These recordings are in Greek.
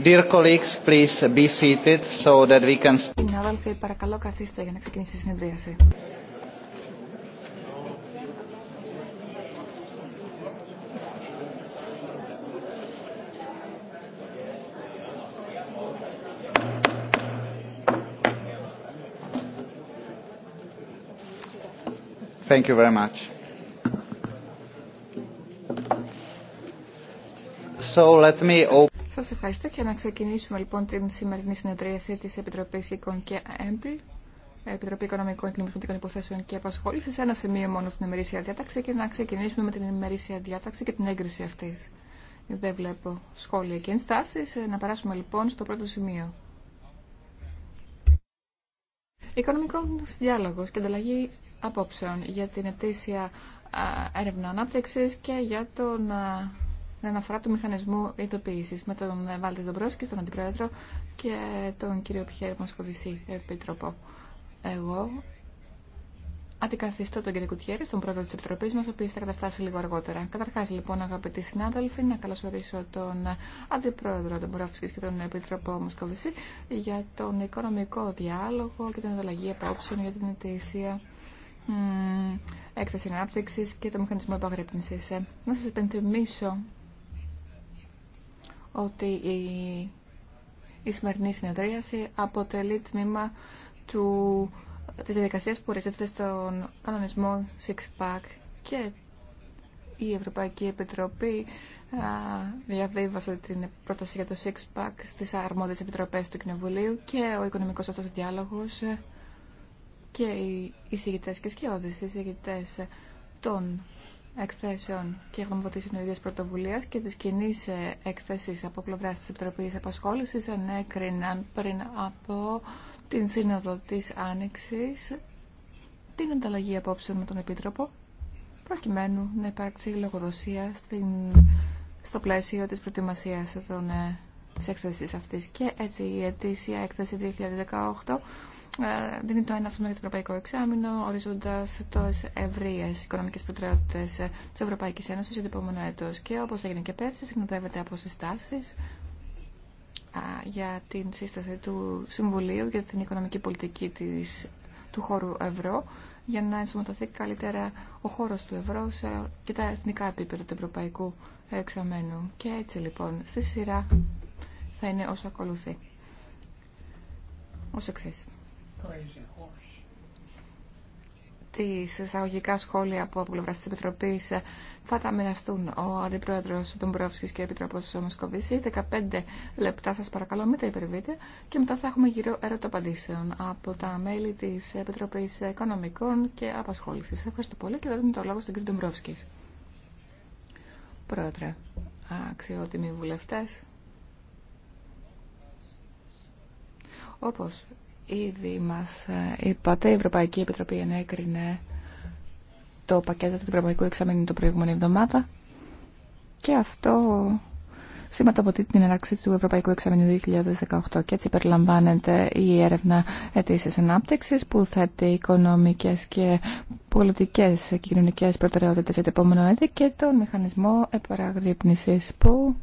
Dear colleagues, please be seated so that we can... Συνάδελφοι, παρακαλώ καθίστε για να ξεκινήσει η συνεδρίαση. Thank you very much. So let me open... Σας ευχαριστώ και να ξεκινήσουμε λοιπόν την σημερινή συνεδρίαση της Επιτροπής Οικών και ΕΜΠΛ, Επιτροπή Οικονομικών και Νομισματικών Υποθέσεων και Απασχόλησης, ένα σημείο μόνο στην ημερήσια διάταξη και να ξεκινήσουμε με την ημερήσια διάταξη και την έγκριση αυτή. Δεν βλέπω σχόλια και ενστάσει. Ε, να περάσουμε λοιπόν στο πρώτο σημείο. Οικονομικό διάλογο και ανταλλαγή απόψεων για την ετήσια έρευνα ανάπτυξη και για τον στην αναφορά του μηχανισμού ειδοποίηση, με τον Βάλτε Δομπρόσκη, και Αντιπρόεδρο και τον κύριο Πιχέρη Μοσκοβισή, Επίτροπο. Εγώ αντικαθιστώ τον κύριο Κουτιέρη, τον πρόεδρο τη Επιτροπή μα ο οποίο θα καταφτάσει λίγο αργότερα. Καταρχάς, λοιπόν, αγαπητοί συνάδελφοι, να καλωσορίσω τον Αντιπρόεδρο, τον και τον Επίτροπο Μοσκοβισή για τον οικονομικό διάλογο και την ανταλλαγή απόψεων για την ετήσια έκθεση ανάπτυξη και το μηχανισμό επαγρύπνηση. Να σα υπενθυμίσω ότι η, η σημερινή συνεδρίαση αποτελεί τμήμα του, της διαδικασίας που ορίζεται στον κανονισμό Six Pack και η Ευρωπαϊκή Επιτροπή διαβίβασε την πρόταση για το Six Pack στις αρμόδιες επιτροπές του Κοινοβουλίου και ο οικονομικός αυτός διάλογος και οι εισηγητές και σκιώδεις εισηγητές των εκθέσεων και γνωμοδοτήσεων ίδιας πρωτοβουλία και της κοινή ε, έκθεση από πλευρά της Επιτροπής Απασχόλησης ανέκριναν πριν από την Σύνοδο της Άνοιξης την ανταλλαγή απόψεων με τον Επίτροπο προκειμένου να υπάρξει λογοδοσία στην, στο πλαίσιο της προετοιμασίας των, ε, της έκθεσης αυτής και έτσι η ετήσια έκθεση 2018 ε, δίνει το ένα αυτό για το Ευρωπαϊκό Εξάμεινο, ορίζοντα τόσε ευρείε οικονομικέ προτεραιότητε τη Ευρωπαϊκή Ένωση για το επόμενο έτο. Και όπω έγινε και πέρσι, συνοδεύεται από συστάσει για την σύσταση του Συμβουλίου για την οικονομική πολιτική της, του χώρου ευρώ για να ενσωματωθεί καλύτερα ο χώρος του ευρώ και τα εθνικά επίπεδα του ευρωπαϊκού εξαμένου. Και έτσι λοιπόν στη σειρά θα είναι όσο ακολουθεί. Ως εξής τι εισαγωγικά σχόλια από πλευρά τη Επιτροπή ε, θα τα μοιραστούν ο Αντιπρόεδρο Ντομπρόφσκη και ο Επιτροπό Μοσκοβίση. 15 λεπτά σα παρακαλώ, μην τα υπερβείτε. Και μετά θα έχουμε γύρω ερωτοπαντήσεων από τα μέλη τη Επιτροπή Οικονομικών και Απασχόληση. Ευχαριστώ πολύ και δίνω το λόγο στον κύριο Ντομπρόφσκη. Πρόεδρε, αξιότιμοι βουλευτέ. Όπως Ήδη μας ε, είπατε, η Ευρωπαϊκή Επιτροπή ενέκρινε το πακέτο του Ευρωπαϊκού Εξαμήνου το προηγούμενη εβδομάδα και αυτό σηματοποτεί την έναρξη του Ευρωπαϊκού Εξαμήνου 2018 και έτσι περιλαμβάνεται η έρευνα αιτήσει ανάπτυξη που θέτει οικονομικές και πολιτικές και κοινωνικέ προτεραιότητε για το επόμενο έτη και τον μηχανισμό επαραγρύπνηση που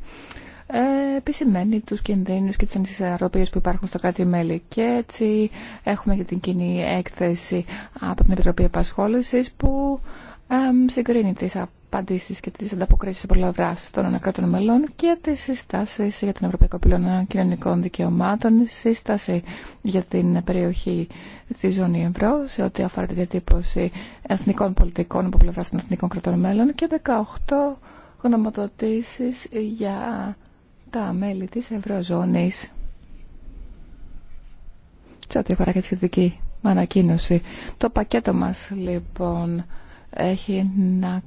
επισημαίνει τους κινδύνους και τις ανισορροπίες που υπάρχουν στο κράτη-μέλη. Και έτσι έχουμε και την κοινή έκθεση από την Επιτροπή Επασχόλησης που συγκρίνει τις απαντήσεις και τις ανταποκρίσεις από πλευράς των ανακράτων μελών και τις συστάσεις για τον Ευρωπαϊκό Πυλώνα Κοινωνικών Δικαιωμάτων, σύσταση για την περιοχή τη ζώνη ευρώ σε ό,τι αφορά τη διατύπωση εθνικών πολιτικών από πλευρά των εθνικών κρατών μέλων και 18 γνωμοδοτήσεις για τα μέλη της Ευρωζώνης σε ό,τι αφορά και τη σχετική ανακοίνωση. Το πακέτο μας λοιπόν έχει να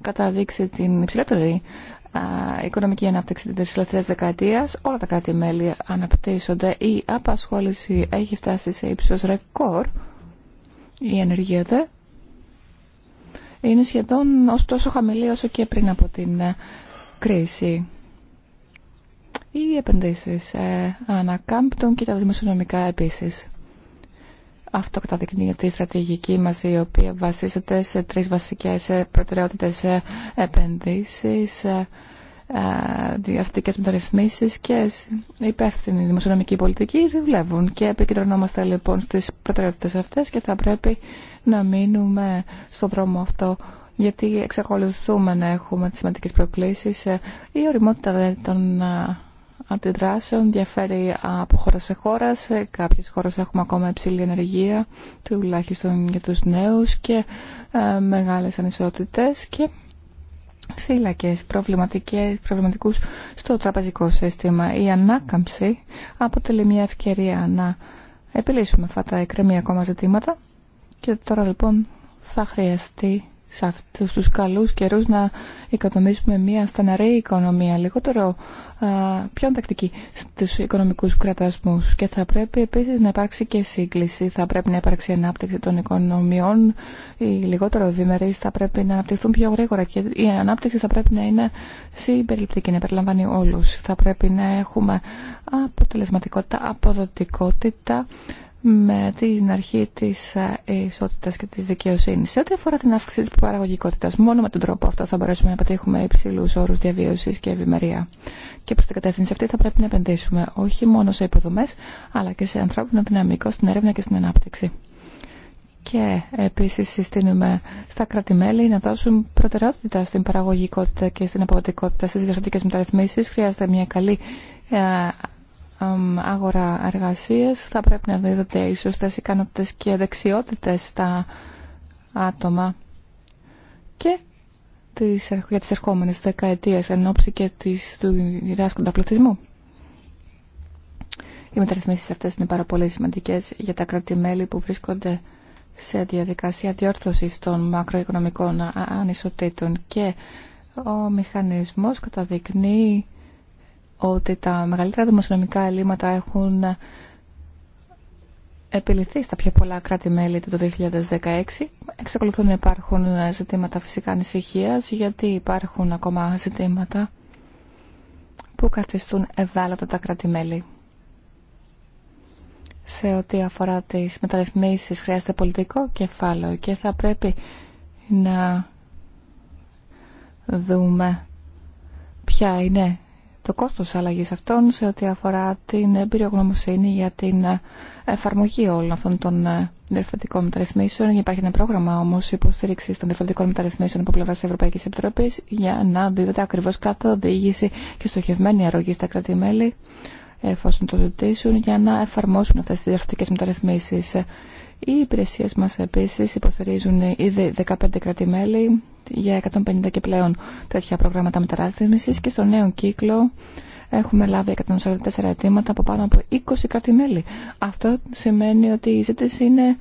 καταδείξει την υψηλότερη οικονομική ανάπτυξη της τελευταίας δεκαετίας. Όλα τα κράτη-μέλη αναπτύσσονται. Η απασχόληση έχει φτάσει σε ύψος ρεκόρ. Η ενεργία δε είναι σχεδόν ωστόσο χαμηλή όσο και πριν από την ε, κρίση. Οι επενδύσεις ε, ανακάμπτουν και τα δημοσιονομικά επίσης. Αυτό καταδεικνύει η στρατηγική μας η οποία βασίζεται σε τρεις βασικές ε, προτεραιότητες ε, επενδύσεις, διαφορετικές μεταρρυθμίσεις και υπεύθυνη δημοσιονομική πολιτική δουλεύουν και επικεντρωνόμαστε λοιπόν στις προτεραιότητες αυτές και θα πρέπει να μείνουμε στον δρόμο αυτό γιατί εξακολουθούμε να έχουμε τις σημαντικές προκλήσεις η οριμότητα των αντιδράσεων διαφέρει από χώρα σε χώρα. Σε κάποιες χώρες έχουμε ακόμα υψηλή ενεργεία, τουλάχιστον για τους νέους και ε, μεγάλες ανισότητες και θύλακες προβληματικές, προβληματικούς στο τραπεζικό σύστημα. Η ανάκαμψη αποτελεί μια ευκαιρία να επιλύσουμε αυτά τα εκκρεμή ακόμα ζητήματα και τώρα λοιπόν θα χρειαστεί σε αυτού του καλούς καιρούς να οικοδομήσουμε μια στεναρή οικονομία, λιγότερο α, πιο αντακτική στους οικονομικούς κρατασμούς. Και θα πρέπει επίσης να υπάρξει και σύγκληση, θα πρέπει να υπάρξει ανάπτυξη των οικονομιών, οι λιγότερο διμερείς θα πρέπει να αναπτυχθούν πιο γρήγορα και η ανάπτυξη θα πρέπει να είναι συμπεριληπτική, να περιλαμβάνει όλους. Θα πρέπει να έχουμε αποτελεσματικότητα, αποδοτικότητα, με την αρχή τη ε, ισότητα και τη δικαιοσύνη, Σε ό,τι αφορά την αύξηση τη παραγωγικότητα, μόνο με τον τρόπο αυτό θα μπορέσουμε να πετύχουμε υψηλού όρου διαβίωση και ευημερία. Και προ την κατεύθυνση αυτή θα πρέπει να επενδύσουμε όχι μόνο σε υποδομέ, αλλά και σε ανθρώπινο δυναμικό, στην έρευνα και στην ανάπτυξη. Και επίση συστήνουμε στα κράτη-μέλη να δώσουν προτεραιότητα στην παραγωγικότητα και στην αποδοτικότητα στι διαφορετικέ μεταρρυθμίσει. Χρειάζεται μια καλή ε, αγορά εργασίας θα πρέπει να δίδονται οι σωστές ικανότητες και δεξιότητες στα άτομα και για τις ερχόμενες δεκαετίες εν ώψη και της, του διδάσκοντα πληθυσμού. Οι μεταρρυθμίσεις αυτές είναι πάρα πολύ σημαντικές για τα κρατημέλη που βρίσκονται σε διαδικασία διόρθωσης των μακροοικονομικών ανισοτήτων και ο μηχανισμός καταδεικνύει ότι τα μεγαλύτερα δημοσιονομικά ελλείμματα έχουν επιληθεί στα πιο πολλά κράτη-μέλη του 2016. Εξακολουθούν να υπάρχουν ζητήματα φυσικά ανησυχία γιατί υπάρχουν ακόμα ζητήματα που καθιστούν ευάλωτα τα κράτη-μέλη. Σε ό,τι αφορά τις μεταρρυθμίσεις χρειάζεται πολιτικό κεφάλαιο και θα πρέπει να δούμε ποια είναι το κόστος αλλαγής αυτών σε ό,τι αφορά την εμπειρογνωμοσύνη για την ε, εφαρμογή όλων αυτών των ε, διευθυντικών μεταρρυθμίσεων. Υπάρχει ένα πρόγραμμα όμως υποστήριξης των διευθυντικών μεταρρυθμίσεων από πλευρά της Ευρωπαϊκής Επιτροπής για να δίδεται ακριβώς κάθε οδήγηση και στοχευμένη αρρωγή στα κράτη-μέλη εφόσον το ζητήσουν για να εφαρμόσουν αυτές τις διευθυντικές μεταρρυθμίσεις. Οι υπηρεσίε μα επίση υποστηρίζουν ήδη 15 κρατημέλη για 150 και πλέον τέτοια προγράμματα μεταρρύθμιση και στο νέο κύκλο έχουμε λάβει 144 αιτήματα από πάνω από 20 κρατημέλη. Αυτό σημαίνει ότι η ζήτηση είναι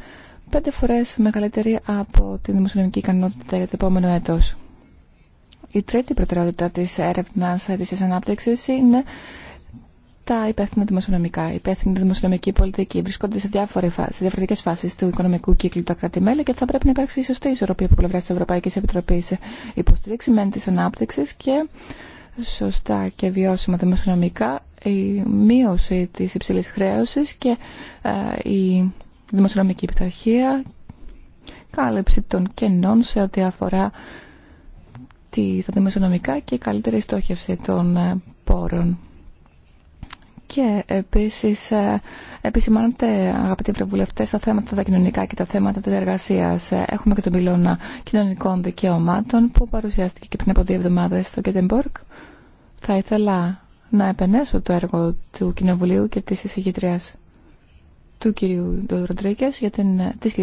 πέντε φορές μεγαλύτερη από τη δημοσιονομική ικανότητα για το επόμενο έτος. Η τρίτη προτεραιότητα τη έρευνα τη ανάπτυξη είναι τα υπεύθυνα δημοσιονομικά, η υπεύθυνη δημοσιονομική πολιτική βρίσκονται σε, σε διαφορετικέ φάσει του οικονομικού κύκλου τα κρατη και θα πρέπει να υπάρξει η σωστή ισορροπία από πλευρά τη Ευρωπαϊκή Επιτροπή υποστήριξη μεν τη ανάπτυξη και σωστά και βιώσιμα δημοσιονομικά η μείωση τη υψηλή χρέωση και ε, η δημοσιονομική πειθαρχία κάλυψη των κενών σε ό,τι αφορά τα δημοσιονομικά και η καλύτερη στόχευση των ε, πόρων. Και επίσης ε, επισημάνετε αγαπητοί πρεβουλευτές τα θέματα τα κοινωνικά και τα θέματα της εργασίας. Ε, έχουμε και τον πυλώνα κοινωνικών δικαιωμάτων που παρουσιάστηκε και πριν από δύο εβδομάδες στο Κέντεμπορκ. Θα ήθελα να επενέσω το έργο του Κοινοβουλίου και της εισηγητρίας του κυρίου Ροντρίκες, για την, ε, της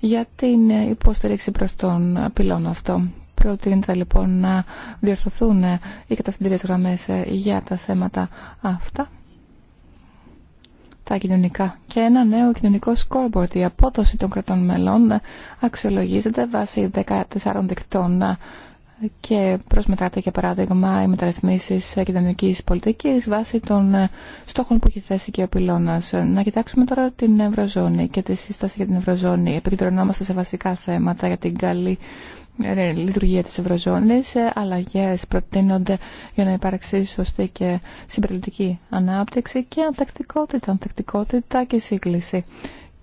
για την υποστήριξη προς τον πυλώνα αυτό. Προτείνεται λοιπόν να διορθωθούν οι κατευθυντήριες γραμμές για τα θέματα αυτά κοινωνικά και ένα νέο κοινωνικό scoreboard. Η απόδοση των κρατών μελών ε, αξιολογίζεται βάσει 14 δεκτών και προσμετράτε για παράδειγμα οι μεταρρυθμίσεις κοινωνικής πολιτικής βάσει των ε, στόχων που έχει θέσει και ο πυλώνας. Να κοιτάξουμε τώρα την Ευρωζώνη και τη σύσταση για την Ευρωζώνη. Επικεντρωνόμαστε σε βασικά θέματα για την καλή ε, λειτουργία της Ευρωζώνης, ε, αλλαγές προτείνονται για να υπάρξει σωστή και συμπεριληπτική ανάπτυξη και ανθεκτικότητα, ανθεκτικότητα και σύγκληση.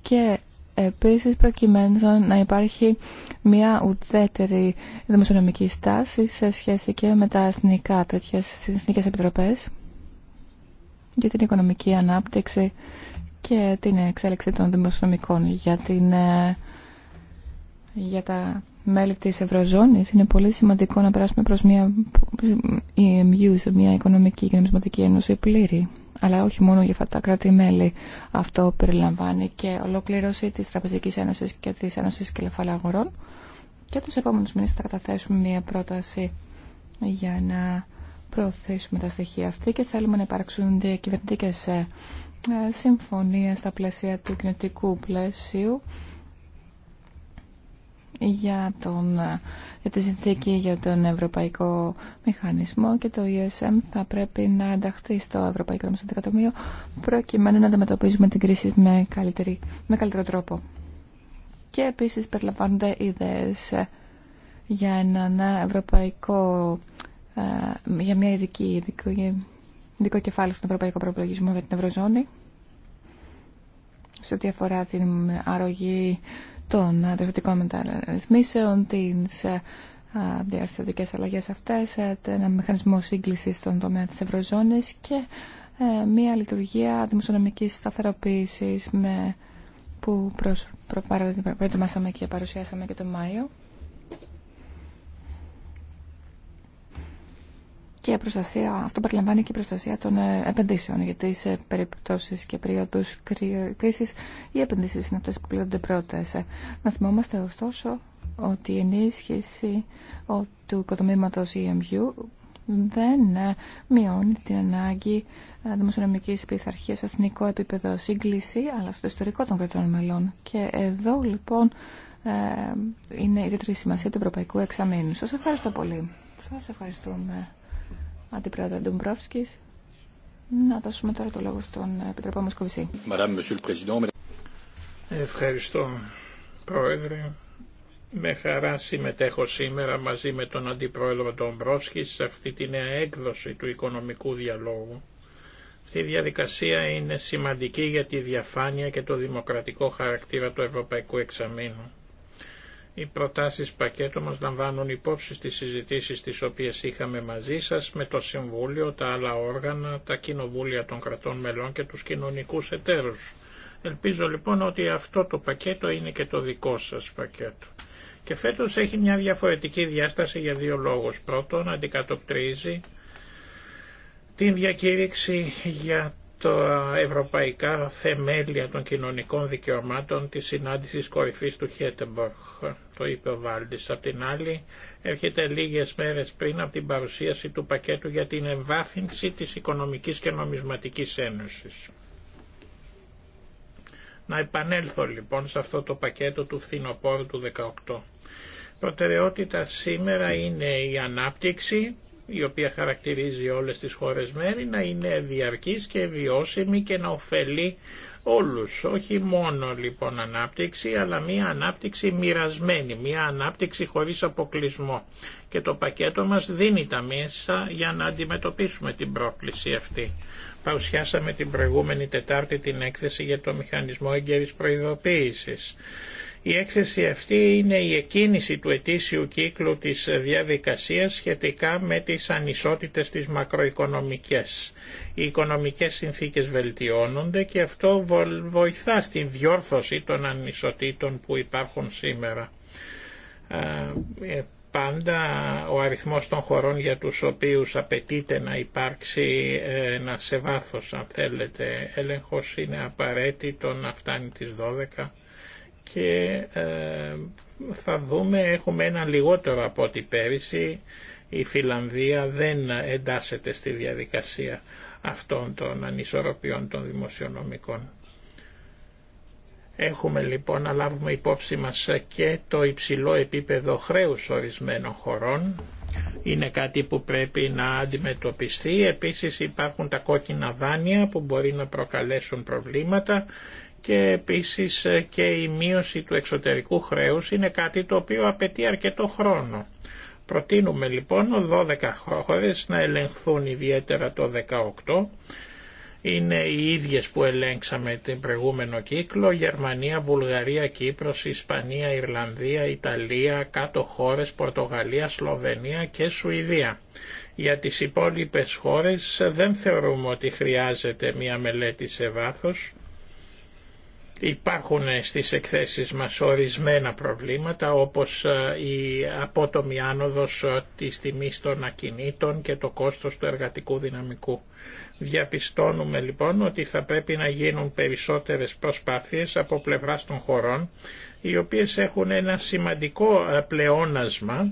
Και Επίσης, προκειμένου να υπάρχει μια ουδέτερη δημοσιονομική στάση σε σχέση και με τα εθνικά τέτοιες εθνικές επιτροπές για την οικονομική ανάπτυξη και την εξέλιξη των δημοσιονομικών για, την, ε, για τα μέλη της Ευρωζώνης. Είναι πολύ σημαντικό να περάσουμε προς μια EMU, μια οικονομική και νομισματική ένωση πλήρη αλλά όχι μόνο για αυτά τα κράτη-μέλη. Αυτό περιλαμβάνει και ολοκλήρωση τη Τραπεζική Ένωση και τη Ένωση κελφαλαγορών Αγορών. Και τους επόμενου μήνε θα καταθέσουμε μια πρόταση για να προωθήσουμε τα στοιχεία αυτή και θέλουμε να υπάρξουν διακυβερνητικέ ε, συμφωνίες στα πλαίσια του κοινωτικού πλαίσιου για, τον, για τη συνθήκη για τον Ευρωπαϊκό Μηχανισμό και το ESM θα πρέπει να ενταχθεί στο Ευρωπαϊκό Νομισματικό προκειμένου να αντιμετωπίζουμε την κρίση με, καλύτερη, με καλύτερο τρόπο. Και επίσης περιλαμβάνονται ιδέες για ένα ευρωπαϊκό, ε, για μια ειδική, ειδικό κεφάλαιο στον Ευρωπαϊκό Προπολογισμό για την Ευρωζώνη σε ό,τι αφορά την αρρωγή των διευθυντικών μεταρρυθμίσεων, τις ε, διαρθρωτικές αλλαγές αυτές, ε, ένα μηχανισμό σύγκλησης στον τομέα της Ευρωζώνης και ε, μια λειτουργία δημοσιονομικής σταθεροποίησης με, που προετοιμάσαμε και παρουσιάσαμε και τον Μάιο. και προστασία, αυτό περιλαμβάνει και η προστασία των ε, επενδύσεων. Γιατί σε περιπτώσει και περίοδου κρίση οι επενδύσει είναι αυτέ που πλήττονται πρώτε. Ε, να θυμόμαστε ωστόσο ότι η ενίσχυση του οικοδομήματο EMU δεν ε, μειώνει την ανάγκη δημοσιονομική πειθαρχία σε εθνικό επίπεδο σύγκληση, αλλά στο ιστορικό των κρατών μελών. Και εδώ λοιπόν είναι η ιδιαίτερη σημασία του Ευρωπαϊκού Εξαμήνου. Σα ευχαριστώ πολύ. Σας ευχαριστούμε. Αντιπρόεδρε Ντομπρόφσκη. Να δώσουμε τώρα το λόγο στον Επιτροπό Μοσκοβισή. Ευχαριστώ, Πρόεδρε. Με χαρά συμμετέχω σήμερα μαζί με τον Αντιπρόεδρο Ντομπρόφσκη σε αυτή τη νέα έκδοση του οικονομικού διαλόγου. η διαδικασία είναι σημαντική για τη διαφάνεια και το δημοκρατικό χαρακτήρα του Ευρωπαϊκού Εξαμήνου. Οι προτάσεις πακέτο μας λαμβάνουν υπόψη στις συζητήσεις τις οποίες είχαμε μαζί σας με το Συμβούλιο, τα άλλα όργανα, τα κοινοβούλια των κρατών μελών και τους κοινωνικούς εταίρους. Ελπίζω λοιπόν ότι αυτό το πακέτο είναι και το δικό σας πακέτο. Και φέτος έχει μια διαφορετική διάσταση για δύο λόγους. Πρώτον, αντικατοπτρίζει την διακήρυξη για τα ευρωπαϊκά θεμέλια των κοινωνικών δικαιωμάτων της συνάντησης κορυφής του Χέτεμπορχ το είπε ο Βάλτης. Απ' την άλλη έρχεται λίγες μέρες πριν από την παρουσίαση του πακέτου για την εμβάθυνση της Οικονομικής και Νομισματικής Ένωσης. Να επανέλθω λοιπόν σε αυτό το πακέτο του φθινοπόρου του 18. Προτεραιότητα σήμερα είναι η ανάπτυξη, η οποία χαρακτηρίζει όλες τις χώρες μέρη, να είναι διαρκής και βιώσιμη και να ωφελεί όλους, όχι μόνο λοιπόν ανάπτυξη, αλλά μια ανάπτυξη μοιρασμένη, μια ανάπτυξη χωρίς αποκλεισμό. Και το πακέτο μας δίνει τα μέσα για να αντιμετωπίσουμε την πρόκληση αυτή. Παρουσιάσαμε την προηγούμενη Τετάρτη την έκθεση για το μηχανισμό εγκαίρης προειδοποίησης η έκθεση αυτή είναι η εκκίνηση του ετήσιου κύκλου της διαδικασίας σχετικά με τις ανισότητες της μακροοικονομικές. Οι οικονομικές συνθήκες βελτιώνονται και αυτό βοηθά στην διόρθωση των ανισοτήτων που υπάρχουν σήμερα. Ε, πάντα ο αριθμός των χωρών για τους οποίους απαιτείται να υπάρξει ε, ένα σε βάθος αν θέλετε έλεγχος είναι απαραίτητο να φτάνει τις 12 και ε, θα δούμε, έχουμε ένα λιγότερο από ό,τι πέρυσι, η Φιλανδία δεν εντάσσεται στη διαδικασία αυτών των ανισορροπιών των δημοσιονομικών. Έχουμε λοιπόν να λάβουμε υπόψη μας και το υψηλό επίπεδο χρέους ορισμένων χωρών. Είναι κάτι που πρέπει να αντιμετωπιστεί. Επίσης υπάρχουν τα κόκκινα δάνεια που μπορεί να προκαλέσουν προβλήματα και επίσης ε, και η μείωση του εξωτερικού χρέους είναι κάτι το οποίο απαιτεί αρκετό χρόνο. Προτείνουμε λοιπόν 12 χώρες να ελεγχθούν ιδιαίτερα το 18 είναι οι ίδιες που ελέγξαμε την προηγούμενο κύκλο, Γερμανία, Βουλγαρία, Κύπρος, Ισπανία, Ιρλανδία, Ιταλία, κάτω χώρες, Πορτογαλία, Σλοβενία και Σουηδία. Για τις υπόλοιπες χώρες ε, δεν θεωρούμε ότι χρειάζεται μια μελέτη σε βάθος, Υπάρχουν ε, στις εκθέσεις μας ορισμένα προβλήματα όπως ε, η απότομη άνοδος ε, της τιμής των ακινήτων και το κόστος του εργατικού δυναμικού. Διαπιστώνουμε λοιπόν ότι θα πρέπει να γίνουν περισσότερες προσπάθειες από πλευράς των χωρών οι οποίες έχουν ένα σημαντικό πλεόνασμα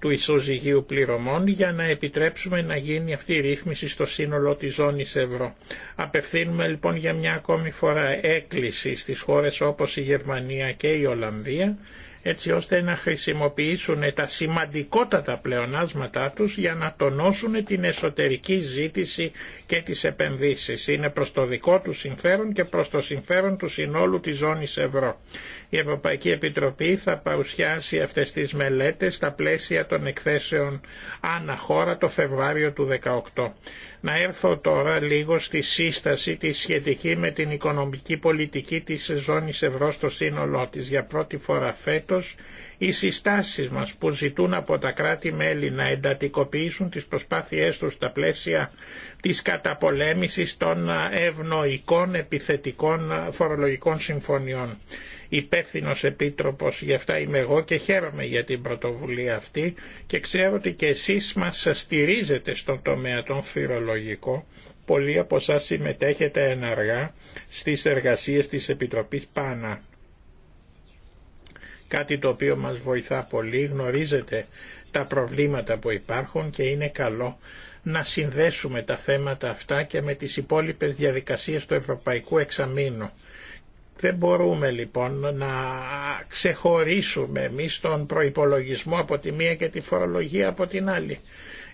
του ισοζυγίου πληρωμών για να επιτρέψουμε να γίνει αυτή η ρύθμιση στο σύνολο της ζώνης ευρώ. Απευθύνουμε λοιπόν για μια ακόμη φορά έκκληση στις χώρες όπως η Γερμανία και η Ολλανδία έτσι ώστε να χρησιμοποιήσουν τα σημαντικότατα πλεονάσματά τους για να τονώσουν την εσωτερική ζήτηση και τις επενδύσεις. Είναι προς το δικό του συμφέρον και προς το συμφέρον του συνόλου της ζώνης ευρώ. Η Ευρωπαϊκή Επιτροπή θα παρουσιάσει αυτές τις μελέτες στα πλαίσια των εκθέσεων αναχώρα το Φεβρουάριο του 2018. Να έρθω τώρα λίγο στη σύσταση τη σχετική με την οικονομική πολιτική της ζώνης ευρώ στο σύνολό της. Για πρώτη φορά φέτος οι συστάσεις μας που ζητούν από τα κράτη-μέλη να εντατικοποιήσουν τις προσπάθειές τους στα πλαίσια της καταπολέμησης των ευνοϊκών επιθετικών φορολογικών συμφωνιών. Υπεύθυνο Επίτροπος γι' αυτά είμαι εγώ και χαίρομαι για την πρωτοβουλία αυτή και ξέρω ότι και εσείς μας στηρίζετε στον τομέα των φυρολογικών πολλοί από εσάς συμμετέχετε εναργά στις εργασίες της Επιτροπής ΠΑΝΑ κάτι το οποίο μας βοηθά πολύ, γνωρίζετε τα προβλήματα που υπάρχουν και είναι καλό να συνδέσουμε τα θέματα αυτά και με τις υπόλοιπες διαδικασίες του Ευρωπαϊκού Εξαμήνου. Δεν μπορούμε λοιπόν να ξεχωρίσουμε εμείς τον προϋπολογισμό από τη μία και τη φορολογία από την άλλη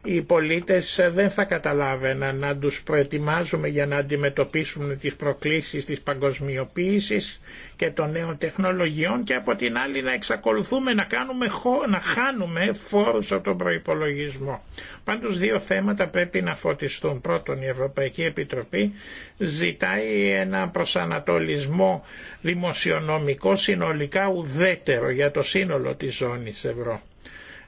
οι πολίτες δεν θα καταλάβαιναν να τους προετοιμάζουμε για να αντιμετωπίσουν τις προκλήσεις της παγκοσμιοποίησης και των νέων τεχνολογιών και από την άλλη να εξακολουθούμε να, κάνουμε, να χάνουμε φόρους από τον προϋπολογισμό. Πάντως δύο θέματα πρέπει να φωτιστούν. Πρώτον η Ευρωπαϊκή Επιτροπή ζητάει ένα προσανατολισμό δημοσιονομικό συνολικά ουδέτερο για το σύνολο της ζώνης ευρώ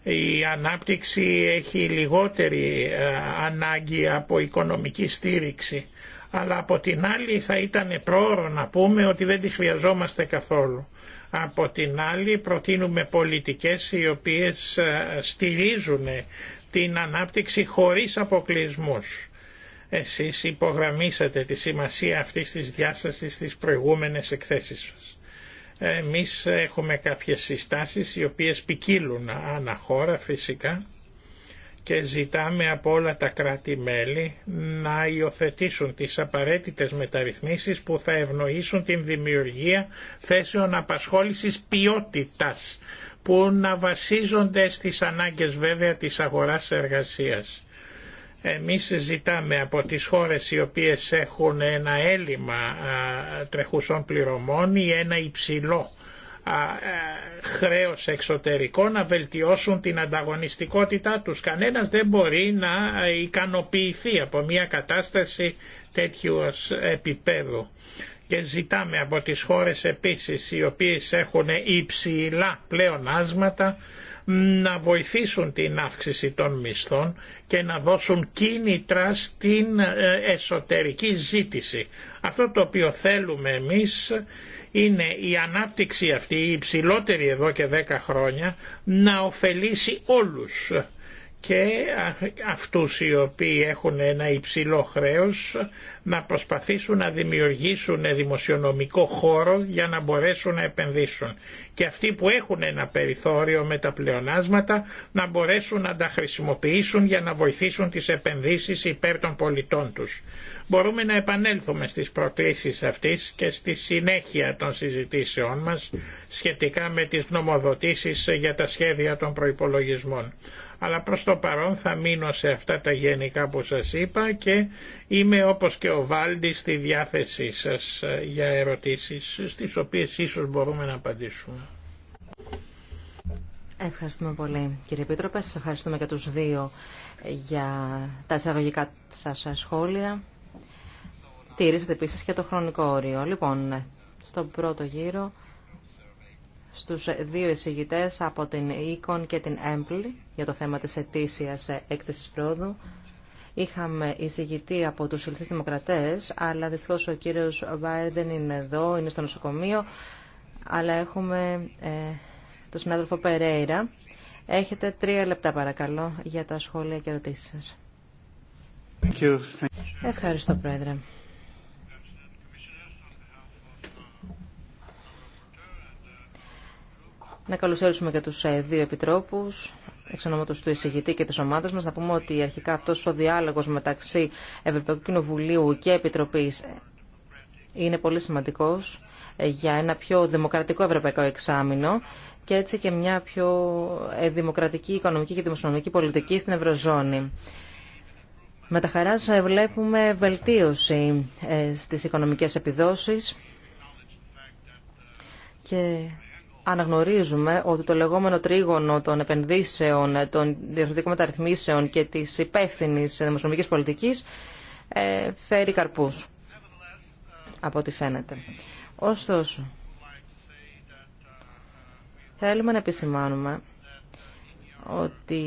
η ανάπτυξη έχει λιγότερη ε, ανάγκη από οικονομική στήριξη αλλά από την άλλη θα ήταν πρόωρο να πούμε ότι δεν τη χρειαζόμαστε καθόλου. Από την άλλη προτείνουμε πολιτικές οι οποίες ε, στηρίζουν την ανάπτυξη χωρίς αποκλεισμούς. Εσείς υπογραμμίσατε τη σημασία αυτής της διάστασης στις προηγούμενες εκθέσεις σας. Εμείς έχουμε κάποιες συστάσεις οι οποίες ποικίλουν ανά φυσικά και ζητάμε από όλα τα κράτη-μέλη να υιοθετήσουν τις απαραίτητες μεταρρυθμίσεις που θα ευνοήσουν την δημιουργία θέσεων απασχόλησης ποιότητας που να βασίζονται στις ανάγκες βέβαια της αγοράς εργασίας. Εμεί ζητάμε από τις χώρες οι οποίες έχουν ένα έλλειμμα τρεχουσών πληρωμών ή ένα υψηλό χρέος εξωτερικό να βελτιώσουν την ανταγωνιστικότητά τους. Κανένας δεν μπορεί να ικανοποιηθεί από μια κατάσταση τέτοιου επίπεδου. Και ζητάμε από τις χώρες επίσης οι οποίες έχουν υψηλά πλεονάσματα να βοηθήσουν την αύξηση των μισθών και να δώσουν κίνητρα στην ε, εσωτερική ζήτηση. Αυτό το οποίο θέλουμε εμείς είναι η ανάπτυξη αυτή, η υψηλότερη εδώ και 10 χρόνια, να ωφελήσει όλους και αυτούς οι οποίοι έχουν ένα υψηλό χρέος να προσπαθήσουν να δημιουργήσουν δημοσιονομικό χώρο για να μπορέσουν να επενδύσουν και αυτοί που έχουν ένα περιθώριο με τα πλεονάσματα να μπορέσουν να τα χρησιμοποιήσουν για να βοηθήσουν τις επενδύσεις υπέρ των πολιτών τους. Μπορούμε να επανέλθουμε στις προκλήσεις αυτής και στη συνέχεια των συζητήσεών μας σχετικά με τις νομοδοτήσεις για τα σχέδια των προϋπολογισμών αλλά προς το παρόν θα μείνω σε αυτά τα γενικά που σας είπα και είμαι όπως και ο Βάλντι στη διάθεσή σας ε, για ερωτήσεις στις οποίες ίσως μπορούμε να απαντήσουμε. Ευχαριστούμε πολύ κύριε Επίτροπε. Σας ευχαριστούμε και τους δύο για τα εισαγωγικά σας σχόλια. Τήρησατε επίση και το χρονικό όριο. Λοιπόν, στον πρώτο γύρο, στους δύο εισηγητές από την Econ και την Έμπλη για το θέμα της ετήσιας έκθεσης πρόοδου. Είχαμε εισηγητή από τους Ελληνικούς Δημοκρατές, αλλά δυστυχώς ο κύριος Βάιρ δεν είναι εδώ, είναι στο νοσοκομείο, αλλά έχουμε ε, τον συνάδελφο Περέιρα. Έχετε τρία λεπτά παρακαλώ για τα σχόλια και ερωτήσεις σας. Ευχαριστώ, Πρόεδρε. Να καλωσορίσουμε και τους ε, δύο επιτρόπους εξ ονόματο του εισηγητή και της ομάδα μας να πούμε ότι αρχικά αυτός ο διάλογος μεταξύ Ευρωπαϊκού Κοινοβουλίου και Επιτροπής είναι πολύ σημαντικός ε, για ένα πιο δημοκρατικό ευρωπαϊκό εξάμεινο και έτσι και μια πιο ε, δημοκρατική οικονομική και δημοσιονομική πολιτική στην Ευρωζώνη. Με τα χαράς ε, βλέπουμε βελτίωση στις οικονομικές επιδόσεις και αναγνωρίζουμε ότι το λεγόμενο τρίγωνο των επενδύσεων, των διευθυντικών μεταρρυθμίσεων και της υπεύθυνη δημοσιονομικής πολιτικής ε, φέρει καρπούς, από ό,τι φαίνεται. Ωστόσο, θέλουμε να επισημάνουμε ότι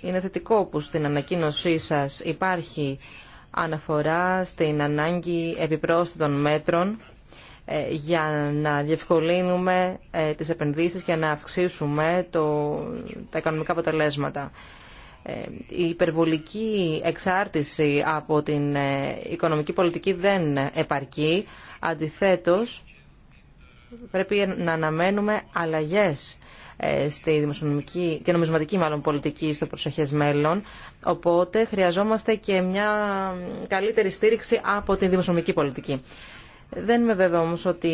είναι θετικό που στην ανακοίνωσή σας υπάρχει αναφορά στην ανάγκη επιπρόσθετων μέτρων ε, για να διευκολύνουμε ε, τις επενδύσεις και να αυξήσουμε το, τα οικονομικά αποτελέσματα. Ε, η υπερβολική εξάρτηση από την οικονομική πολιτική δεν επαρκεί. Αντιθέτως, πρέπει να αναμένουμε αλλαγές στη δημοσιονομική και νομισματική μάλλον πολιτική στο προσοχές μέλλον. Οπότε χρειαζόμαστε και μια καλύτερη στήριξη από τη δημοσιονομική πολιτική. Δεν είμαι βέβαια όμως ότι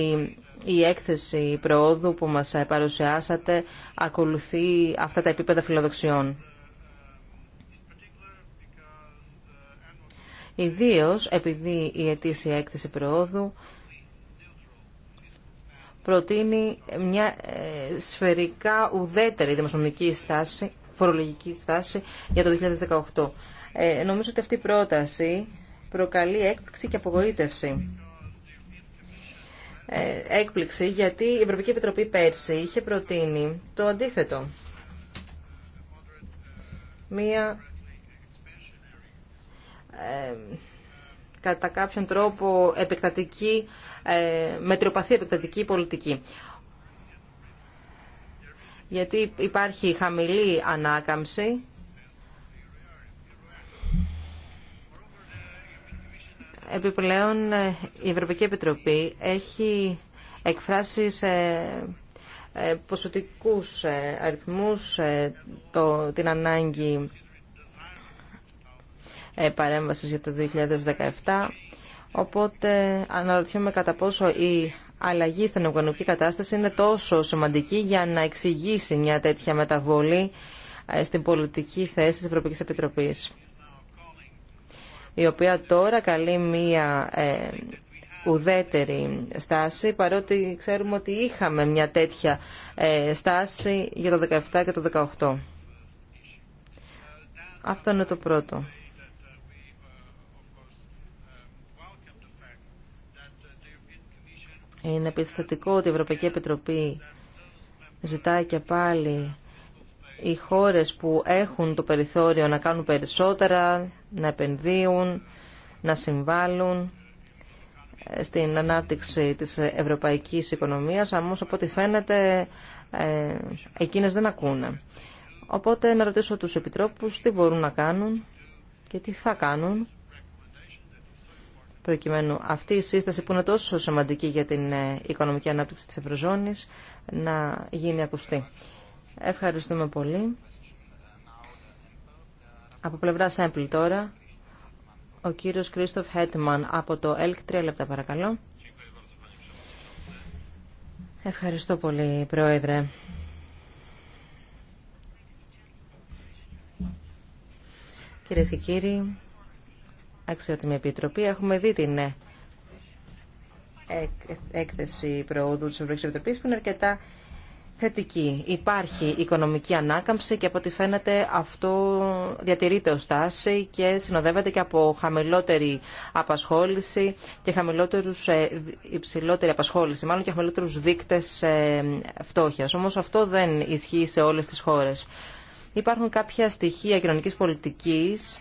η έκθεση προόδου που μας παρουσιάσατε ακολουθεί αυτά τα επίπεδα φιλοδοξιών. Ιδίω, επειδή η ετήσια έκθεση προόδου προτείνει μια ε, σφαιρικά ουδέτερη δημοσιονομική στάση, φορολογική στάση για το 2018. Ε, νομίζω ότι αυτή η πρόταση προκαλεί έκπληξη και απογοήτευση ε, έκπληξη γιατί η Ευρωπαϊκή Επιτροπή πέρσι είχε προτείνει το αντίθετο. Μία ε, κατά κάποιον τρόπο επεκτατική, ε, μετριοπαθή επεκτατική πολιτική. Γιατί υπάρχει χαμηλή ανάκαμψη Επιπλέον, ε, η Ευρωπαϊκή Επιτροπή έχει εκφράσει σε ε, ποσοτικούς ε, αριθμούς το, την ανάγκη παρέμβασης για το 2017. Οπότε αναρωτιόμαι κατά πόσο η αλλαγή στην οικονομική κατάσταση είναι τόσο σημαντική για να εξηγήσει μια τέτοια μεταβολή στην πολιτική θέση της Ευρωπαϊκής Επιτροπής η οποία τώρα καλεί μία ε, ουδέτερη στάση, παρότι ξέρουμε ότι είχαμε μια τέτοια ε, στάση για το 2017 και το 2018. Αυτό είναι το πρώτο. Είναι επιστατικό ότι η Ευρωπαϊκή Επιτροπή ζητάει και πάλι οι χώρες που έχουν το περιθώριο να κάνουν περισσότερα, να επενδύουν, να συμβάλλουν ε, στην ανάπτυξη της ευρωπαϊκής οικονομίας, όμω από ό,τι φαίνεται ε, εκείνες δεν ακούνε. Οπότε να ρωτήσω τους επιτρόπους τι μπορούν να κάνουν και τι θα κάνουν προκειμένου αυτή η σύσταση που είναι τόσο σημαντική για την ε, οικονομική ανάπτυξη της Ευρωζώνης να γίνει ακουστή. Ευχαριστούμε πολύ. Από πλευρά Σέμπλ τώρα, ο κύριος Κρίστοφ Χέτμαν από το ΕΛΚ. Τρία λεπτά παρακαλώ. Ευχαριστώ πολύ, Πρόεδρε. Κυρίε και κύριοι, αξιότιμη Επιτροπή, έχουμε δει την έκθεση προόδου της Ευρωπαϊκής Επιτροπής που είναι αρκετά θετική. Υπάρχει οικονομική ανάκαμψη και από ό,τι φαίνεται αυτό διατηρείται ως τάση και συνοδεύεται και από χαμηλότερη απασχόληση και χαμηλότερους, ε, υψηλότερη απασχόληση, μάλλον και χαμηλότερους δείκτες ε, φτώχειας. Όμως αυτό δεν ισχύει σε όλες τις χώρες. Υπάρχουν κάποια στοιχεία κοινωνικής πολιτικής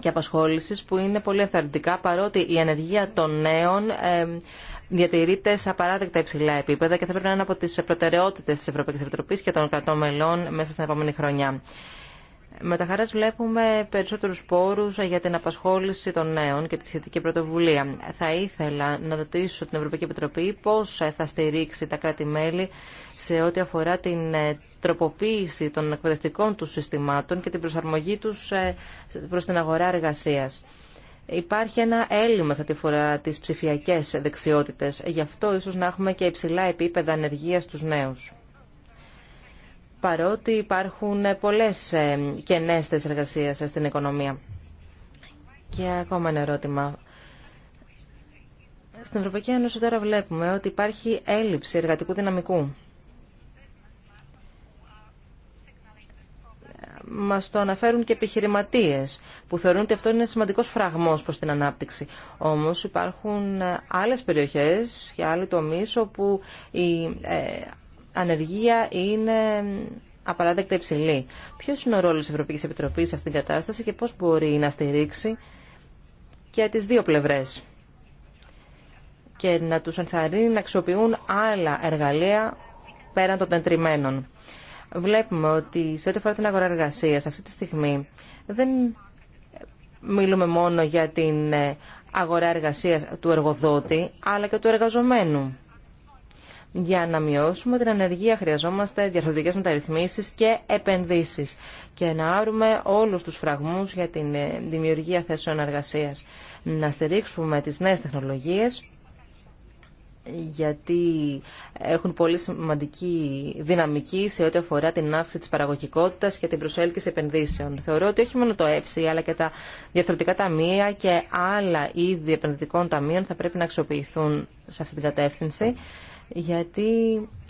και απασχόλησης που είναι πολύ ενθαρρυντικά παρότι η ενεργεία των νέων ε, διατηρείται σε απαράδεκτα υψηλά επίπεδα και θα πρέπει να είναι από τι προτεραιότητε τη Ευρωπαϊκή Επιτροπή και των κρατών μελών μέσα στην επόμενη χρονιά. Με τα χαρά βλέπουμε περισσότερου πόρου για την απασχόληση των νέων και τη σχετική πρωτοβουλία. Θα ήθελα να ρωτήσω την Ευρωπαϊκή Επιτροπή πώ θα στηρίξει τα κράτη-μέλη σε ό,τι αφορά την ε, τροποποίηση των εκπαιδευτικών του συστημάτων και την προσαρμογή του ε, προ την αγορά εργασία. Υπάρχει ένα έλλειμμα σε τη φορά τις ψηφιακές δεξιότητες. Γι' αυτό ίσως να έχουμε και υψηλά επίπεδα ανεργίας στους νέους. Παρότι υπάρχουν πολλές ε, κενές θέσεις εργασίας ε, στην οικονομία. Και ακόμα ένα ερώτημα. Στην Ευρωπαϊκή Ένωση τώρα βλέπουμε ότι υπάρχει έλλειψη εργατικού δυναμικού. Μα το αναφέρουν και επιχειρηματίε που θεωρούν ότι αυτό είναι σημαντικό φραγμό προ την ανάπτυξη. Όμω υπάρχουν ε, άλλες περιοχές και άλλοι τομεί όπου η ε, ανεργία είναι απαράδεκτα υψηλή. Ποιο είναι ο ρόλο τη Ευρωπαϊκή Επιτροπή σε αυτήν την κατάσταση και πώ μπορεί να στηρίξει και τι δύο πλευρέ και να τους ενθαρρύνει να αξιοποιούν άλλα εργαλεία πέραν των τεντρημένων βλέπουμε ότι σε ό,τι αφορά την αγορά εργασία, αυτή τη στιγμή δεν μιλούμε μόνο για την ε, αγορά εργασία του εργοδότη, αλλά και του εργαζομένου. Για να μειώσουμε την ανεργία χρειαζόμαστε διαρθρωτικές μεταρρυθμίσεις και επενδύσεις και να άρουμε όλους τους φραγμούς για την ε, δημιουργία θέσεων εργασίας. Να στηρίξουμε τις νέες τεχνολογίες γιατί έχουν πολύ σημαντική δυναμική σε ό,τι αφορά την αύξηση της παραγωγικότητας και την προσέλκυση επενδύσεων. Θεωρώ ότι όχι μόνο το ΕΦΣΙ αλλά και τα διαθροτικά ταμεία και άλλα είδη επενδυτικών ταμείων θα πρέπει να αξιοποιηθούν σε αυτή την κατεύθυνση γιατί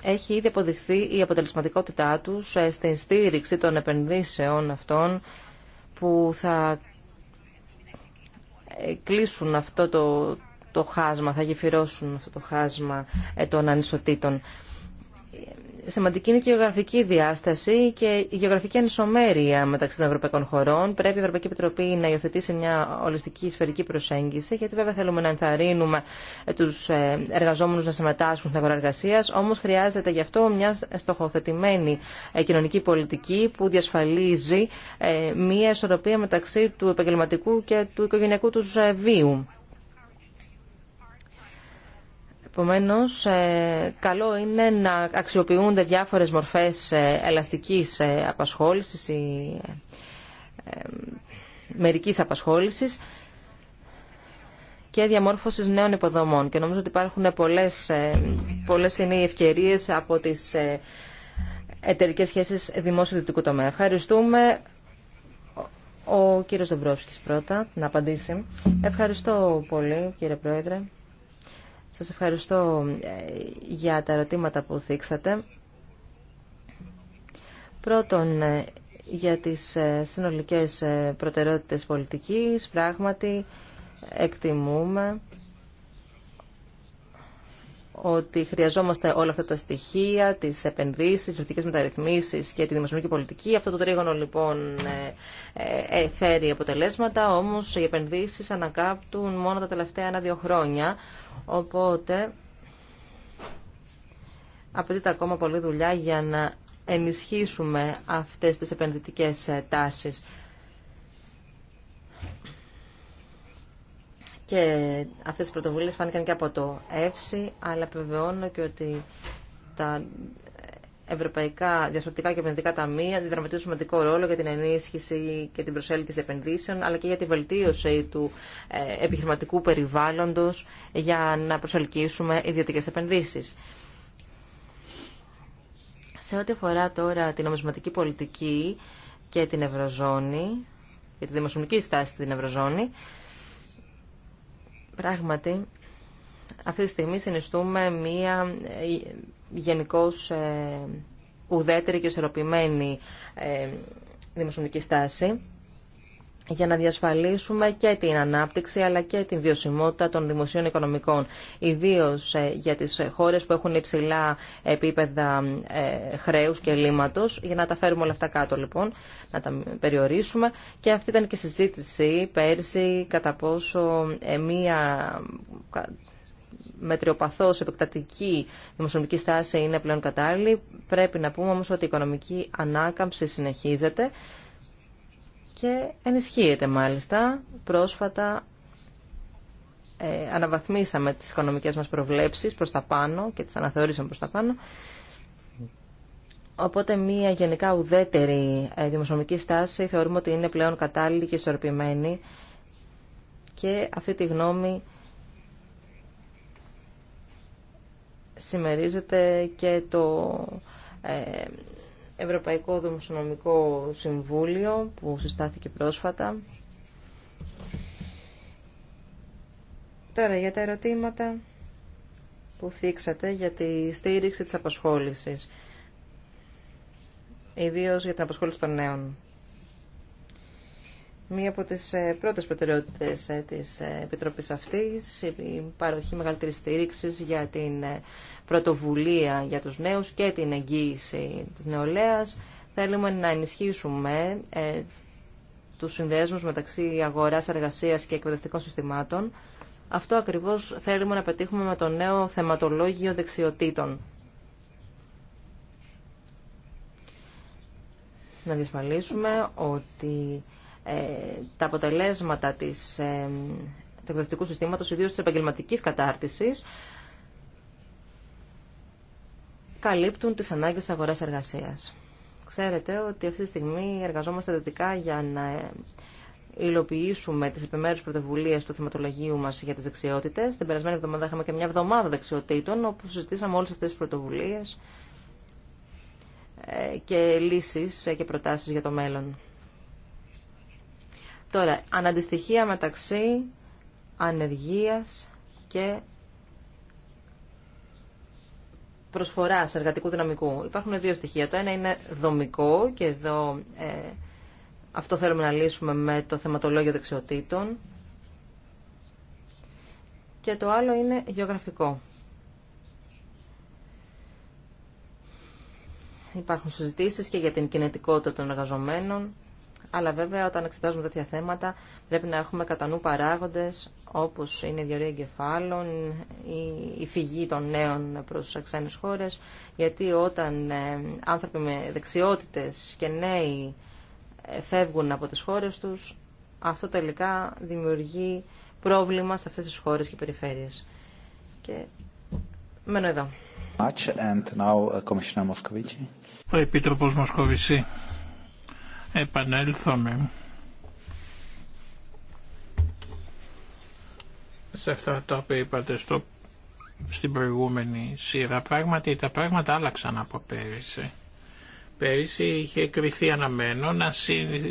έχει ήδη αποδειχθεί η αποτελεσματικότητά τους ε, στην στήριξη των επενδύσεων αυτών που θα ε, κλείσουν αυτό το, το χάσμα, θα γεφυρώσουν αυτό το χάσμα ε, των ανισοτήτων. Σημαντική είναι και η γεωγραφική διάσταση και η γεωγραφική ανισομέρεια μεταξύ των ευρωπαϊκών χωρών. Πρέπει η Ευρωπαϊκή Επιτροπή να υιοθετήσει μια ολιστική σφαιρική προσέγγιση, γιατί βέβαια θέλουμε να ενθαρρύνουμε ε, του ε, εργαζόμενου να συμμετάσχουν στην αγορά εργασία. Όμω χρειάζεται γι' αυτό μια στοχοθετημένη κοινωνική πολιτική που διασφαλίζει μια ισορροπία μεταξύ του επαγγελματικού και του οικογενειακού του βίου. Επομένως, ε, καλό είναι να αξιοποιούνται διάφορες μορφές ε, ελαστικής ε, απασχόλησης ή μερικής απασχόλησης και διαμόρφωσης νέων υποδομών. Και νομίζω ότι υπάρχουν πολλές, πολλές είναι ευκαιρίες από τις εταιρικές σχέσεις δημόσιο-δυτικού τομέα. Ευχαριστούμε. Ο κύριος Δομπρόφσκης πρώτα να απαντήσει. Ευχαριστώ πολύ κύριε Πρόεδρε. Σας ευχαριστώ ε, για τα ερωτήματα που θίξατε. Πρώτον, ε, για τις ε, συνολικές προτεραιότητες πολιτικής, πράγματι εκτιμούμε ότι χρειαζόμαστε όλα αυτά τα στοιχεία, τι επενδύσει, τι δυτικέ μεταρρυθμίσει και τη δημοσιονομική πολιτική. Αυτό το τρίγωνο λοιπόν ε, ε, ε, φέρει αποτελέσματα, όμως οι επενδύσεις ανακάπτουν μόνο τα τελευταία ένα-δύο χρόνια, οπότε απαιτείται ακόμα πολλή δουλειά για να ενισχύσουμε αυτές τις επενδυτικές τάσεις. Και αυτές τις πρωτοβουλίες φάνηκαν και από το ΕΦΣΥ, αλλά επιβεβαιώνω και ότι τα ευρωπαϊκά διασωτικά και επενδυτικά ταμεία διδραματίζουν σημαντικό ρόλο για την ενίσχυση και την προσέλκυση επενδύσεων, αλλά και για τη βελτίωση του ε, επιχειρηματικού περιβάλλοντος για να προσελκύσουμε ιδιωτικές επενδύσεις. Σε ό,τι αφορά τώρα την νομισματική πολιτική και την Ευρωζώνη, για τη δημοσιονομική στάση στην Ευρωζώνη, Πράγματι, αυτή τη στιγμή συνιστούμε μία ε, γενικώς ε, ουδέτερη και ισορροπημένη ε, δημοσιονομική στάση για να διασφαλίσουμε και την ανάπτυξη αλλά και την βιωσιμότητα των δημοσίων οικονομικών, ιδίως ε, για τις χώρες που έχουν υψηλά επίπεδα ε, χρέους και λύματο, για να τα φέρουμε όλα αυτά κάτω λοιπόν, να τα περιορίσουμε. Και αυτή ήταν και συζήτηση πέρσι κατά πόσο ε, μία μετριοπαθώς επεκτατική δημοσιονομική στάση είναι πλέον κατάλληλη. Πρέπει να πούμε όμως ότι η οικονομική ανάκαμψη συνεχίζεται και ενισχύεται μάλιστα. Πρόσφατα ε, αναβαθμίσαμε τις οικονομικές μας προβλέψεις προς τα πάνω και τις αναθεωρήσαμε προς τα πάνω. Οπότε μια γενικά ουδέτερη ε, δημοσιονομική στάση θεωρούμε ότι είναι πλέον κατάλληλη και ισορροπημένη και αυτή τη γνώμη συμμερίζεται και το ε, Ευρωπαϊκό Δημοσιονομικό Συμβούλιο που συστάθηκε πρόσφατα. Τώρα για τα ερωτήματα που θίξατε για τη στήριξη της απασχόλησης, ιδίως για την απασχόληση των νέων. Μία από τις ε, πρώτες προτεραιότητε ε, της ε, Επιτροπή αυτής, η παροχή μεγαλύτερη στηρίξη για την πρωτοβουλία για τους νέους και την εγγύηση της νεολαίας. Θέλουμε να ενισχύσουμε τους συνδέσμους μεταξύ αγοράς, εργασίας και εκπαιδευτικών συστημάτων. Αυτό ακριβώς θέλουμε να πετύχουμε με το νέο θεματολόγιο δεξιοτήτων. Να διασφαλίσουμε ότι ε, τα αποτελέσματα της, ε, του εκπαιδευτικού συστήματος, ιδίως της επαγγελματικής κατάρτισης, καλύπτουν τις ανάγκες της αγοράς εργασίας. Ξέρετε ότι αυτή τη στιγμή εργαζόμαστε δυτικά για να ε, υλοποιήσουμε τις επιμέρους πρωτοβουλίες του θεματολογίου μας για τις δεξιότητες. Την περασμένη εβδομάδα είχαμε και μια εβδομάδα δεξιοτήτων όπου συζητήσαμε όλες αυτές τις πρωτοβουλίες και λύσεις και προτάσεις για το μέλλον. Τώρα, αναντιστοιχεία μεταξύ ανεργίας και προσφοράς εργατικού δυναμικού. Υπάρχουν δύο στοιχεία. Το ένα είναι δομικό και εδώ ε, αυτό θέλουμε να λύσουμε με το θεματολόγιο δεξιοτήτων. Και το άλλο είναι γεωγραφικό. Υπάρχουν συζητήσεις και για την κινητικότητα των εργαζομένων αλλά βέβαια όταν εξετάζουμε τέτοια θέματα πρέπει να έχουμε κατά νου παράγοντες όπως είναι η διορία εγκεφάλων, η φυγή των νέων προς ξένες χώρες, γιατί όταν ε, άνθρωποι με δεξιότητες και νέοι ε, φεύγουν από τις χώρες τους, αυτό τελικά δημιουργεί πρόβλημα σε αυτές τις χώρες και περιφέρειες. Και μένω εδώ. Uh, Ο Επίτροπος Επανέλθομαι σε αυτά τα οποία είπατε στο, στην προηγούμενη σειρά. Πράγματι τα πράγματα άλλαξαν από πέρυσι. Πέρυσι είχε κρυθεί αναμένο να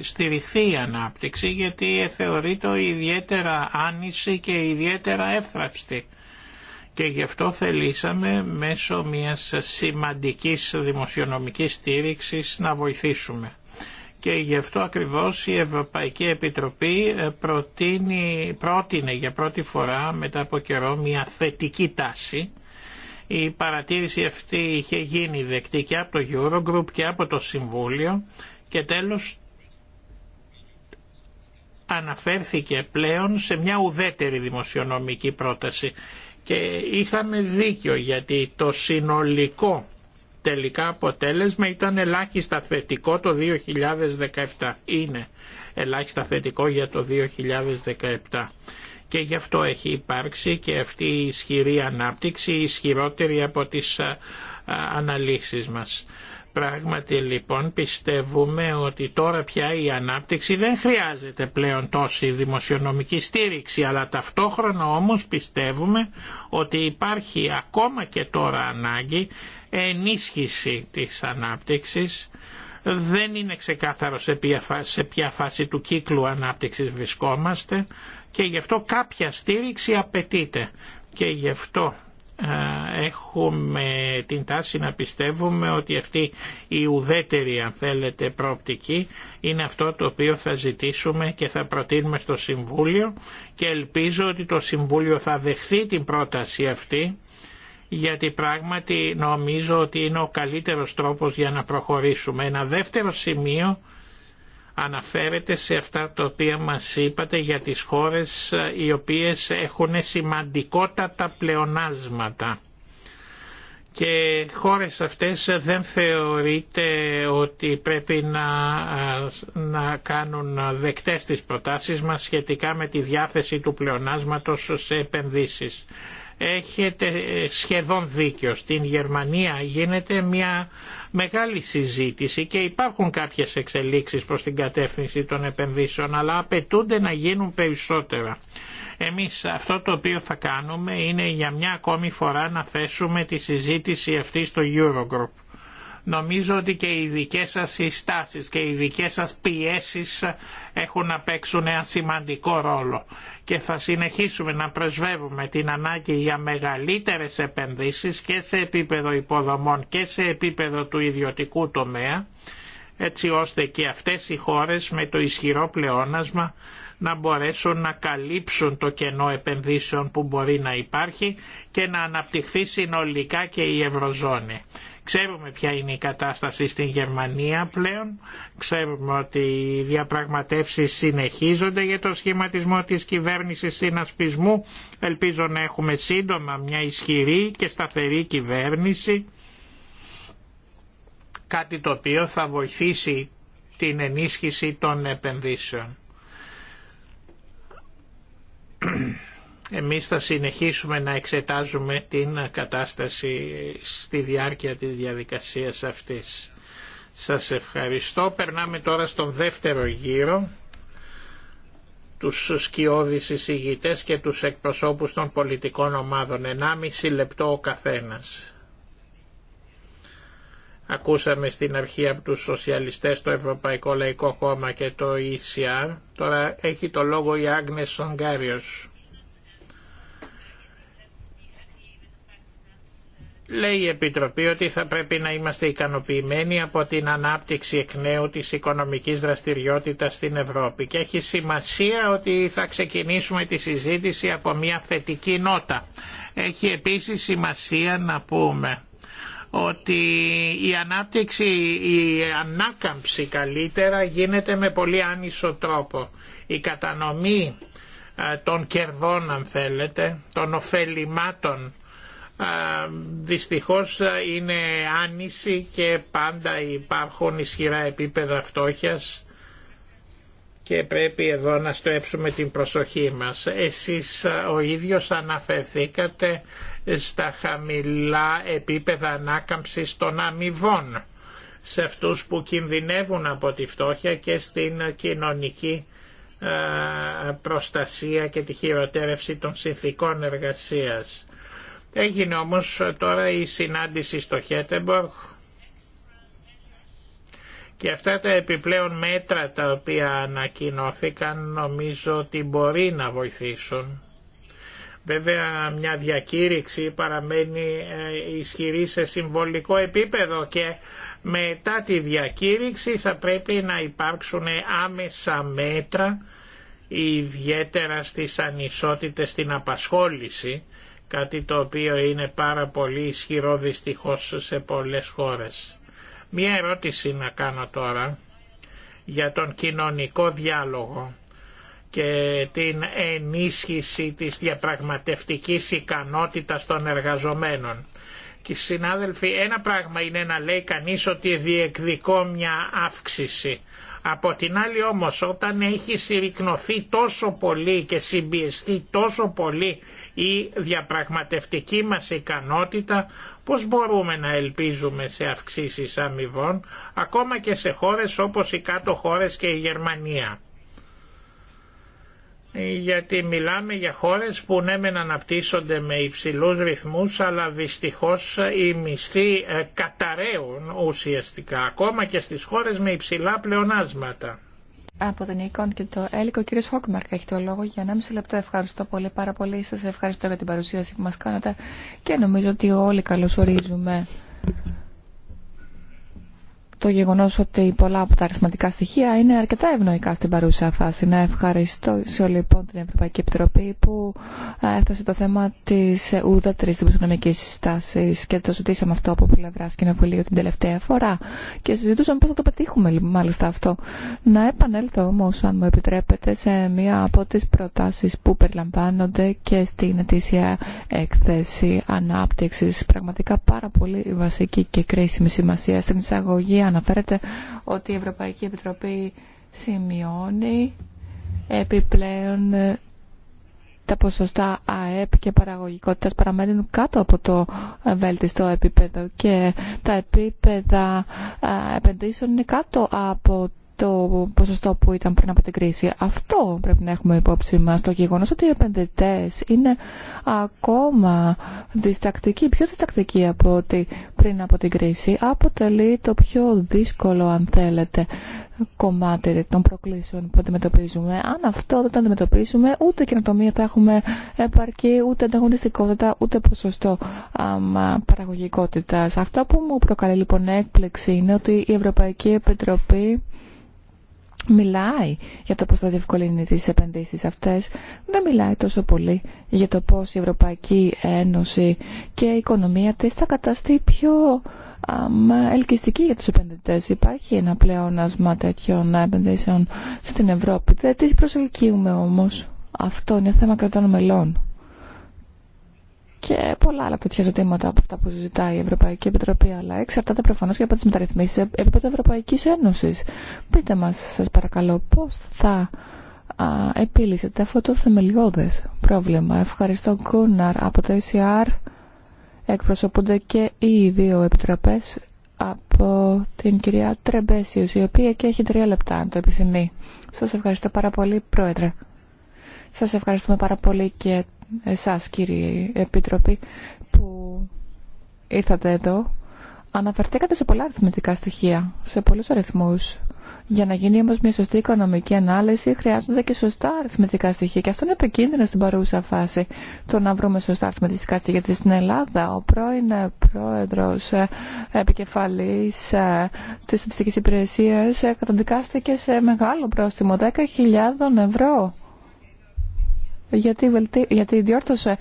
στηριχθεί η ανάπτυξη γιατί θεωρείται ιδιαίτερα άνηση και ιδιαίτερα εύθραυστη και γι' αυτό θελήσαμε μέσω μιας σημαντικής δημοσιονομικής στήριξης να βοηθήσουμε και γι' αυτό ακριβώς η Ευρωπαϊκή Επιτροπή ε, προτείνει, πρότεινε για πρώτη φορά μετά από καιρό μια θετική τάση. Η παρατήρηση αυτή είχε γίνει δεκτή και από το Eurogroup και από το Συμβούλιο και τέλος αναφέρθηκε πλέον σε μια ουδέτερη δημοσιονομική πρόταση. Και είχαμε δίκιο γιατί το συνολικό τελικά αποτέλεσμα ήταν ελάχιστα θετικό το 2017. Είναι ελάχιστα θετικό για το 2017. Και γι' αυτό έχει υπάρξει και αυτή η ισχυρή ανάπτυξη, ισχυρότερη από τις αναλύσεις μας. Πράγματι λοιπόν πιστεύουμε ότι τώρα πια η ανάπτυξη δεν χρειάζεται πλέον τόση δημοσιονομική στήριξη αλλά ταυτόχρονα όμως πιστεύουμε ότι υπάρχει ακόμα και τώρα ανάγκη ενίσχυση της ανάπτυξης. Δεν είναι ξεκάθαρο σε ποια, φάση, σε ποια του κύκλου ανάπτυξης βρισκόμαστε και γι' αυτό κάποια στήριξη απαιτείται. Και γι' αυτό ε, έχουμε την τάση να πιστεύουμε ότι αυτή η ουδέτερη αν θέλετε προοπτική είναι αυτό το οποίο θα ζητήσουμε και θα προτείνουμε στο Συμβούλιο και ελπίζω ότι το Συμβούλιο θα δεχθεί την πρόταση αυτή γιατί πράγματι νομίζω ότι είναι ο καλύτερος τρόπος για να προχωρήσουμε. Ένα δεύτερο σημείο αναφέρεται σε αυτά τα οποία μας είπατε για τις χώρες ε, οι οποίες έχουν σημαντικότατα πλεονάσματα και χώρες αυτές δεν θεωρείται ότι πρέπει να, ε, να κάνουν δεκτές τις προτάσεις μας σχετικά με τη διάθεση του πλεονάσματος σε επενδύσεις έχετε σχεδόν δίκιο. Στην Γερμανία γίνεται μια μεγάλη συζήτηση και υπάρχουν κάποιες εξελίξεις προς την κατεύθυνση των επενδύσεων αλλά απαιτούνται να γίνουν περισσότερα. Εμείς αυτό το οποίο θα κάνουμε είναι για μια ακόμη φορά να θέσουμε τη συζήτηση αυτή στο Eurogroup Νομίζω ότι και οι δικές σας συστάσεις και οι δικές σας πιέσεις έχουν να παίξουν ένα σημαντικό ρόλο και θα συνεχίσουμε να πρεσβεύουμε την ανάγκη για μεγαλύτερες επενδύσεις και σε επίπεδο υποδομών και σε επίπεδο του ιδιωτικού τομέα έτσι ώστε και αυτές οι χώρες με το ισχυρό πλεόνασμα να μπορέσουν να καλύψουν το κενό επενδύσεων που μπορεί να υπάρχει και να αναπτυχθεί συνολικά και η Ευρωζώνη. Ξέρουμε ποια είναι η κατάσταση στην Γερμανία πλέον, ξέρουμε ότι οι διαπραγματεύσεις συνεχίζονται για το σχηματισμό της κυβέρνησης συνασπισμού. Ελπίζω να έχουμε σύντομα μια ισχυρή και σταθερή κυβέρνηση, κάτι το οποίο θα βοηθήσει την ενίσχυση των επενδύσεων. Εμείς θα συνεχίσουμε να εξετάζουμε την κατάσταση στη διάρκεια της διαδικασίας αυτής. Σας ευχαριστώ. Περνάμε τώρα στον δεύτερο γύρο τους σκιώδεις εισηγητές και τους εκπροσώπους των πολιτικών ομάδων. 1,5 λεπτό ο καθένας. Ακούσαμε στην αρχή από τους σοσιαλιστές το Ευρωπαϊκό Λαϊκό Κόμμα και το ECR. Τώρα έχει το λόγο η Άγνες Σογκάριος. Λέει η Επιτροπή ότι θα πρέπει να είμαστε ικανοποιημένοι από την ανάπτυξη εκ νέου της οικονομικής δραστηριότητας στην Ευρώπη και έχει σημασία ότι θα ξεκινήσουμε τη συζήτηση από μια θετική νότα. Έχει επίσης σημασία να πούμε ότι η ανάπτυξη, η ανάκαμψη καλύτερα γίνεται με πολύ άνισο τρόπο. Η κατανομή ε, των κερδών αν θέλετε, των ωφελημάτων δυστυχώς είναι άνηση και πάντα υπάρχουν ισχυρά επίπεδα φτώχειας και πρέπει εδώ να στρέψουμε την προσοχή μας. Εσείς ο ίδιος αναφερθήκατε στα χαμηλά επίπεδα ανάκαμψης των αμοιβών σε αυτούς που κινδυνεύουν από τη φτώχεια και στην κοινωνική προστασία και τη χειροτέρευση των συνθήκων εργασίας. Έγινε όμως τώρα η συνάντηση στο Χέτεμπορκ και αυτά τα επιπλέον μέτρα τα οποία ανακοινώθηκαν νομίζω ότι μπορεί να βοηθήσουν. Βέβαια μια διακήρυξη παραμένει ε, ισχυρή σε συμβολικό επίπεδο και μετά τη διακήρυξη θα πρέπει να υπάρξουν άμεσα μέτρα ιδιαίτερα στις ανισότητες στην απασχόληση κάτι το οποίο είναι πάρα πολύ ισχυρό δυστυχώς σε πολλές χώρες. Μία ερώτηση να κάνω τώρα για τον κοινωνικό διάλογο και την ενίσχυση της διαπραγματευτικής ικανότητας των εργαζομένων. Και συνάδελφοι, ένα πράγμα είναι να λέει κανείς ότι διεκδικώ μια αύξηση. Από την άλλη όμως όταν έχει συρρυκνωθεί τόσο πολύ και συμπιεστεί τόσο πολύ η διαπραγματευτική μας ικανότητα, πώς μπορούμε να ελπίζουμε σε αυξήσεις αμοιβών, ακόμα και σε χώρες όπως οι κάτω χώρες και η Γερμανία γιατί μιλάμε για χώρες που ναι μεν αναπτύσσονται με υψηλούς ρυθμούς αλλά δυστυχώς οι μισθοί ε, καταραίουν ουσιαστικά ακόμα και στις χώρες με υψηλά πλεονάσματα. Από τον και το Έλικο, ο κύριος Χόκμαρκ έχει το λόγο για 1,5 λεπτό. Ευχαριστώ πολύ, πάρα πολύ. Σας ευχαριστώ για την παρουσίαση που μας κάνατε και νομίζω ότι όλοι καλωσορίζουμε το γεγονό ότι πολλά από τα αριθματικά στοιχεία είναι αρκετά ευνοϊκά στην παρούσα φάση. Να ευχαριστώ σε λοιπόν την Ευρωπαϊκή Επιτροπή που ε, έφτασε το θέμα τη ε, ουδέτερη δημοσιονομική συστάσης και το ζητήσαμε αυτό από πλευρά Κοινοβουλίου την τελευταία φορά και συζητούσαμε πώ θα το πετύχουμε μάλιστα αυτό. Να επανέλθω όμω αν μου επιτρέπετε, σε μία από τι προτάσει που περιλαμβάνονται και στην ετήσια έκθεση ανάπτυξη. Πραγματικά πάρα πολύ βασική και κρίσιμη σημασία στην εισαγωγή αναφέρεται ότι η Ευρωπαϊκή Επιτροπή σημειώνει επιπλέον ε, τα ποσοστά ΑΕΠ και παραγωγικότητας παραμένουν κάτω από το ε, βέλτιστο επίπεδο και τα επίπεδα ε, επενδύσεων είναι κάτω από το ποσοστό που ήταν πριν από την κρίση. Αυτό πρέπει να έχουμε υπόψη μα το γεγονό ότι οι επενδυτέ είναι ακόμα διστακτικοί, πιο διστακτικοί από ότι πριν από την κρίση, αποτελεί το πιο δύσκολο, αν θέλετε, κομμάτι των προκλήσεων που αντιμετωπίζουμε. Αν αυτό δεν το αντιμετωπίσουμε, ούτε καινοτομία θα έχουμε επαρκή, ούτε ανταγωνιστικότητα, ούτε ποσοστό παραγωγικότητα. Αυτό που μου προκαλεί λοιπόν έκπληξη είναι ότι η Ευρωπαϊκή Επιτροπή μιλάει για το πώς θα διευκολύνει τις επενδύσεις αυτές, δεν μιλάει τόσο πολύ για το πώς η Ευρωπαϊκή Ένωση και η οικονομία της θα καταστεί πιο ελκυστική για τους επενδυτές. Υπάρχει ένα πλεόνασμα τέτοιων επενδύσεων στην Ευρώπη. Δεν τις προσελκύουμε όμως. Αυτό είναι θέμα κρατών μελών και πολλά άλλα τέτοια ζητήματα από αυτά που ζητάει η Ευρωπαϊκή Επιτροπή, αλλά εξαρτάται προφανώ και από τι μεταρρυθμίσει επίπεδο Ευρωπαϊκή Ένωση. Πείτε μα, σα παρακαλώ, πώ θα επίλυσετε αυτό το θεμελιώδε πρόβλημα. Ευχαριστώ, Κούναρ. Από το ECR εκπροσωπούνται και οι δύο επιτροπέ από την κυρία Τρεμπέσιου, η οποία και έχει τρία λεπτά, αν το επιθυμεί. Σα ευχαριστώ πάρα πολύ, Πρόεδρε. Σας ευχαριστούμε πάρα πολύ και εσάς κύριε Επίτροπη που ήρθατε εδώ. Αναφερθήκατε σε πολλά αριθμητικά στοιχεία, σε πολλούς αριθμούς. Για να γίνει όμως μια σωστή οικονομική ανάλυση χρειάζονται και σωστά αριθμητικά στοιχεία και αυτό είναι επικίνδυνο στην παρούσα φάση το να βρούμε σωστά αριθμητικά στοιχεία γιατί στην Ελλάδα ο πρώην πρόεδρος ε, επικεφαλής ε, της στατιστικής υπηρεσίας ε, καταδικάστηκε σε μεγάλο πρόστιμο 10.000 ευρώ γιατί, βελτί... γιατί διόρθωσε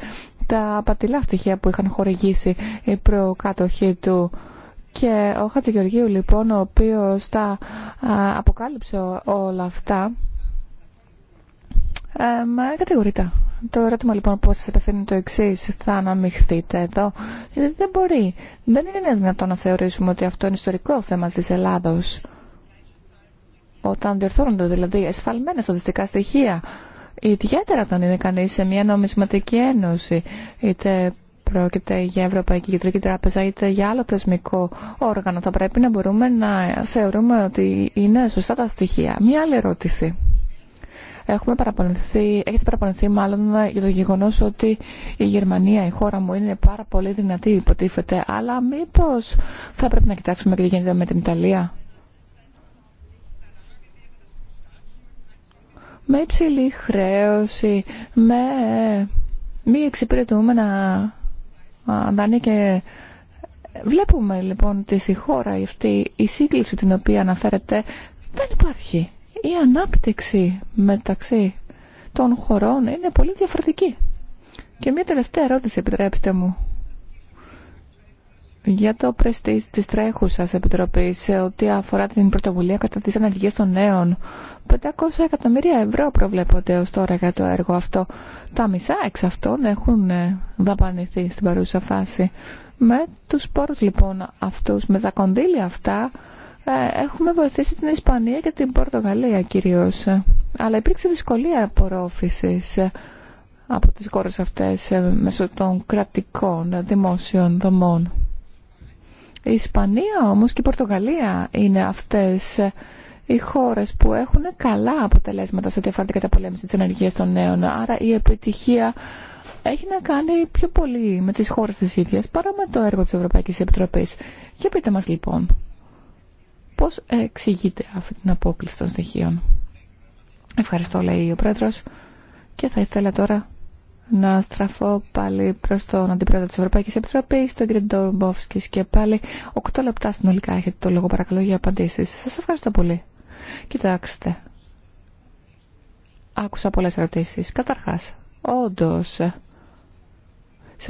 τα απατηλά στοιχεία που είχαν χορηγήσει οι προκάτοχοί του. Και ο Χατζηγεωργίου λοιπόν, ο οποίος τα αποκάλυψε όλα αυτά, ε, κατηγορείται. Το ερώτημα λοιπόν που σας απευθύνει το εξή θα αναμειχθείτε εδώ, γιατί δεν μπορεί, δεν είναι δυνατόν να θεωρήσουμε ότι αυτό είναι ιστορικό θέμα της Ελλάδος. Όταν διορθώνονται δηλαδή εσφαλμένα στατιστικά στοιχεία Ιδιαίτερα όταν είναι κάνει σε μια νομισματική ένωση, είτε πρόκειται για Ευρωπαϊκή Κεντρική Τράπεζα είτε για άλλο θεσμικό όργανο, θα πρέπει να μπορούμε να θεωρούμε ότι είναι σωστά τα στοιχεία. Μία άλλη ερώτηση. Έχουμε παραπονηθεί έχετε παραπονηθεί μάλλον για το γεγονός ότι η Γερμανία, η χώρα μου, είναι πάρα πολύ δυνατή, υποτίθεται, αλλά μήπως θα πρέπει να κοιτάξουμε και γίνεται με την Ιταλία. με υψηλή χρέωση, με μη εξυπηρετούμενα δανεί και βλέπουμε λοιπόν ότι στη χώρα αυτή η σύγκληση την οποία αναφέρεται δεν υπάρχει. Η ανάπτυξη μεταξύ των χωρών είναι πολύ διαφορετική. Και μια τελευταία ερώτηση επιτρέψτε μου για το πρεστή τη Τρέχουσα επιτροπή, ό,τι αφορά την πρωτοβουλία κατά της ανεργία των νέων. 500 εκατομμύρια ευρώ προβλέπονται ω τώρα για το έργο αυτό. Τα μισά εξ αυτών έχουν ε, δαπανηθεί στην παρούσα φάση. Με τους πόρου λοιπόν αυτούς, με τα κονδύλια αυτά, ε, έχουμε βοηθήσει την Ισπανία και την Πορτογαλία κυρίω. Ε, αλλά υπήρξε δυσκολία απορρόφησης από τις χώρες αυτές μέσω των κρατικών δημόσιων δομών. Η Ισπανία όμως και η Πορτογαλία είναι αυτές οι χώρες που έχουν καλά αποτελέσματα σε ό,τι αφορά την καταπολέμηση της ενεργείας των νέων. Άρα η επιτυχία έχει να κάνει πιο πολύ με τις χώρες της ίδιας παρά με το έργο της Ευρωπαϊκής Επιτροπής. Για πείτε μας λοιπόν, πώς εξηγείται αυτή την απόκληση των στοιχείων. Ευχαριστώ λέει ο Πρόεδρος και θα ήθελα τώρα να στραφώ πάλι προ τον Αντιπρόεδρο τη Ευρωπαϊκή Επιτροπή, τον κ. Ντόμποφσκη, και πάλι 8 λεπτά συνολικά έχετε το λόγο παρακαλώ για απαντήσει. Σα ευχαριστώ πολύ. Κοιτάξτε, άκουσα πολλέ ερωτήσει. Καταρχά. Όντω. σε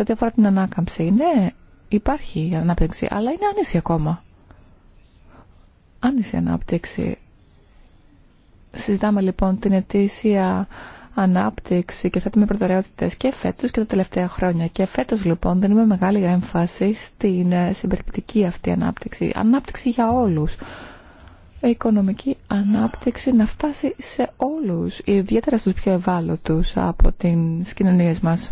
ό,τι αφορά την ανάκαμψη, ναι, υπάρχει η ανάπτυξη, αλλά είναι άνηση ακόμα. Άνηση ανάπτυξη. Συζητάμε λοιπόν την αιτήσια ανάπτυξη και θέτουμε προτεραιότητε και φέτο και τα τελευταία χρόνια. Και φέτο λοιπόν δίνουμε μεγάλη έμφαση στην ε, συμπεριπτική αυτή ανάπτυξη. Ανάπτυξη για όλους. οικονομική ανάπτυξη να φτάσει σε όλους, ιδιαίτερα στους πιο ευάλωτους από τι κοινωνίε μας.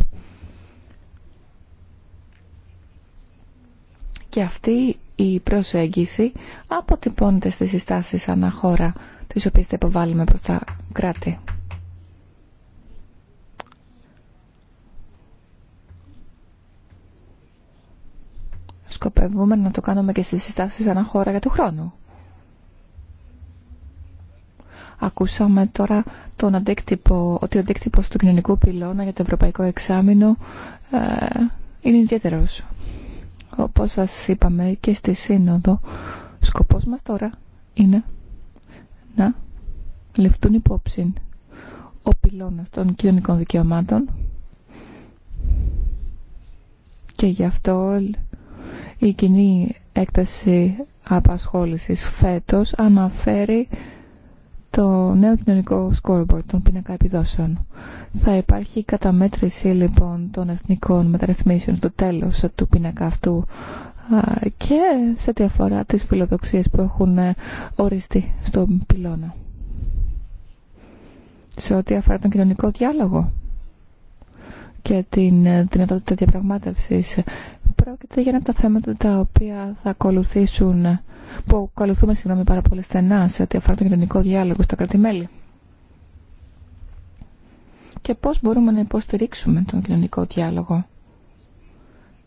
Και αυτή η προσέγγιση αποτυπώνεται στις συστάσεις αναχώρα τις οποίες θα υποβάλουμε προς τα κράτη. σκοπεύουμε να το κάνουμε και στις συστάσεις αναχώρα για του χρόνου. Ακούσαμε τώρα τον ότι ο αντίκτυπος του κοινωνικού πυλώνα για το ευρωπαϊκό εξάμεινο ε, είναι ιδιαίτερος. Όπως σας είπαμε και στη Σύνοδο, σκοπός μας τώρα είναι να ληφθούν υπόψη ο πυλώνας των κοινωνικών δικαιωμάτων και γι' αυτό η κοινή έκταση απασχόλησης φέτος αναφέρει το νέο κοινωνικό scoreboard των πίνακα επιδόσεων. Θα υπάρχει καταμέτρηση λοιπόν των εθνικών μεταρρυθμίσεων στο τέλος του πίνακα αυτού και σε ό,τι αφορά τις φιλοδοξίες που έχουν ε, οριστεί στον πυλώνα. Σε ό,τι αφορά τον κοινωνικό διάλογο και την ε, δυνατότητα διαπραγμάτευσης Πρόκειται για ένα από τα θέματα τα οποία θα ακολουθήσουν, που ακολουθούμε συγγνώμη πάρα πολύ στενά σε ό,τι αφορά τον κοινωνικό διάλογο στα κρατημέλη. Και πώς μπορούμε να υποστηρίξουμε τον κοινωνικό διάλογο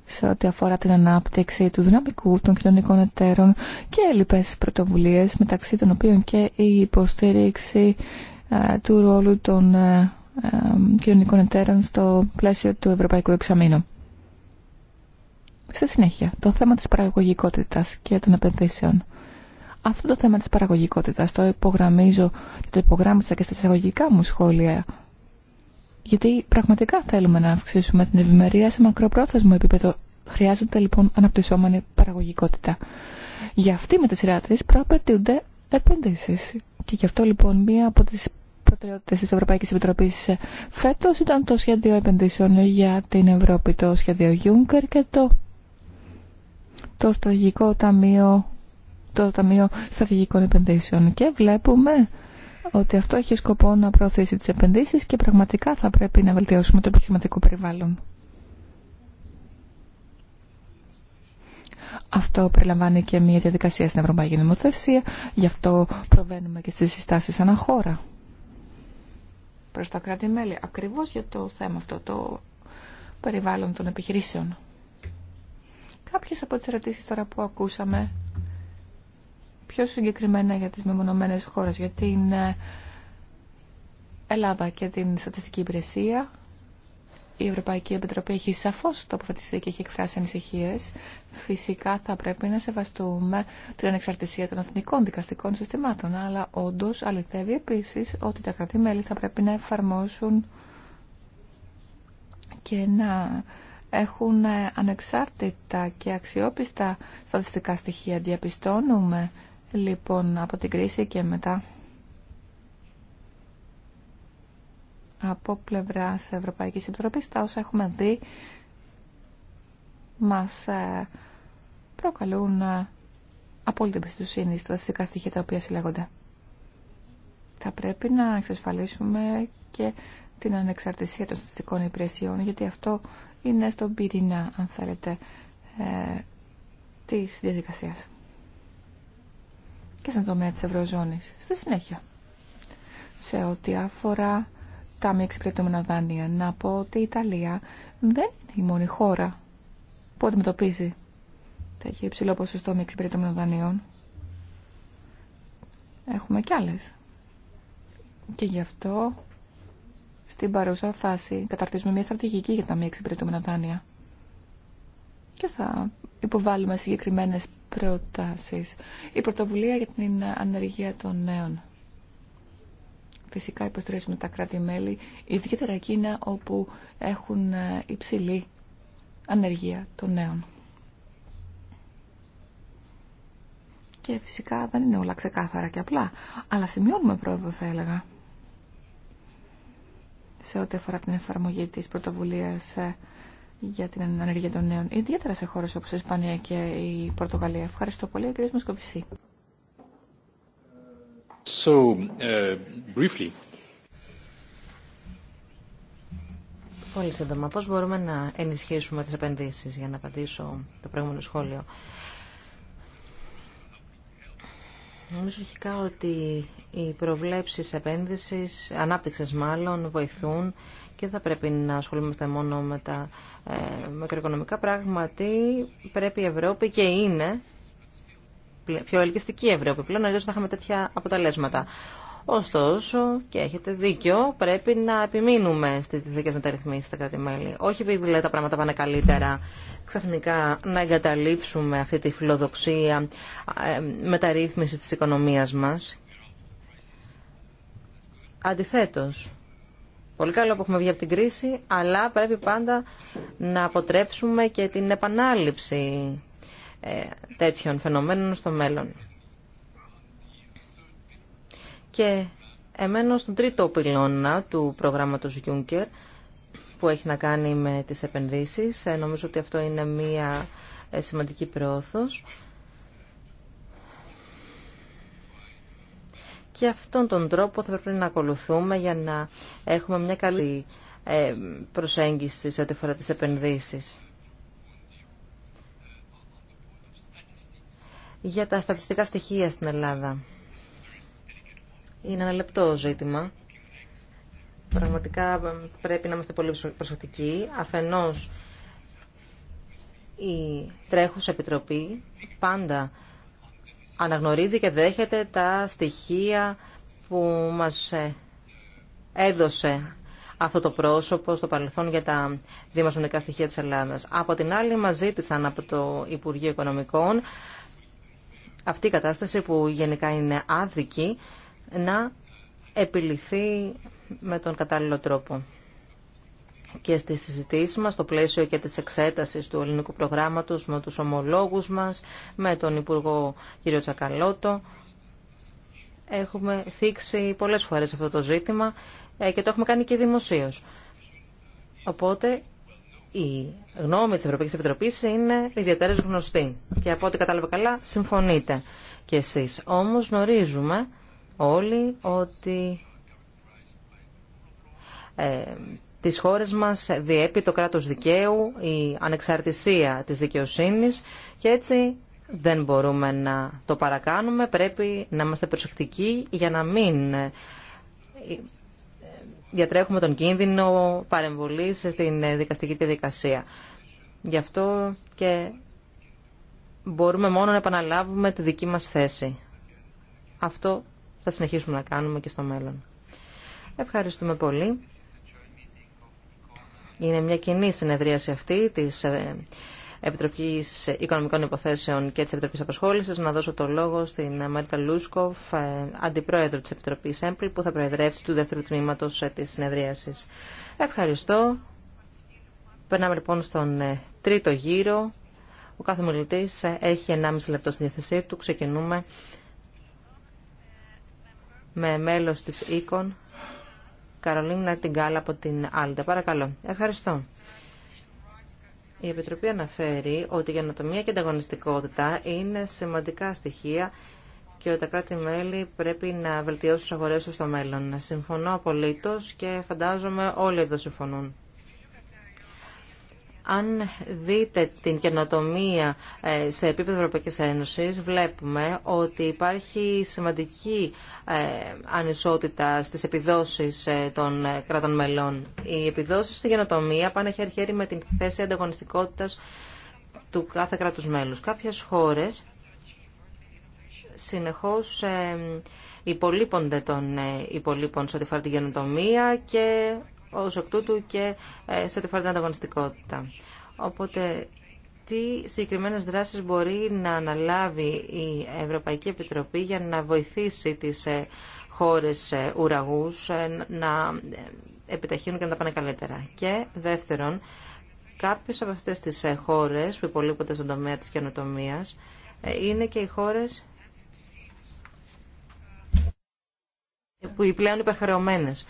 σε ό,τι αφορά την ανάπτυξη του δυναμικού των κοινωνικών εταίρων και λοιπές πρωτοβουλίες μεταξύ των οποίων και η υποστήριξη ε, του ρόλου των ε, ε, κοινωνικών εταίρων στο πλαίσιο του Ευρωπαϊκού Εξαμήνου. Στη συνέχεια, το θέμα της παραγωγικότητας και των επενδύσεων. Αυτό το θέμα της παραγωγικότητας το υπογραμμίζω και το υπογράμμισα και στα εισαγωγικά μου σχόλια. Γιατί πραγματικά θέλουμε να αυξήσουμε την ευημερία σε μακροπρόθεσμο επίπεδο. Χρειάζεται λοιπόν αναπτυσσόμενη παραγωγικότητα. Για αυτή με τη σειρά τη προαπαιτούνται επενδύσει. Και γι' αυτό λοιπόν μία από τι προτεραιότητε τη Ευρωπαϊκή Επιτροπή φέτο ήταν το σχέδιο επενδύσεων για την Ευρώπη, το σχέδιο Juncker και το το στρατηγικό ταμείο, το ταμείο στρατηγικών επενδύσεων και βλέπουμε ότι αυτό έχει σκοπό να προωθήσει τις επενδύσεις και πραγματικά θα πρέπει να βελτιώσουμε το επιχειρηματικό περιβάλλον. Αυτό περιλαμβάνει και μια διαδικασία στην Ευρωπαϊκή Νομοθεσία, γι' αυτό προβαίνουμε και στις συστάσεις αναχώρα Προς τα κράτη-μέλη, ακριβώς για το θέμα αυτό, το περιβάλλον των επιχειρήσεων. Κάποιες από τις ερωτήσεις τώρα που ακούσαμε, πιο συγκεκριμένα για τις μεμονωμένες χώρες, για την ε, Ελλάδα και την Στατιστική Υπηρεσία, η Ευρωπαϊκή Επιτροπή έχει σαφώς τοποθετηθεί και έχει εκφράσει ανησυχίες. Φυσικά θα πρέπει να σεβαστούμε την ανεξαρτησία των εθνικών δικαστικών συστημάτων, αλλά όντως αληθεύει επίσης ότι τα κρατή-μέλη θα πρέπει να εφαρμόσουν και να έχουν ε, ανεξάρτητα και αξιόπιστα στατιστικά στοιχεία. Διαπιστώνουμε λοιπόν από την κρίση και μετά από πλευράς Ευρωπαϊκής Επιτροπής τα όσα έχουμε δει μας ε, προκαλούν ε, απόλυτη εμπιστοσύνη στα στατιστικά στοιχεία τα οποία συλλέγονται. Θα πρέπει να εξασφαλίσουμε και την ανεξαρτησία των στατιστικών υπηρεσιών, γιατί αυτό είναι στον πυρήνα, αν θέλετε, ε, της διαδικασίας και στον τομέα της Ευρωζώνης. Στη συνέχεια, σε ό,τι αφορά τα μη εξυπηρετούμενα δάνεια, να πω ότι η Ιταλία δεν είναι η μόνη χώρα που αντιμετωπίζει τα υψηλό ποσοστό μη εξυπηρετούμενων δανείων. Έχουμε κι άλλες. Και γι' αυτό στην παρούσα φάση καταρτίζουμε μια στρατηγική για τα μη εξυπηρετούμενα δάνεια και θα υποβάλουμε συγκεκριμένες προτάσεις. Η πρωτοβουλία για την ανεργία των νέων. Φυσικά υποστηρίζουμε τα κράτη-μέλη, ιδιαίτερα εκείνα όπου έχουν υψηλή ανεργία των νέων. Και φυσικά δεν είναι όλα ξεκάθαρα και απλά, αλλά σημειώνουμε πρόοδο θα έλεγα σε ό,τι αφορά την εφαρμογή της πρωτοβουλίας ε, για την ανεργία των νέων, ιδιαίτερα σε χώρες όπως η Ισπανία και η Πορτογαλία. Ευχαριστώ πολύ, ο κ. Μοσκοβισή. So, ε, briefly. Πολύ σύντομα, πώς μπορούμε να ενισχύσουμε τις επενδύσεις για να απαντήσω το προηγούμενο σχόλιο. Νομίζω αρχικά ότι οι προβλέψεις επένδυσης, ανάπτυξης μάλλον, βοηθούν και θα πρέπει να ασχολούμαστε μόνο με τα ε, μικροοικονομικά. Πράγματι, πρέπει η Ευρώπη και είναι πιο ελκυστική η Ευρώπη πλέον, αλλιώς θα είχαμε τέτοια αποτελέσματα. Ωστόσο, και έχετε δίκιο, πρέπει να επιμείνουμε στις δικές μεταρρυθμίσει στα κράτη-μέλη. Όχι επειδή δηλαδή, τα πράγματα πάνε καλύτερα ξαφνικά να εγκαταλείψουμε αυτή τη φιλοδοξία ε, μεταρρύθμιση της οικονομίας μας. Αντιθέτως, πολύ καλό που έχουμε βγει από την κρίση, αλλά πρέπει πάντα να αποτρέψουμε και την επανάληψη ε, τέτοιων φαινομένων στο μέλλον. Και εμένα στον τρίτο πυλώνα του προγράμματος Juncker, που έχει να κάνει με τις επενδύσεις. Ε, νομίζω ότι αυτό είναι μία ε, σημαντική προώθος. Και αυτόν τον τρόπο θα πρέπει να ακολουθούμε για να έχουμε μια καλή ε, προσέγγιση σε ό,τι αφορά τις επενδύσεις. Για τα στατιστικά στοιχεία στην Ελλάδα. Είναι ένα λεπτό ζήτημα. Πραγματικά πρέπει να είμαστε πολύ προσεκτικοί. Αφενός, η τρέχουσα επιτροπή πάντα αναγνωρίζει και δέχεται τα στοιχεία που μας ε, έδωσε αυτό το πρόσωπο στο παρελθόν για τα δημοσιονομικά στοιχεία της Ελλάδας. Από την άλλη μας ζήτησαν από το Υπουργείο Οικονομικών αυτή η κατάσταση που γενικά είναι άδικη να επιληθεί με τον κατάλληλο τρόπο. Και στη συζητήση μας, στο πλαίσιο και της εξέτασης του ελληνικού προγράμματος με τους ομολόγους μας, με τον Υπουργό κ. Τσακαλώτο, έχουμε θίξει πολλές φορές αυτό το ζήτημα ε, και το έχουμε κάνει και δημοσίως. Οπότε η γνώμη της Ευρωπαϊκής Επιτροπής είναι ιδιαίτερα γνωστή και από ό,τι κατάλαβα καλά συμφωνείτε κι εσείς. Όμως γνωρίζουμε όλοι ότι ε, τις χώρες μας διέπει το κράτος δικαίου, η ανεξαρτησία της δικαιοσύνης και έτσι δεν μπορούμε να το παρακάνουμε. Πρέπει να είμαστε προσεκτικοί για να μην ε, διατρέχουμε τον κίνδυνο παρεμβολής στην δικαστική διαδικασία. Γι' αυτό και μπορούμε μόνο να επαναλάβουμε τη δική μας θέση. Αυτό θα συνεχίσουμε να κάνουμε και στο μέλλον. Ευχαριστούμε πολύ. Είναι μια κοινή συνεδρίαση αυτή της ε, Επιτροπής Οικονομικών Υποθέσεων και τη Επιτροπής Απασχόλησης. Να δώσω το λόγο στην Μαρίτα Λούσκοφ, ε, Αντιπρόεδρο της Επιτροπής ΕΜΠΛ, που θα προεδρεύσει του δεύτερου τμήματο ε, τη συνεδρίασης. Ευχαριστώ. Περνάμε λοιπόν στον τρίτο γύρο. Ο κάθε μιλητή έχει 1,5 λεπτό στην διαθεσή του. Ξεκινούμε με μέλος της ΕΚΟΝ, Καρολίνα κάλα από την Άλντα. Παρακαλώ. Ευχαριστώ. Η Επιτροπή αναφέρει ότι η γενοτομία και η ανταγωνιστικότητα είναι σημαντικά στοιχεία και ότι τα κράτη-μέλη πρέπει να βελτιώσουν τι αγορέ του στο μέλλον. Συμφωνώ απολύτω και φαντάζομαι όλοι εδώ συμφωνούν. Αν δείτε την καινοτομία ε, σε επίπεδο Ευρωπαϊκής Ένωσης, βλέπουμε ότι υπάρχει σημαντική ε, ανισότητα στις επιδόσεις ε, των κρατών μελών. Οι επιδόσεις στη καινοτομία πάνε χέρι-χέρι με την θέση ανταγωνιστικότητας του κάθε κράτους μέλους. Κάποιες χώρες συνεχώς υπολείπονται των υπολείπων σε ό,τι φορά καινοτομία και ως εκ του και ε, σε ό,τι αφορά την ανταγωνιστικότητα. Οπότε, τι συγκεκριμένες δράσεις μπορεί να αναλάβει η Ευρωπαϊκή Επιτροπή για να βοηθήσει τις ε, χώρες ε, ουραγούς να επιταχύνουν και να τα πάνε καλύτερα. Και δεύτερον, κάποιες από αυτές τις χώρες που υπολείπονται στον τομέα της καινοτομίας είναι και οι χώρες που οι πλέον υπερχρεωμένες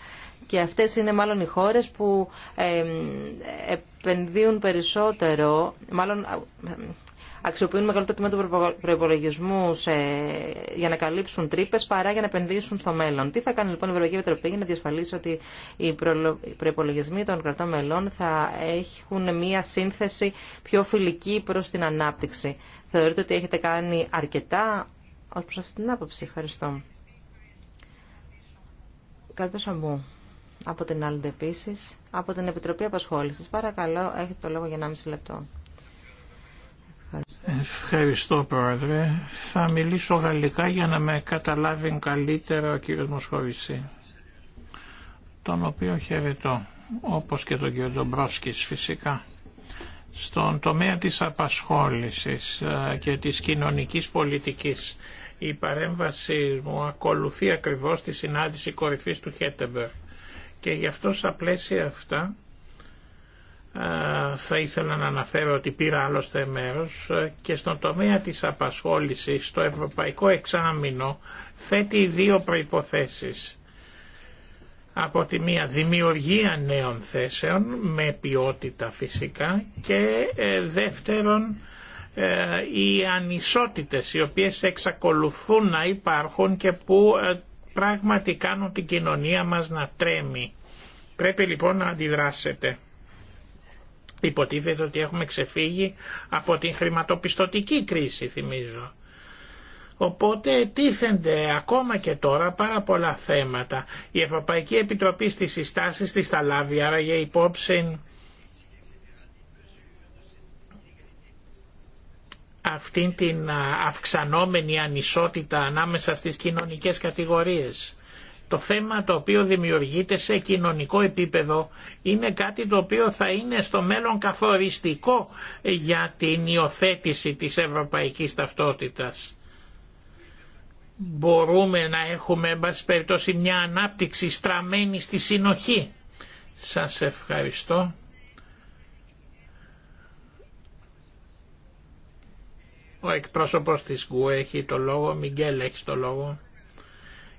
και αυτές είναι μάλλον οι χώρες που επενδύουν περισσότερο, μάλλον αξιοποιούν μεγαλύτερο τμήμα του προπολογισμού για να καλύψουν τρύπε παρά για να επενδύσουν στο μέλλον. Τι θα κάνει λοιπόν η Ευρωπαϊκή Επιτροπή για να διασφαλίσει ότι οι προπολογισμοί των κρατών μελών θα έχουν μία σύνθεση πιο φιλική προ την ανάπτυξη. Θεωρείτε ότι έχετε κάνει αρκετά ω προ αυτή την άποψη. Ευχαριστώ. Καλπέσα μου από την άλλη επίση, από την Επιτροπή Απασχόλησης. Παρακαλώ, έχετε το λόγο για 1,5 λεπτό. Ευχαριστώ. Πρόεδρε. Θα μιλήσω γαλλικά για να με καταλάβει καλύτερα ο κύριος Μοσχοβησή, τον οποίο χαιρετώ, όπως και τον κύριο Ντομπρόσκης φυσικά. Στον τομέα της απασχόλησης ε, και της κοινωνικής πολιτικής η παρέμβαση μου ακολουθεί ακριβώς τη συνάντηση κορυφής του Χέτεμπερ και γι' αυτό στα πλαίσια αυτά θα ήθελα να αναφέρω ότι πήρα άλλωστε μέρος και στον τομέα της απασχόλησης στο Ευρωπαϊκό Εξάμεινο θέτει δύο προϋποθέσεις. Από τη μία δημιουργία νέων θέσεων με ποιότητα φυσικά και ε, δεύτερον ε, οι ανισότητες οι οποίες εξακολουθούν να υπάρχουν και που ε, πράγματι κάνουν την κοινωνία μας να τρέμει. Πρέπει λοιπόν να αντιδράσετε. Υποτίθεται ότι έχουμε ξεφύγει από την χρηματοπιστωτική κρίση, θυμίζω. Οπότε τίθενται ακόμα και τώρα πάρα πολλά θέματα. Η Ευρωπαϊκή Επιτροπή στις συστάσεις της θα λάβει άραγε υπόψη αυτήν την αυξανόμενη ανισότητα ανάμεσα στις κοινωνικές κατηγορίες. Το θέμα το οποίο δημιουργείται σε κοινωνικό επίπεδο είναι κάτι το οποίο θα είναι στο μέλλον καθοριστικό για την υιοθέτηση της ευρωπαϊκής ταυτότητας. Μπορούμε να έχουμε, εν πάση περιπτώσει, μια ανάπτυξη στραμμένη στη συνοχή. Σας ευχαριστώ. Ο εκπρόσωπος της ΓΟΥ έχει το λόγο, Μιγγέλ έχει το λόγο.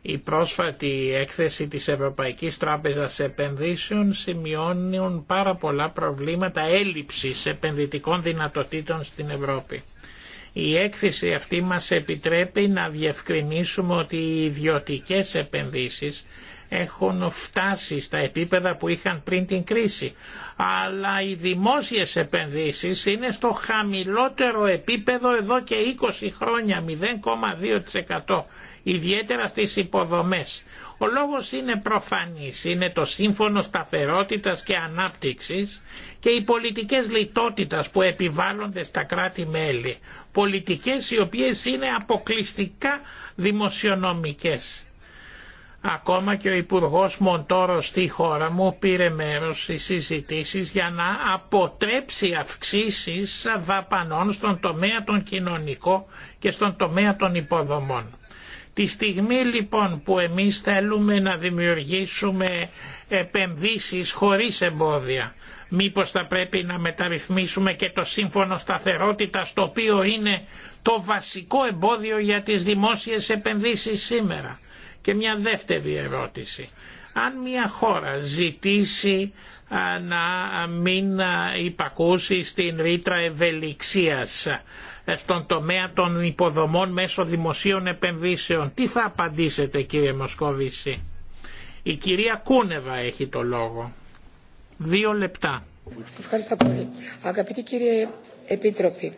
Η πρόσφατη έκθεση της Ευρωπαϊκής Τράπεζας Επενδύσεων σημειώνουν πάρα πολλά προβλήματα έλλειψης επενδυτικών δυνατοτήτων στην Ευρώπη. Η έκθεση αυτή μας επιτρέπει να διευκρινίσουμε ότι οι ιδιωτικές επενδύσεις έχουν φτάσει στα επίπεδα που είχαν πριν την κρίση. Αλλά οι δημόσιες επενδύσεις είναι στο χαμηλότερο επίπεδο εδώ και 20 χρόνια, 0,2% ιδιαίτερα στις υποδομές. Ο λόγος είναι προφανής, είναι το σύμφωνο σταθερότητας και ανάπτυξης και οι πολιτικές λιτότητας που επιβάλλονται στα κράτη-μέλη, πολιτικές οι οποίες είναι αποκλειστικά δημοσιονομικές. Ακόμα και ο Υπουργός Μοντόρο στη χώρα μου πήρε μέρο στις συζητήσει για να αποτρέψει αυξήσεις δαπανών στον τομέα των κοινωνικών και στον τομέα των υποδομών. Τη στιγμή λοιπόν που εμείς θέλουμε να δημιουργήσουμε επενδύσεις χωρίς εμπόδια, μήπως θα πρέπει να μεταρρυθμίσουμε και το σύμφωνο σταθερότητα το οποίο είναι το βασικό εμπόδιο για τις δημόσιες επενδύσεις σήμερα. Και μια δεύτερη ερώτηση. Αν μια χώρα ζητήσει να μην υπακούσει στην ρήτρα ευελιξίας στον τομέα των υποδομών μέσω δημοσίων επενδύσεων. Τι θα απαντήσετε κύριε Μοσκόβηση. Η κυρία Κούνεβα έχει το λόγο. Δύο λεπτά. Ευχαριστώ πολύ. Αγαπητοί κύριε Επίτροποι,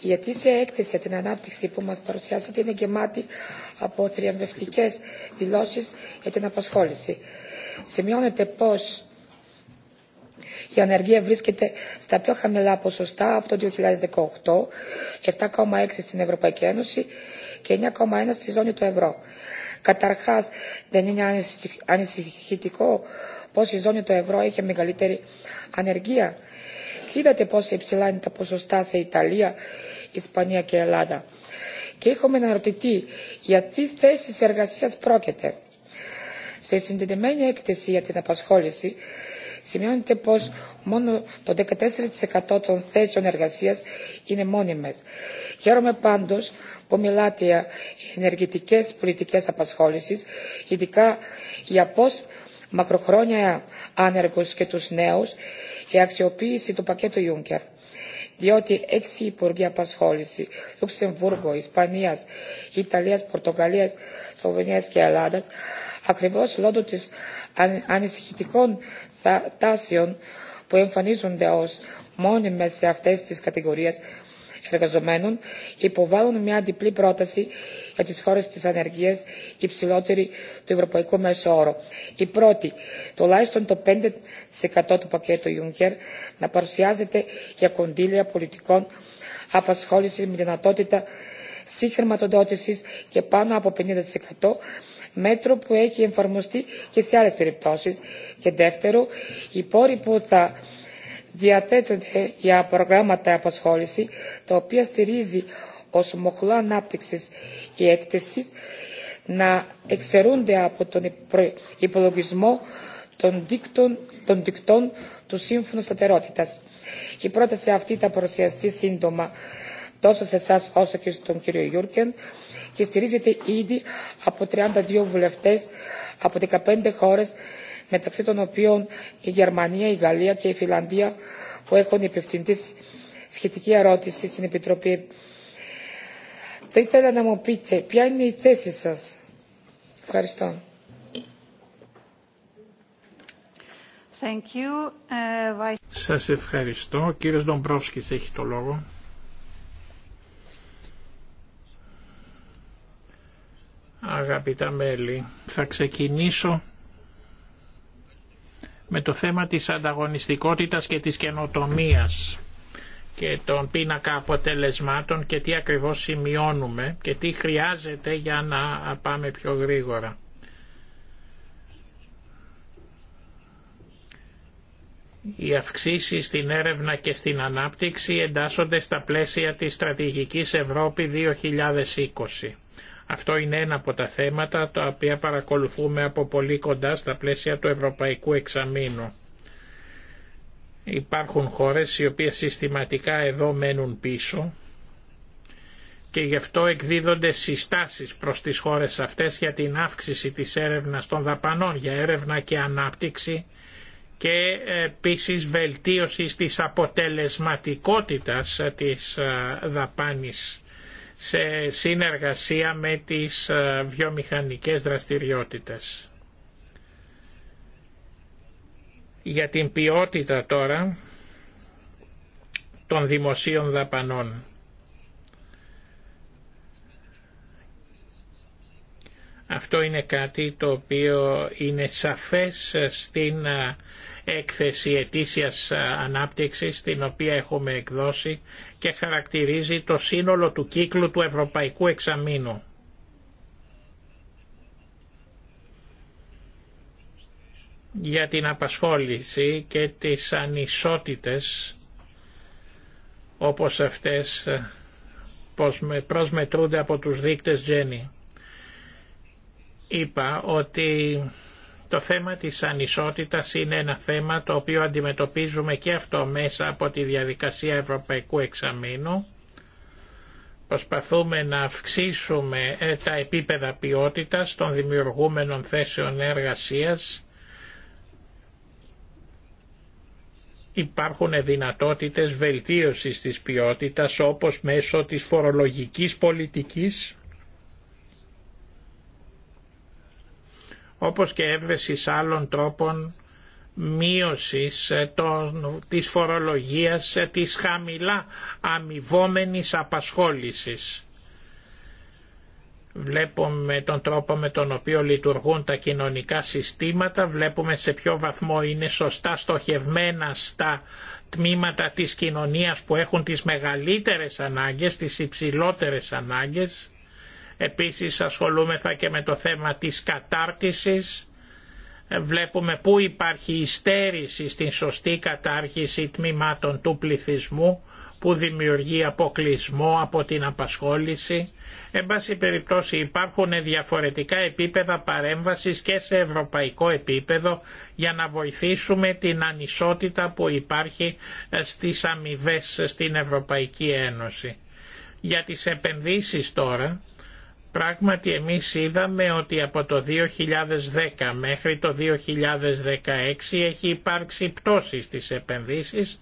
η ετήσια έκθεση για την ανάπτυξη που μας παρουσιάσετε είναι γεμάτη από θριαμβευτικές δηλώσεις για την απασχόληση. Σημειώνεται πως η ανεργία βρίσκεται στα πιο χαμηλά ποσοστά από το 2018, 7,6 στην Ευρωπαϊκή Ένωση και 9,1 στη ζώνη του ευρώ. Καταρχάς, δεν είναι ανησυχητικό πως η ζώνη του ευρώ έχει μεγαλύτερη ανεργία είδατε πόσο υψηλά είναι τα ποσοστά σε Ιταλία, Ισπανία και Ελλάδα. Και έχουμε αναρωτηθεί για τι θέσει εργασία πρόκειται. Σε συντεδεμένη έκθεση για την απασχόληση σημειώνεται πω μόνο το 14% των θέσεων εργασία είναι μόνιμε. Χαίρομαι πάντως που μιλάτε για ενεργητικέ πολιτικέ απασχόληση ειδικά για πώ μακροχρόνια άνεργους και τους νέους η αξιοποίηση του πακέτου Juncker διότι έξι υπουργοί απασχόληση Λουξεμβούργο, Ισπανία, Ιταλία, Πορτογαλία, Σλοβενία και Ελλάδα, ακριβώ λόγω τη ανησυχητικών τάσεων που εμφανίζονται ω μόνιμε σε αυτέ τι κατηγορίε εργαζομένων υποβάλλουν μια διπλή πρόταση για τις χώρες της ανεργία υψηλότερη του ευρωπαϊκού μέσου όρου. Η πρώτη, τουλάχιστον το 5% του πακέτου Juncker να παρουσιάζεται για κονδύλια πολιτικών απασχόληση με δυνατότητα συγχρηματοδότησης και πάνω από 50% μέτρο που έχει εφαρμοστεί και σε άλλες περιπτώσεις. Και δεύτερο, οι πόροι που θα διαθέτονται για προγράμματα απασχόληση, τα οποία στηρίζει ω μοχλό ανάπτυξη η έκθεση να εξαιρούνται από τον υπολογισμό των δίκτων, του Σύμφωνου σταθερότητα. Η πρόταση αυτή θα παρουσιαστεί σύντομα τόσο σε εσά όσο και στον κύριο Γιούρκεν και στηρίζεται ήδη από 32 βουλευτές από 15 χώρε μεταξύ των οποίων η Γερμανία, η Γαλλία και η Φιλανδία που έχουν υπευθυνθεί σχετική ερώτηση στην Επιτροπή. Θα ήθελα να μου πείτε ποια είναι η θέση σας. Ευχαριστώ. Thank uh, Σας ευχαριστώ. Ο κύριος Ντομπρόφσκης έχει το λόγο. Αγαπητά μέλη, θα ξεκινήσω με το θέμα της ανταγωνιστικότητας και της καινοτομίας και των πίνακα αποτελεσμάτων και τι ακριβώς σημειώνουμε και τι χρειάζεται για να πάμε πιο γρήγορα. Οι αυξήσει στην έρευνα και στην ανάπτυξη εντάσσονται στα πλαίσια της στρατηγικής Ευρώπη 2020. Αυτό είναι ένα από τα θέματα τα οποία παρακολουθούμε από πολύ κοντά στα πλαίσια του Ευρωπαϊκού Εξαμήνου. Υπάρχουν χώρες οι οποίες συστηματικά εδώ μένουν πίσω και γι' αυτό εκδίδονται συστάσεις προς τις χώρες αυτές για την αύξηση της έρευνας των δαπανών για έρευνα και ανάπτυξη και επίση βελτίωση της αποτελεσματικότητας της ε, δαπάνης σε συνεργασία με τις ε, βιομηχανικές δραστηριότητες. Για την ποιότητα τώρα των δημοσίων δαπανών. Αυτό είναι κάτι το οποίο είναι σαφές στην ε, έκθεση ετήσιας ε, ανάπτυξης την οποία έχουμε εκδώσει και χαρακτηρίζει το σύνολο του κύκλου του Ευρωπαϊκού Εξαμήνου. για την απασχόληση και τις ανισότητες όπως αυτές ε, προσμετρούνται από τους δείκτες Τζένι. Είπα ότι το θέμα της ανισότητας είναι ένα θέμα το οποίο αντιμετωπίζουμε και αυτό μέσα από τη διαδικασία Ευρωπαϊκού Εξαμήνου. Προσπαθούμε να αυξήσουμε ε, τα επίπεδα ποιότητας των δημιουργούμενων θέσεων εργασίας. Υπάρχουν δυνατότητες βελτίωσης της ποιότητας όπως μέσω της φορολογικής πολιτικής όπως και έβρεση άλλων τρόπων μείωσης ε, των, της φορολογίας ε, της χαμηλά αμοιβόμενης απασχόλησης. Βλέπουμε τον τρόπο με τον οποίο λειτουργούν τα κοινωνικά συστήματα, βλέπουμε σε ποιο βαθμό είναι σωστά στοχευμένα στα τμήματα της κοινωνίας που έχουν τις μεγαλύτερες ανάγκες, τις υψηλότερες ανάγκες Επίσης ασχολούμεθα και με το θέμα της κατάρτισης. Βλέπουμε πού υπάρχει υστέρηση στην σωστή κατάρχηση τμήματων του πληθυσμού που υπαρχει η στερηση στην σωστη αποκλεισμό από την απασχόληση. Εν πάση περιπτώσει υπάρχουν διαφορετικά επίπεδα παρέμβασης και σε ευρωπαϊκό επίπεδο για να βοηθήσουμε την ανισότητα που υπάρχει ε, στις αμοιβέ στην Ευρωπαϊκή Ένωση. Για τις επενδύσεις τώρα Πράγματι εμείς είδαμε ότι από το 2010 μέχρι το 2016 έχει υπάρξει πτώση στις επενδύσεις.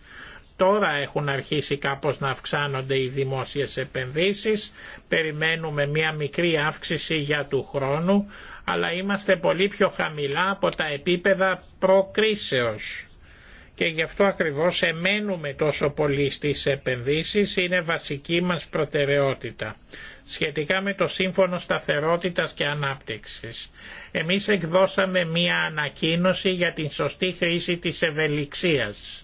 Τώρα έχουν αρχίσει κάπως να αυξάνονται οι δημόσιες επενδύσεις. Περιμένουμε μία μικρή αύξηση για του χρόνου, αλλά είμαστε πολύ πιο χαμηλά από τα επίπεδα προκρίσεως και γι' αυτό ακριβώς εμένουμε τόσο πολύ στις επενδύσεις, είναι βασική μας προτεραιότητα. Σχετικά με το Σύμφωνο Σταθερότητας και Ανάπτυξης. Εμείς εκδώσαμε μία ανακοίνωση για την σωστή χρήση της ευελιξίας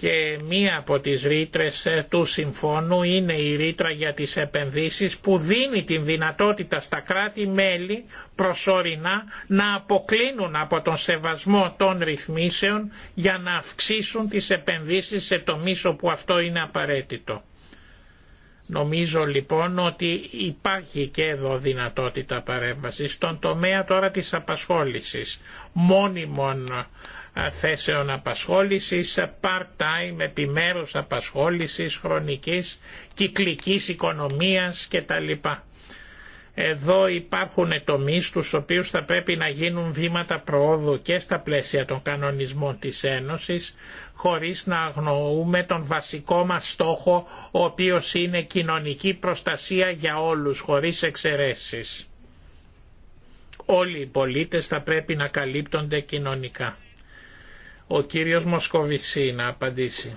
και μία από τις ρήτρες ε, του συμφώνου είναι η ρήτρα για τις επενδύσεις που δίνει την δυνατότητα στα κράτη-μέλη προσωρινά να αποκλίνουν από τον σεβασμό των ρυθμίσεων για να αυξήσουν τις επενδύσεις σε τομείς όπου αυτό είναι απαραίτητο. Νομίζω λοιπόν ότι υπάρχει και εδώ δυνατότητα παρέμβασης στον τομέα τώρα της απασχόλησης μόνιμων θέσεων απασχόλησης, part-time επιμέρους απασχόλησης χρονικής, κυκλικής οικονομίας κτλ. Εδώ υπάρχουν τομείς στους οποίους θα πρέπει να γίνουν βήματα προόδου και στα πλαίσια των κανονισμών της Ένωσης, χωρίς να αγνοούμε τον βασικό μας στόχο, ο οποίος είναι κοινωνική προστασία για όλους, χωρίς εξαιρέσεις. Όλοι οι πολίτες θα πρέπει να καλύπτονται κοινωνικά. Ο κύριος Μοσκοβισή να απαντήσει.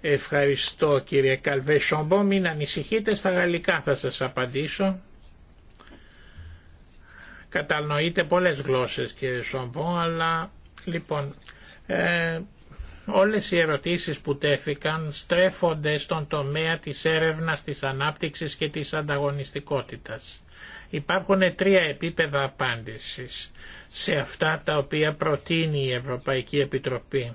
Ευχαριστώ κύριε Καλβέ Σομπό, μην ανησυχείτε, στα γαλλικά θα σας απαντήσω. Κατανοείτε πολλές γλώσσες κύριε Σομπό, αλλά λοιπόν ε, όλες οι ερωτήσεις που τέθηκαν στρέφονται στον τομέα της έρευνας, της ανάπτυξης και της ανταγωνιστικότητας. Υπάρχουν τρία επίπεδα απάντησης σε αυτά τα οποία προτείνει η Ευρωπαϊκή Επιτροπή.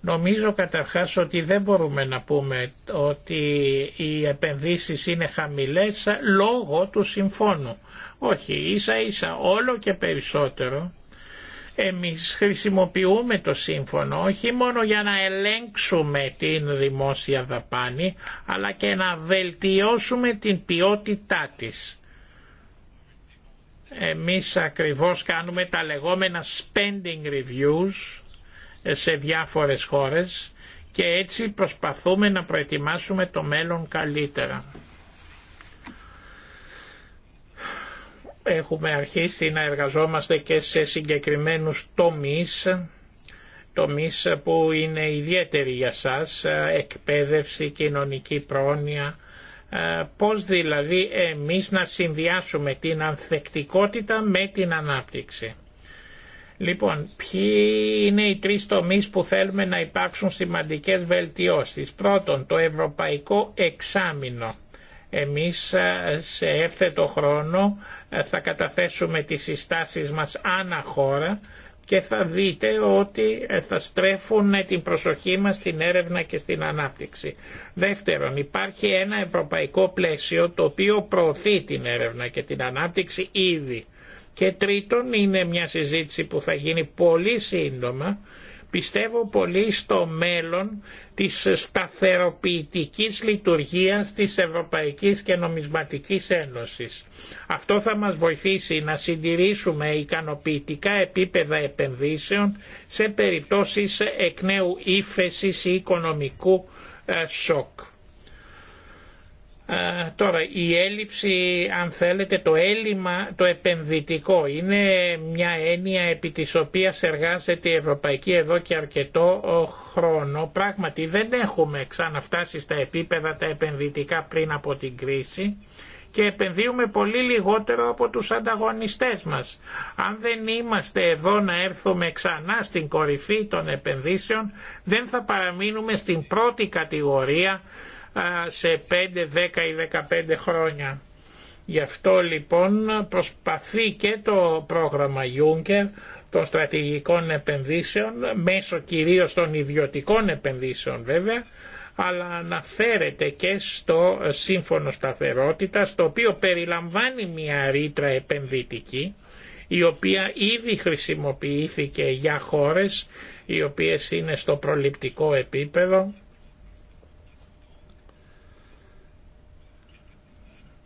Νομίζω καταρχάς ότι δεν μπορούμε να πούμε ότι οι επενδύσεις είναι χαμηλές λόγω του συμφώνου. Όχι, ίσα ίσα όλο και περισσότερο εμείς χρησιμοποιούμε το σύμφωνο όχι μόνο για να ελέγξουμε την δημόσια δαπάνη αλλά και να βελτιώσουμε την ποιότητά της. Εμείς ακριβώς κάνουμε τα λεγόμενα spending reviews σε διάφορες χώρες και έτσι προσπαθούμε να προετοιμάσουμε το μέλλον καλύτερα. Έχουμε αρχίσει να εργαζόμαστε και σε συγκεκριμένους τομείς, τομείς που είναι ιδιαίτεροι για σας, εκπαίδευση, κοινωνική πρόνοια, ε, πώς δηλαδή εμείς να συνδυάσουμε την ανθεκτικότητα με την ανάπτυξη. Λοιπόν, ποιοι είναι οι τρεις τομείς που θέλουμε να υπάρξουν σημαντικές βελτιώσεις. Πρώτον, το ευρωπαϊκό εξάμεινο. Εμείς ε, σε έφθετο χρόνο ε, θα καταθέσουμε τις συστάσεις μας άνα χώρα και θα δείτε ότι ε, θα στρέφουν την προσοχή μας στην έρευνα και στην ανάπτυξη. Δεύτερον, υπάρχει ένα ευρωπαϊκό πλαίσιο το οποίο προωθεί την έρευνα και την ανάπτυξη ήδη. Και τρίτον, είναι μια συζήτηση που θα γίνει πολύ σύντομα Πιστεύω πολύ στο μέλλον της σταθεροποιητικής λειτουργίας της Ευρωπαϊκής και Νομισματικής Ένωσης. Αυτό θα μας βοηθήσει να συντηρήσουμε ικανοποιητικά επίπεδα επενδύσεων σε περιπτώσεις εκ νέου ύφεσης ή οικονομικού ε, σοκ. Ε, τώρα η έλλειψη, αν θέλετε, το έλλειμμα το επενδυτικό είναι μια έννοια επί της οποίας εργάζεται η Ευρωπαϊκή εδώ και αρκετό χρόνο. Πράγματι δεν έχουμε ξαναφτάσει στα επίπεδα τα επενδυτικά πριν από την κρίση και επενδύουμε πολύ λιγότερο από τους ανταγωνιστές μας. Αν δεν είμαστε εδώ να έρθουμε ξανά στην κορυφή των επενδύσεων δεν θα παραμείνουμε στην πρώτη κατηγορία σε 5, 10 ή 15 χρόνια. Γι' αυτό λοιπόν προσπαθεί και το πρόγραμμα Juncker των στρατηγικών επενδύσεων, μέσω κυρίως των ιδιωτικών επενδύσεων βέβαια, αλλά αναφέρεται και στο σύμφωνο σταθερότητας, το οποίο περιλαμβάνει μια ρήτρα επενδυτική, η οποία ήδη χρησιμοποιήθηκε για χώρες οι οποίες είναι στο προληπτικό επίπεδο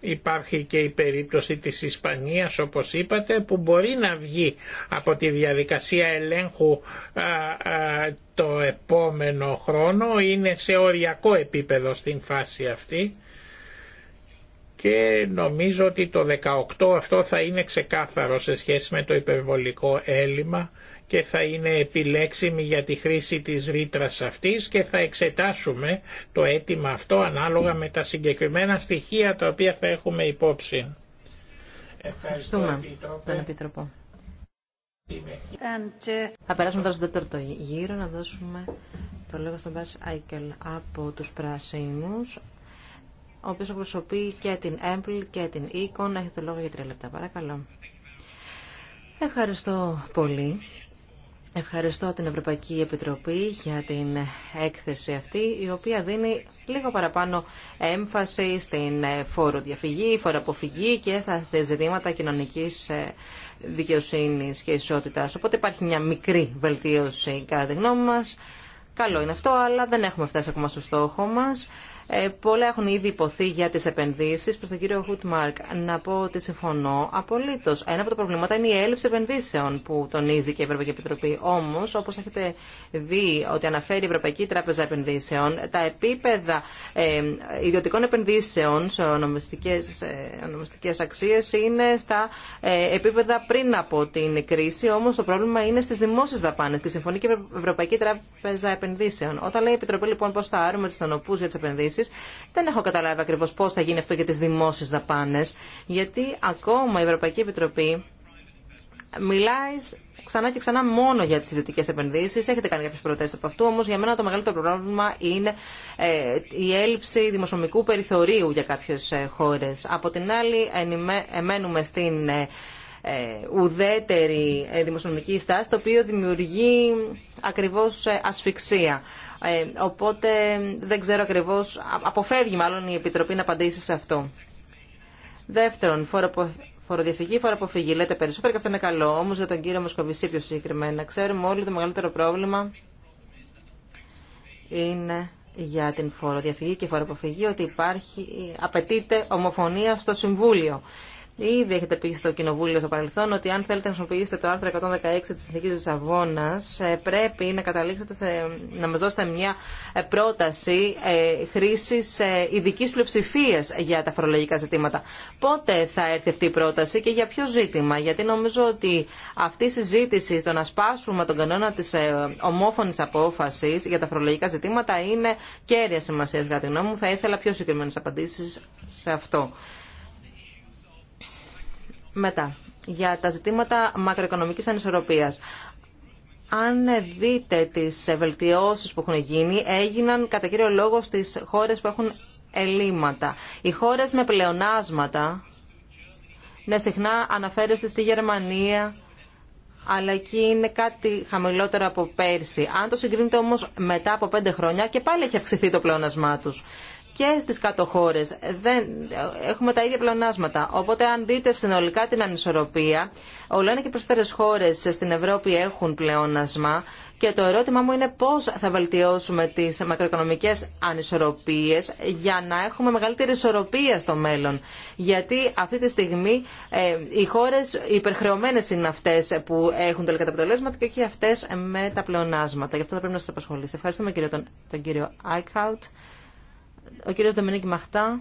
Υπάρχει και η περίπτωση της Ισπανίας όπως είπατε που μπορεί να βγει από τη διαδικασία ελέγχου το επόμενο χρόνο, είναι σε οριακό επίπεδο στην φάση αυτή και νομίζω ότι το 18 αυτό θα είναι ξεκάθαρο σε σχέση με το υπερβολικό έλλειμμα και θα είναι επιλέξιμη για τη χρήση της ρήτρα αυτής και θα εξετάσουμε το αίτημα αυτό ανάλογα με τα συγκεκριμένα στοιχεία τα οποία θα έχουμε υπόψη. Ευχαριστούμε τον Επίτροπο. Ε, θα περάσουμε τώρα στο τέταρτο γύρο να δώσουμε το λόγο στον Μπάς Άικελ από τους Πράσινους, ο οποίος εκπροσωπεί και την Έμπλ και την Econ. Έχει το λόγο για τρία λεπτά, παρακαλώ. Ευχαριστώ πολύ. Ευχαριστώ την Ευρωπαϊκή Επιτροπή για την έκθεση αυτή, η οποία δίνει λίγο παραπάνω έμφαση στην φόρο διαφυγή, φόρο και στα ζητήματα κοινωνικής ε, δικαιοσύνης και ισότητας. Οπότε υπάρχει μια μικρή βελτίωση κατά τη γνώμη μας. Καλό είναι αυτό, αλλά δεν έχουμε φτάσει ακόμα στο στόχο μας. Ε, πολλά έχουν ήδη υποθεί για τι επενδύσει προ τον κύριο Χουτμάρκ να πω ότι συμφωνώ απολύτω. Ένα από τα προβλήματα είναι η έλλειψη επενδύσεων που τονίζει και η Ευρωπαϊκή Επιτροπή. Όμω, όπω έχετε δει ότι αναφέρει η Ευρωπαϊκή Τράπεζα Επενδύσεων, τα επίπεδα ε, ιδιωτικών επενδύσεων σε ονομαστικές αξίε είναι στα ε, επίπεδα πριν από την κρίση, Όμω το πρόβλημα είναι στι δημόσιε δαπάνε, τη συμφωνεί και η Ευρωπαϊκή Τράπεζα Επενδύσεων. Όταν λέει η Επιτροπή λοιπόν πώ θα άρουμε τι θανοπού για τι επενδύσει. Δεν έχω καταλάβει ακριβώς πώς θα γίνει αυτό για τις δημόσιε δαπάνες, γιατί ακόμα η Ευρωπαϊκή Επιτροπή μιλάει ξανά και ξανά μόνο για τις ιδιωτικές επενδύσεις. Έχετε κάνει κάποιες προτάσεις από αυτού, όμως για μένα το μεγαλύτερο πρόβλημα είναι ε, η έλλειψη δημοσιονομικού περιθωρίου για κάποιες ε, χώρε. Από την άλλη, εμένουμε στην ε, ουδέτερη δημοσιονομική στάση, το οποίο δημιουργεί ακριβώς ασφυξία. Ε, οπότε δεν ξέρω ακριβώς, αποφεύγει μάλλον η Επιτροπή να απαντήσει σε αυτό. Δεύτερον, φοροδιαφυγή, φοροαποφυγή. Λέτε περισσότερο και αυτό είναι καλό. Όμω για τον κύριο Μοσκοβισή πιο συγκεκριμένα, ξέρουμε όλοι το μεγαλύτερο πρόβλημα είναι για την φοροδιαφυγή και φοροαποφυγή ότι υπάρχει, ε, απαιτείται ομοφωνία στο Συμβούλιο. Ήδη έχετε πει στο Κοινοβούλιο στο παρελθόν ότι αν θέλετε να χρησιμοποιήσετε το άρθρο 116 της Συνθήκης Λισαβόνα, ε, πρέπει να καταλήξετε σε, να μας δώσετε μια ε, πρόταση ε, χρήσης ειδική πλειοψηφία για τα φορολογικά ζητήματα. Πότε θα έρθει αυτή η πρόταση και για ποιο ζήτημα, γιατί νομίζω ότι αυτή η συζήτηση στο να σπάσουμε τον κανόνα της ομόφωνης απόφασης για τα φορολογικά ζητήματα είναι κέρια σημασία για τη Θα ήθελα πιο συγκεκριμένες απαντήσεις σε αυτό. Μετά, για τα ζητήματα μακροοικονομικής ανισορροπίας. Αν δείτε τις βελτιώσεις που έχουν γίνει, έγιναν κατά κύριο λόγο στις χώρες που έχουν ελλείμματα. Οι χώρες με πλεονάσματα, ναι, συχνά αναφέρεστε στη Γερμανία, αλλά εκεί είναι κάτι χαμηλότερο από πέρσι. Αν το συγκρίνετε όμως μετά από πέντε χρόνια και πάλι έχει αυξηθεί το πλεόνασμά τους και στις κάτω χώρες. Δεν, έχουμε τα ίδια πλεονάσματα. Οπότε αν δείτε συνολικά την ανισορροπία, όλα είναι και περισσότερες χώρες στην Ευρώπη έχουν πλεόνασμα και το ερώτημα μου είναι πώς θα βελτιώσουμε τις μακροοικονομικές ανισορροπίες για να έχουμε μεγαλύτερη ισορροπία στο μέλλον. Γιατί αυτή τη στιγμή ε, οι χώρες υπερχρεωμένες είναι αυτές που έχουν τελικά τα αποτελέσματα και όχι αυτές με τα πλεονάσματα. Γι' αυτό θα πρέπει να σας απασχολήσει. Ευχαριστούμε κύριο, τον, τον κύριο Άικχαουτ ο κύριος Δομινίκη Μαχτά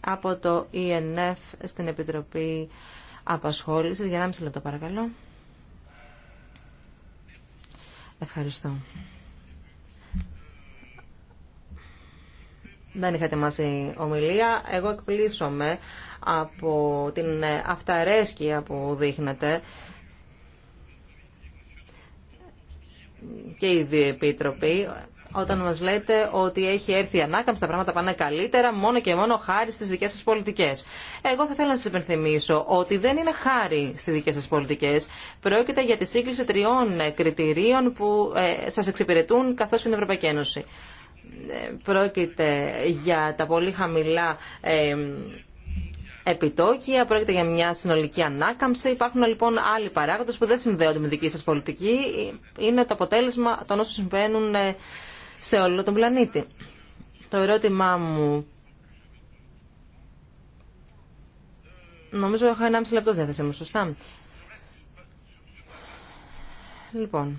από το ΕΝΕΦ e στην Επιτροπή Απασχόλησης. Για 1,5 λεπτό παρακαλώ. Ευχαριστώ. Δεν είχατε μαζί ομιλία. Εγώ εκπλήσωμαι από την αυταρέσκεια που δείχνετε. και οι δύο όταν μα λέτε ότι έχει έρθει η ανάκαμψη, τα πράγματα πάνε καλύτερα μόνο και μόνο χάρη στι δικέ σα πολιτικέ. Εγώ θα ήθελα να σα υπενθυμίσω ότι δεν είναι χάρη στι δικέ σα πολιτικέ. Πρόκειται για τη σύγκληση τριών ε, κριτηρίων που ε, σα εξυπηρετούν καθώ είναι η Ευρωπαϊκή Ένωση. Ε, πρόκειται για τα πολύ χαμηλά επιτόκια, πρόκειται για μια συνολική ανάκαμψη. Υπάρχουν λοιπόν άλλοι παράγοντε που δεν συνδέονται με δική σα πολιτική. Είναι το αποτέλεσμα των όσων συμβαίνουν σε όλο τον πλανήτη. Το ερώτημά μου... Νομίζω έχω 1,5 λεπτό διάθεσή μου, σωστά. Λοιπόν,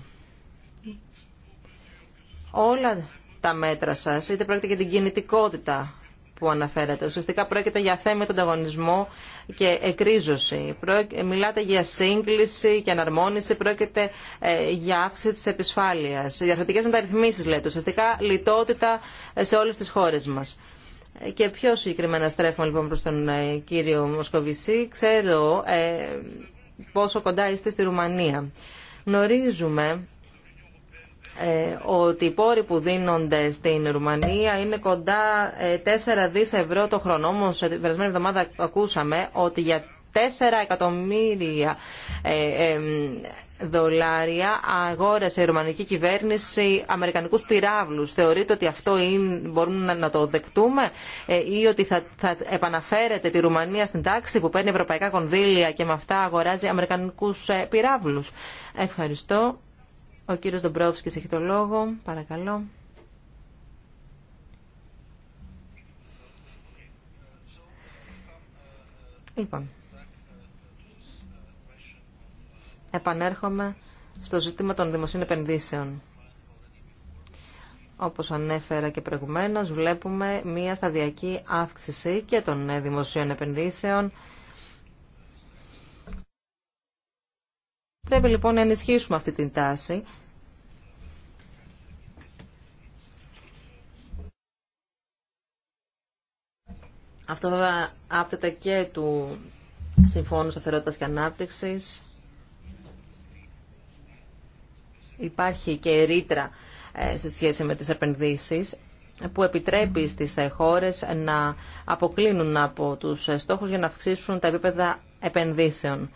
όλα τα μέτρα σας, είτε πρόκειται για την κινητικότητα που αναφέρατε. Ουσιαστικά πρόκειται για θέμα τον ανταγωνισμό και εκρίζωση. Μιλάτε για σύγκληση και αναρμόνιση, πρόκειται ε, για αύξηση τη επισφάλεια. Διαρθρωτικές μεταρρυθμίσει, λέτε, ουσιαστικά λιτότητα ε, σε όλε τι χώρε μα. Ε, και πιο συγκεκριμένα στρέφουμε λοιπόν προς τον κύριο Μοσκοβισή. Ξέρω ε, πόσο κοντά είστε στη Ρουμανία. Γνωρίζουμε ε, ότι οι πόροι που δίνονται στην Ρουμανία είναι κοντά 4 ε, δις ευρώ το χρόνο. Όμω, την περασμένη εβδομάδα ακούσαμε ότι για 4 εκατομμύρια ε, δολάρια αγόρασε η ρουμανική κυβέρνηση αμερικανικού πυράβλους. Θεωρείτε ότι αυτό είναι, μπορούμε να, το δεκτούμε ή ότι θα, θα επαναφέρετε τη Ρουμανία στην τάξη που παίρνει ευρωπαϊκά κονδύλια και με αυτά αγοράζει αμερικανικούς πυράβλους. Ευχαριστώ. Ο κύριος Ντομπρόφσκης έχει το λόγο. Παρακαλώ. Λοιπόν, επανέρχομαι στο ζήτημα των δημοσίων επενδύσεων. Όπως ανέφερα και προηγουμένως, βλέπουμε μία σταδιακή αύξηση και των ε, δημοσίων επενδύσεων Πρέπει λοιπόν να ενισχύσουμε αυτή την τάση. Αυτό βέβαια άπτεται και του Συμφώνου Σταθερότητας και Ανάπτυξης. Υπάρχει και ρήτρα ε, σε σχέση με τις επενδύσεις που επιτρέπει στις ε, χώρες να αποκλίνουν από τους ε, στόχους για να αυξήσουν τα επίπεδα επενδύσεων.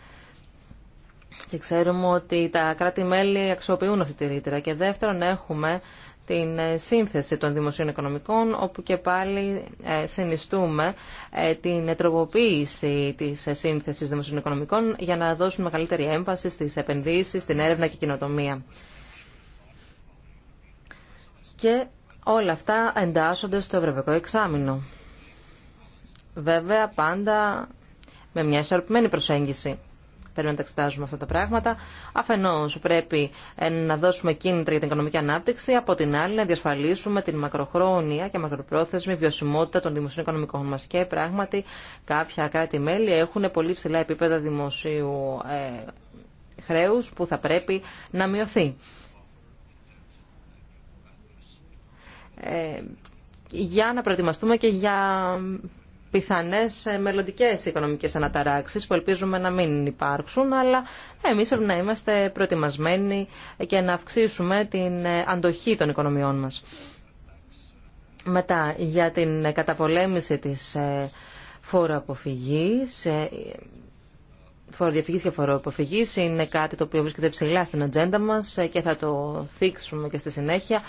Και ξέρουμε ότι τα κράτη-μέλη αξιοποιούν αυτή τη ρήτρα. Και δεύτερον έχουμε την ε, σύνθεση των δημοσίων οικονομικών, όπου και πάλι ε, συνιστούμε ε, την τροποποίηση της σύνθεσης δημοσίων οικονομικών για να δώσουν μεγαλύτερη έμφαση στις επενδύσεις, στην έρευνα και κοινοτομία. Και όλα αυτά εντάσσονται στο Ευρωπαϊκό Εξάμεινο. Βέβαια, πάντα με μια ισορροπημένη προσέγγιση πρέπει να τα εξετάζουμε αυτά τα πράγματα. Αφενό, πρέπει ε, να δώσουμε κίνητρα για την οικονομική ανάπτυξη, από την άλλη να διασφαλίσουμε την μακροχρόνια και μακροπρόθεσμη βιωσιμότητα των δημοσίων οικονομικών μα. Και πράγματι, κάποια κράτη-μέλη έχουν πολύ ψηλά επίπεδα δημοσίου ε, χρέου που θα πρέπει να μειωθεί. Ε, για να προετοιμαστούμε και για Πιθανέ ε, μελλοντικέ οικονομικές αναταράξει που ελπίζουμε να μην υπάρξουν, αλλά ε, εμείς πρέπει να είμαστε προετοιμασμένοι και να αυξήσουμε την ε, αντοχή των οικονομιών μας. Μετά, για την καταπολέμηση της φοροαποφυγής, φοροδιαφυγής και φοροαποφυγής είναι κάτι το οποίο βρίσκεται ψηλά στην ατζέντα μας και θα το θίξουμε και στη συνέχεια.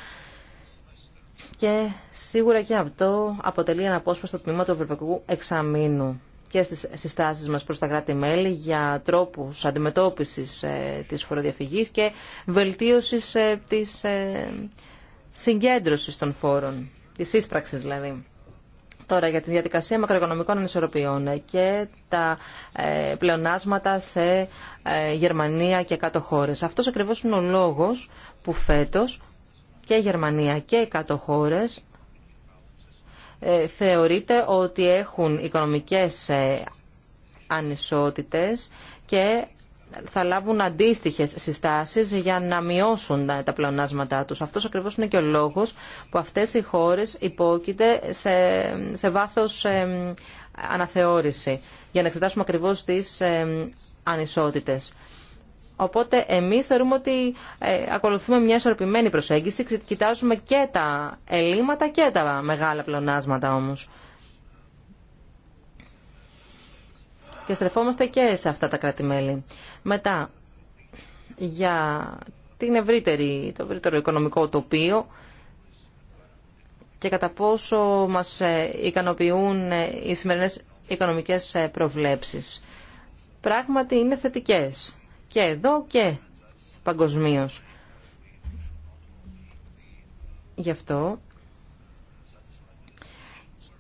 Και σίγουρα και αυτό αποτελεί ένα απόσπαστο τμήμα του Ευρωπαϊκού Εξαμήνου και στις συστάσεις μας προς τα κράτη-μέλη για τρόπους αντιμετώπισης ε, της φοροδιαφυγής και βελτίωσης ε, της ε, συγκέντρωσης των φόρων, της ίσπραξης δηλαδή. Τώρα για τη διαδικασία μακροοικονομικών ανισορροπιών και τα πλεονάσματα σε Γερμανία και κάτω χώρες. Αυτός ακριβώς είναι ο λόγος που φέτος και η Γερμανία και οι κάτω χώρες ε, θεωρείται ότι έχουν οικονομικές ε, ανισότητες και θα λάβουν αντίστοιχες συστάσεις για να μειώσουν τα πλεονάσματά τους. Αυτός ακριβώς είναι και ο λόγος που αυτές οι χώρες υπόκειται σε, σε βάθος ε, αναθεώρηση για να εξετάσουμε ακριβώς τις ανισότητες. Οπότε εμείς θεωρούμε ότι ε, ακολουθούμε μια ισορροπημένη προσέγγιση, κοιτάζουμε και τα ελλείμματα και τα μεγάλα πλονάσματα όμως. Και στρεφόμαστε και σε αυτά τα κρατη Μετά, για την ευρύτερη, το ευρύτερο οικονομικό τοπίο και κατά πόσο μας ε, ικανοποιούν ε, οι σημερινές οικονομικές προβλέψεις. Πράγματι είναι θετικές και εδώ και παγκοσμίω. Γι' αυτό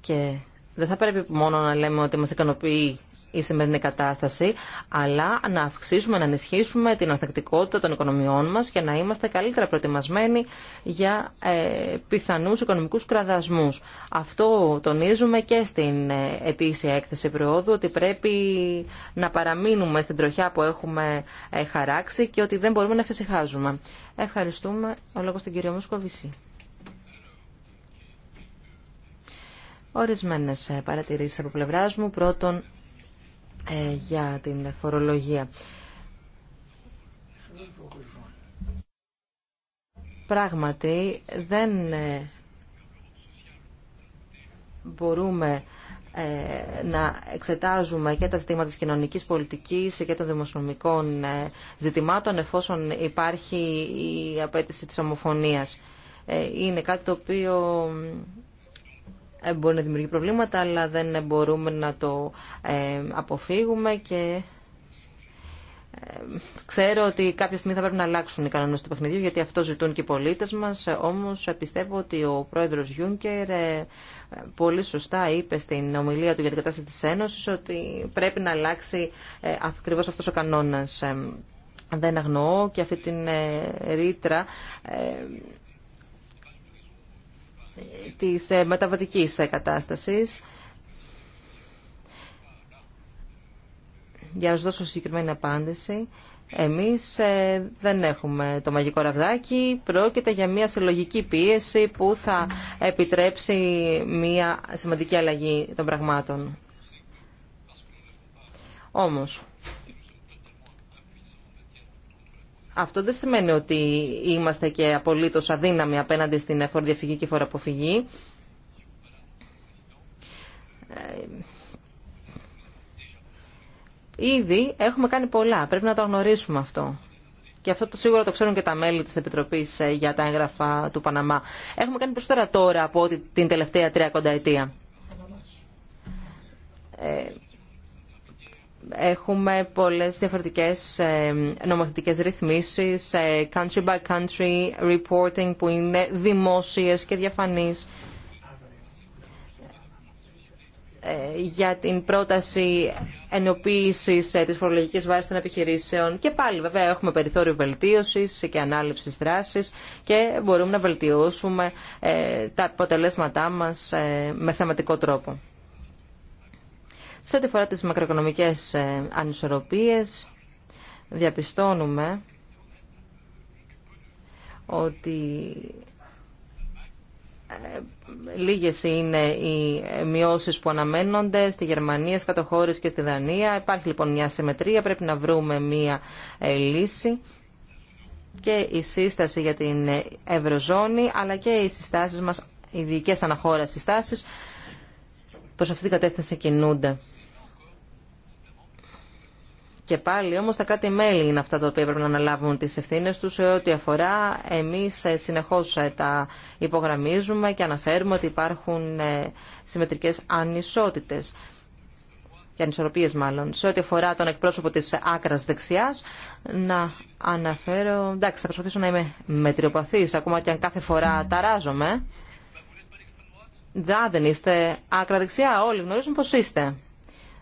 και δεν θα πρέπει μόνο να λέμε ότι μας ικανοποιεί η σημερινή κατάσταση, αλλά να αυξήσουμε, να ενισχύσουμε την ανθεκτικότητα των οικονομιών μα και να είμαστε καλύτερα προετοιμασμένοι για ε, πιθανούς οικονομικούς κραδασμούς. Αυτό τονίζουμε και στην ε, ετήσια έκθεση προόδου, ότι πρέπει να παραμείνουμε στην τροχιά που έχουμε ε, χαράξει και ότι δεν μπορούμε να φυσικάζουμε. Ευχαριστούμε. Ο λόγο στην κυρία Μουσκοβισή. Ορισμένες ε, παρατηρήσεις από πλευρά μου. Πρώτον, ε, για την φορολογία. Πράγματι, δεν ε, μπορούμε ε, να εξετάζουμε και τα ζητήματα της κοινωνικής πολιτικής και των δημοσιονομικών ζητημάτων εφόσον υπάρχει η απέτηση της ομοφωνίας. Είναι κάτι το οποίο ε, μπορεί να δημιουργεί προβλήματα, αλλά δεν μπορούμε να το ε, αποφύγουμε και ε, ξέρω ότι κάποια στιγμή θα πρέπει να αλλάξουν οι κανόνες του παιχνιδιού, γιατί αυτό ζητούν και οι πολίτες μας. Όμως πιστεύω ότι ο πρόεδρος Γιούνκερ πολύ σωστά είπε στην ομιλία του για την κατάσταση της Ένωσης ότι πρέπει να αλλάξει ακριβώς αυτός ο κανόνας. Δεν αγνοώ και αυτή την ρήτρα της ε, μεταβατικής ε, κατάστασης. Για να σας δώσω συγκεκριμένη απάντηση, εμείς ε, δεν έχουμε το μαγικό ραβδάκι. Πρόκειται για μια συλλογική πίεση που θα επιτρέψει μια σημαντική αλλαγή των πραγμάτων. Όμως, Αυτό δεν σημαίνει ότι είμαστε και απολύτως αδύναμοι απέναντι στην φοροδιαφυγή και φοροαποφυγή. Ε, ήδη έχουμε κάνει πολλά. Πρέπει να το γνωρίσουμε αυτό. Και αυτό το σίγουρα το ξέρουν και τα μέλη της Επιτροπής ε, για τα έγγραφα του Παναμά. Έχουμε κάνει περισσότερα τώρα από την τελευταία τρία κονταετία. Ε, έχουμε πολλές διαφορετικές ε, νομοθετικές ρυθμίσεις, ε, country by country reporting που είναι δημόσιες και διαφανείς. Ε, για την πρόταση ενοποίησης της φορολογικής βάσης των επιχειρήσεων και πάλι βέβαια έχουμε περιθώριο βελτίωσης και ανάληψης δράσης και μπορούμε να βελτιώσουμε τα αποτελέσματά μας με θεματικό τρόπο. Σε ό,τι φορά τις μακροοικονομικές ε, ανισορροπίες, διαπιστώνουμε ότι ε, λίγες είναι οι μειώσεις που αναμένονται στη Γερμανία, στις κατοχώρες και στη Δανία. Υπάρχει λοιπόν μια συμμετρία, πρέπει να βρούμε μια ε, λύση και η σύσταση για την Ευρωζώνη, αλλά και οι συστάσεις μας, οι διοικές αναχώρας συστάσεις, προς αυτή την κατεύθυνση κινούνται. Και πάλι όμως τα κράτη-μέλη είναι αυτά τα οποία πρέπει να αναλάβουν τις ευθύνες τους σε ό,τι αφορά εμείς ε, συνεχώς ε, τα υπογραμμίζουμε και αναφέρουμε ότι υπάρχουν ε, συμμετρικές ανισότητες και ανισορροπίες μάλλον. Σε ό,τι αφορά τον εκπρόσωπο της άκρας δεξιάς, να αναφέρω... Εντάξει, θα προσπαθήσω να είμαι μετριοπαθής, ακόμα και αν κάθε φορά ταράζομαι. Δά, δεν είστε άκρα δεξιά, όλοι γνωρίζουν πως είστε.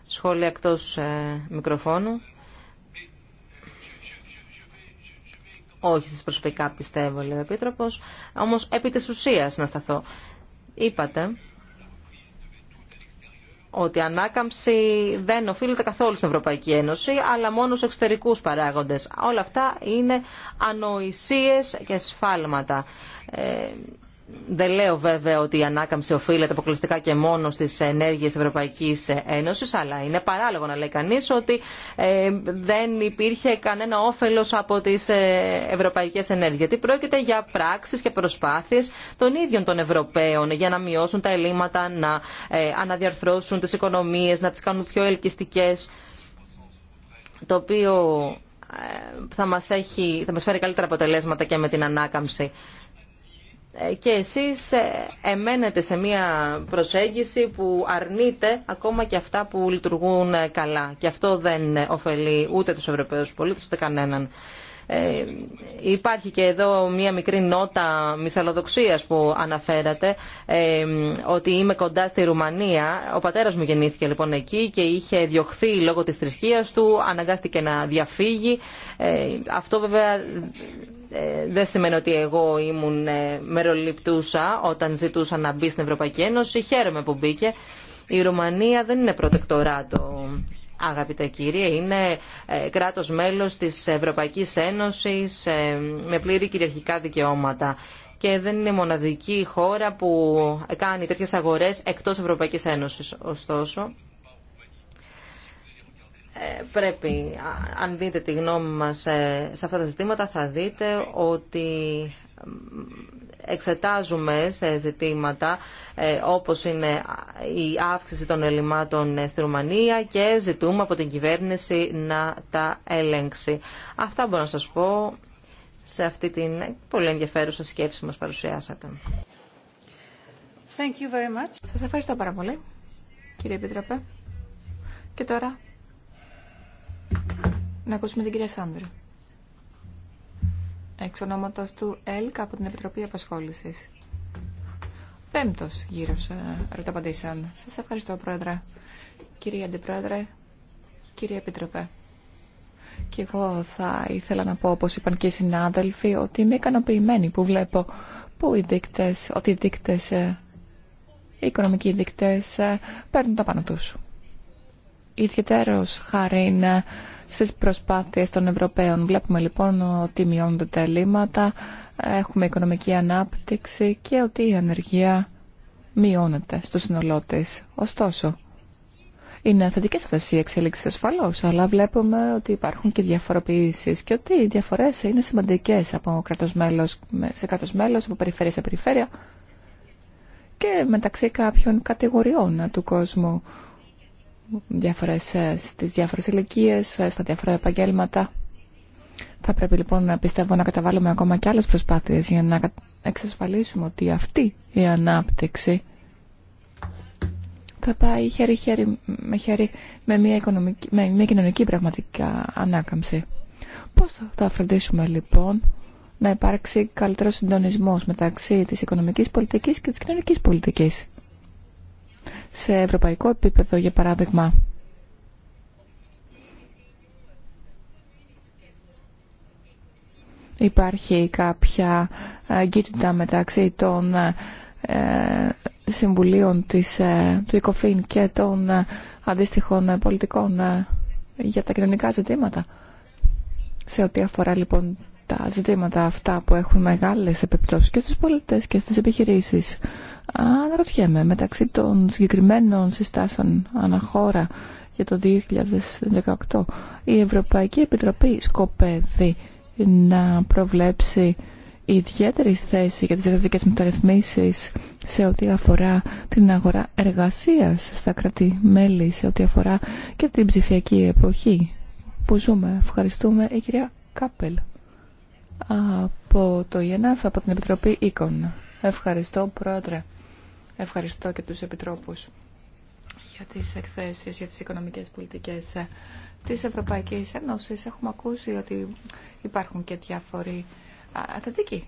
Σχόλια εκτός μικροφώνου. όχι στις προσωπικά πιστεύω, λέει ο Επίτροπο. όμω επί τη ουσίας να σταθώ. Είπατε ότι η ανάκαμψη δεν οφείλεται καθόλου στην Ευρωπαϊκή Ένωση, αλλά μόνο σε εξωτερικούς παράγοντες. Όλα αυτά είναι ανοησίες και σφάλματα. Ε, δεν λέω βέβαια ότι η ανάκαμψη οφείλεται αποκλειστικά και μόνο στι ενέργειε Ευρωπαϊκή Ένωση, αλλά είναι παράλογο να λέει κανεί ότι ε, δεν υπήρχε κανένα όφελο από τι ε, ευρωπαϊκέ ενέργειε. Γιατί πρόκειται για πράξει και προσπάθειε των ίδιων των Ευρωπαίων για να μειώσουν τα ελλείμματα, να ε, αναδιαρθρώσουν τι οικονομίε, να τι κάνουν πιο ελκυστικέ. Το οποίο θα μας, θα φέρει καλύτερα αποτελέσματα και με την ανάκαμψη και εσείς ε, εμένετε σε μια προσέγγιση που αρνείται ακόμα και αυτά που λειτουργούν ε, καλά. Και αυτό δεν ε, ωφελεί ούτε τους Ευρωπαίους πολίτες ούτε κανέναν. υπάρχει και εδώ μία μικρή νότα μυσαλλοδοξίας που αναφέρατε ότι είμαι κοντά στη Ρουμανία. Ο πατέρας μου γεννήθηκε λοιπόν εκεί και είχε διωχθεί λόγω της θρησκείας του, αναγκάστηκε να διαφύγει. αυτό βέβαια ε, δεν σημαίνει ότι εγώ ήμουν ε, μεροληπτούσα όταν ζητούσα να μπει στην Ευρωπαϊκή Ένωση. Χαίρομαι που μπήκε. Η Ρουμανία δεν είναι προτεκτοράτο, αγαπητέ κύριε. Είναι ε, κράτος μέλος της Ευρωπαϊκής Ένωσης με πλήρη κυριαρχικά δικαιώματα. Και δεν είναι μοναδική χώρα που κάνει τέτοιες αγορές εκτός Ευρωπαϊκής Ένωσης. Ωστόσο, ε, πρέπει, αν δείτε τη γνώμη μας ε, σε αυτά τα ζητήματα, θα δείτε ότι εξετάζουμε σε ζητήματα ε, όπως είναι η αύξηση των ελλημάτων στη Ρουμανία και ζητούμε από την κυβέρνηση να τα ελέγξει. Αυτά μπορώ να σας πω σε αυτή την πολύ ενδιαφέρουσα σκέψη μας παρουσιάσατε. Thank you very much. Σας ευχαριστώ πάρα πολύ, κύριε Επιτροπέ. Και τώρα να ακούσουμε την κυρία Σάνδρου. Εξ ονόματος του ΕΛΚ από την Επιτροπή Απασχόλησης. Πέμπτος γύρος ε, ερωταπαντήσεων. Σας ευχαριστώ, Πρόεδρε. Κύριε Αντιπρόεδρε, κύριε Επιτροπέ. Και εγώ θα ήθελα να πω, όπως είπαν και οι συνάδελφοι, ότι είμαι ικανοποιημένη που βλέπω που οι δείκτες, ότι οι δείκτες, ε, οι οικονομικοί δείκτες ε, παίρνουν τα πάνω τους ιδιαίτερος χάρη ε, στις προσπάθειες των Ευρωπαίων. Βλέπουμε λοιπόν ότι μειώνονται τα ελλείμματα, έχουμε οικονομική ανάπτυξη και ότι η ανεργία μειώνεται στο σύνολό τη. Ωστόσο, είναι θετικές αυτές οι εξέλιξεις ασφαλώς, αλλά βλέπουμε ότι υπάρχουν και διαφοροποιήσεις και ότι οι διαφορές είναι σημαντικές από κράτος μέλος, σε κράτος μέλος, από περιφέρεια σε περιφέρεια και μεταξύ κάποιων κατηγοριών του κόσμου διάφορες, ε, στις διάφορες ηλικίε, ε, στα διάφορα επαγγέλματα. Θα πρέπει λοιπόν να πιστεύω να καταβάλουμε ακόμα και άλλες προσπάθειες για να εξασφαλίσουμε ότι αυτή η ανάπτυξη θα πάει χέρι, χέρι, με χέρι με μια, οικονομική, με μια κοινωνική πραγματικά ανάκαμψη. Πώς θα φροντίσουμε λοιπόν να υπάρξει καλύτερος συντονισμός μεταξύ της οικονομικής πολιτικής και της κοινωνικής πολιτικής σε ευρωπαϊκό επίπεδο, για παράδειγμα. Υπάρχει κάποια εγκύτητα μεταξύ των ε, συμβουλίων της, ε, του ΕΚΟΦΗΝ και των ε, αντίστοιχων πολιτικών για τα κοινωνικά ζητήματα. Σε ό,τι αφορά λοιπόν τα ζητήματα αυτά που έχουν μεγάλες επιπτώσεις και στους πολιτές και στις επιχειρήσεις. Αναρωτιέμαι μεταξύ των συγκεκριμένων συστάσεων αναχώρα για το 2018 η Ευρωπαϊκή Επιτροπή σκοπεύει να προβλέψει ιδιαίτερη θέση για τις εργατικές μεταρρυθμίσεις σε ό,τι αφορά την αγορά εργασίας στα κράτη-μέλη, σε ό,τι αφορά και την ψηφιακή εποχή που ζούμε. Ευχαριστούμε η κυρία Κάπελ από το ΙΕΝΑΦ, από την Επιτροπή Οίκων. Ευχαριστώ, Πρόεδρε. Ευχαριστώ και τους Επιτρόπους για τις εκθέσεις, για τις οικονομικές πολιτικές της Ευρωπαϊκής Ένωσης. Έχουμε ακούσει ότι υπάρχουν και διάφοροι θετικοί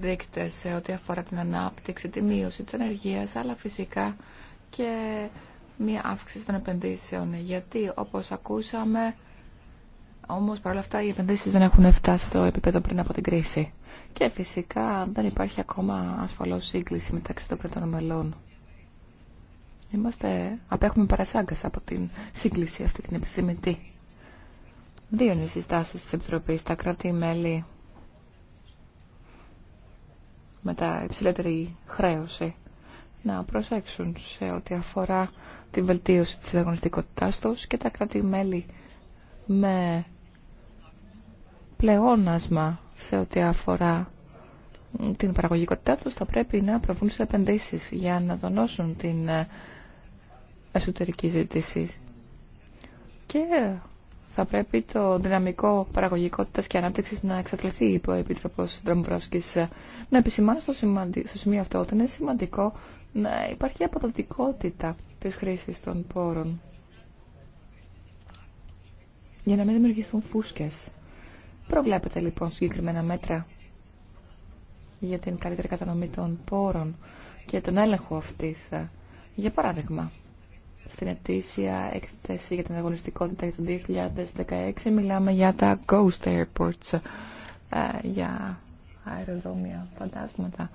δείκτες σε ό,τι αφορά την ανάπτυξη, τη μείωση της ενεργείας, αλλά φυσικά και μία αύξηση των επενδύσεων. Γιατί, όπως ακούσαμε, όμως παρόλα αυτά οι επενδύσεις δεν έχουν φτάσει στο επίπεδο πριν από την κρίση. Και φυσικά δεν υπάρχει ακόμα ασφαλώς σύγκληση μεταξύ των κρατών μελών. Είμαστε, απέχουμε παρασάγκα από την σύγκληση αυτή την επιθυμητή. Δύο είναι οι συστάσεις της Επιτροπής. Τα κράτη-μέλη με τα υψηλότερη χρέωση να προσέξουν σε ό,τι αφορά την βελτίωση της ανταγωνιστικότητάς τους και τα κράτη-μέλη με πλεόνασμα σε ό,τι αφορά την παραγωγικότητά τους θα πρέπει να προβούν σε επενδύσεις για να τονώσουν την ε, εσωτερική ζήτηση. Και θα πρέπει το δυναμικό παραγωγικότητας και ανάπτυξης να εξατληθεί, είπε ο Επίτροπος Ντρομπρόσκης. Ε, να επισημάνω στο, στο σημείο αυτό ότι είναι σημαντικό να υπάρχει αποδοτικότητα της χρήσης των πόρων για να μην δημιουργηθούν φούσκες. Προβλέπετε λοιπόν συγκεκριμένα μέτρα για την καλύτερη κατανομή των πόρων και τον έλεγχο αυτής. Για παράδειγμα, στην ετήσια έκθεση για την αγωνιστικότητα του 2016 μιλάμε για τα ghost airports, ε, για αεροδρόμια, φαντάσματα.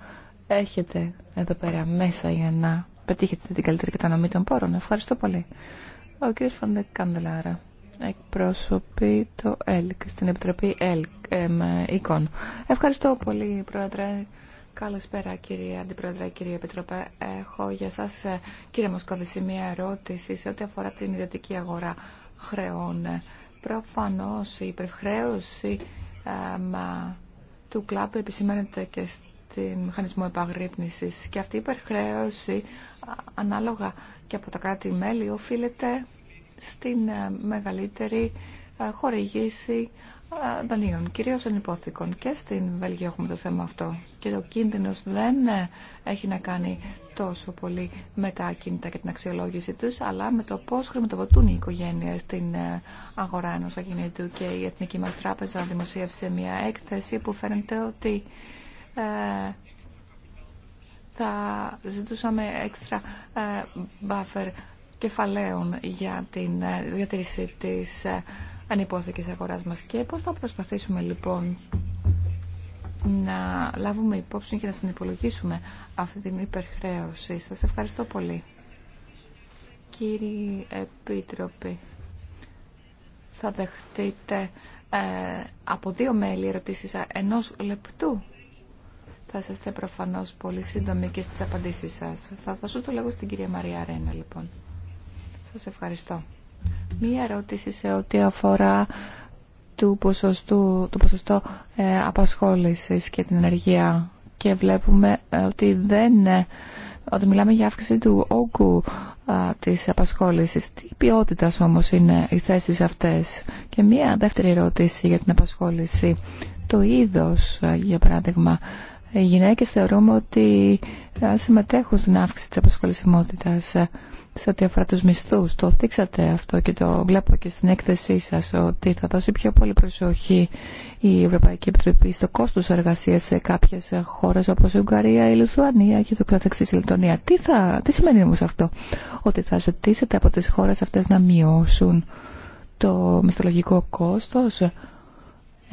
Έχετε εδώ πέρα μέσα για να πετύχετε την καλύτερη κατανομή των πόρων. Ευχαριστώ πολύ. Ο κ εκπροσωπεί το ΕΛΚ στην Επιτροπή ΕΛΚ Εικόν. Ευχαριστώ πολύ, Πρόεδρε. Καλησπέρα, κύριε Αντιπρόεδρε, κύριε Επιτροπέ. Έχω για σας, ε, κύριε Μοσκοβίση, μία ερώτηση σε ό,τι αφορά την ιδιωτική αγορά χρεών. Προφανώς η υπερχρέωση του κλάδου επισημαίνεται και στην μηχανισμό επαγρύπνησης και αυτή η υπερχρέωση ανάλογα και από τα κράτη-μέλη οφείλεται στην ε, μεγαλύτερη ε, χορηγήση ε, δανείων, Κυρίω ενυπόθηκων. Και στην Βέλγια έχουμε το θέμα αυτό. Και το κίνδυνο δεν έχει να κάνει τόσο πολύ με τα ακίνητα και την αξιολόγηση τους, αλλά με το πώ χρηματοδοτούν οι οικογένειε στην αγορά ενό ακινήτου. Και η Εθνική Μα Τράπεζα δημοσίευσε μια έκθεση που φαίνεται ότι θα ζητούσαμε έξτρα buffer κεφαλαίων για την ε, διατήρηση της ε, ανυπόθηκης αγοράς μας και πώς θα προσπαθήσουμε λοιπόν να λάβουμε υπόψη και να συνυπολογίσουμε αυτή την υπερχρέωση. Σας ευχαριστώ πολύ. Κύριοι Επίτροποι, θα δεχτείτε ε, από δύο μέλη ερωτήσεις ε, ενός λεπτού. Θα είστε προφανώς πολύ σύντομοι και στις απαντήσεις σας. Θα δώσω το λόγο στην κυρία Μαρία Ρένα, λοιπόν. Σας ευχαριστώ. Μία ερώτηση σε ό,τι αφορά του ποσοστού, το ποσοστό ε, απασχόλησης και την ενεργεία και βλέπουμε ε, ότι δεν ε, ότι μιλάμε για αύξηση του όγκου α, της απασχόλησης. Τι ποιότητα όμως είναι οι θέσεις αυτές. Και μία δεύτερη ερώτηση για την απασχόληση. Το είδος, ε, για παράδειγμα, ε, οι γυναίκες θεωρούμε ότι ε, συμμετέχουν στην αύξηση της αποσχολησιμότητας ε, σε ό,τι αφορά τους μισθούς. Το δείξατε αυτό και το βλέπω και στην έκθεσή σας ότι θα δώσει πιο πολύ προσοχή η Ευρωπαϊκή Επιτροπή στο κόστος εργασίας σε κάποιες χώρες όπως η Ουγγαρία, η Λουθουανία και το καθεξής η Λετωνία. Τι, θα, τι σημαίνει όμως αυτό, ότι θα ζητήσετε από τις χώρες αυτές να μειώσουν το μισθολογικό κόστος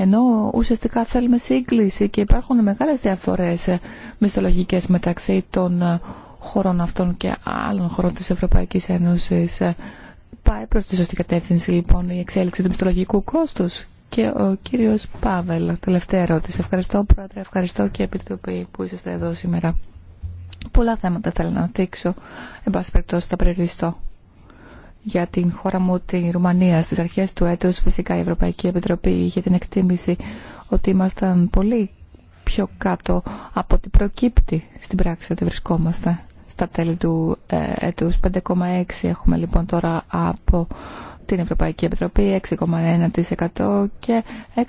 ενώ ουσιαστικά θέλουμε σύγκληση και υπάρχουν μεγάλες διαφορές μισθολογικές μεταξύ των χωρών αυτών και άλλων χωρών της Ευρωπαϊκής Ένωσης. Πάει προς τη σωστή κατεύθυνση λοιπόν η εξέλιξη του μισθολογικού κόστους. Και ο κύριος Πάβελ, τελευταία ερώτηση. Ευχαριστώ πρόεδρε, ευχαριστώ και επιτροπή που είσαστε εδώ σήμερα. Πολλά θέματα θέλω να δείξω, εν πάση περιπτώσει θα περιοριστώ για την χώρα μου, τη Ρουμανία. Στις αρχές του έτους φυσικά η Ευρωπαϊκή Επιτροπή είχε την εκτίμηση ότι ήμασταν πολύ πιο κάτω από ό,τι προκύπτει στην πράξη ότι βρισκόμαστε στα τέλη του ε, έτους. 5,6 έχουμε λοιπόν τώρα από την Ευρωπαϊκή Επιτροπή, 6,1% και 6,5%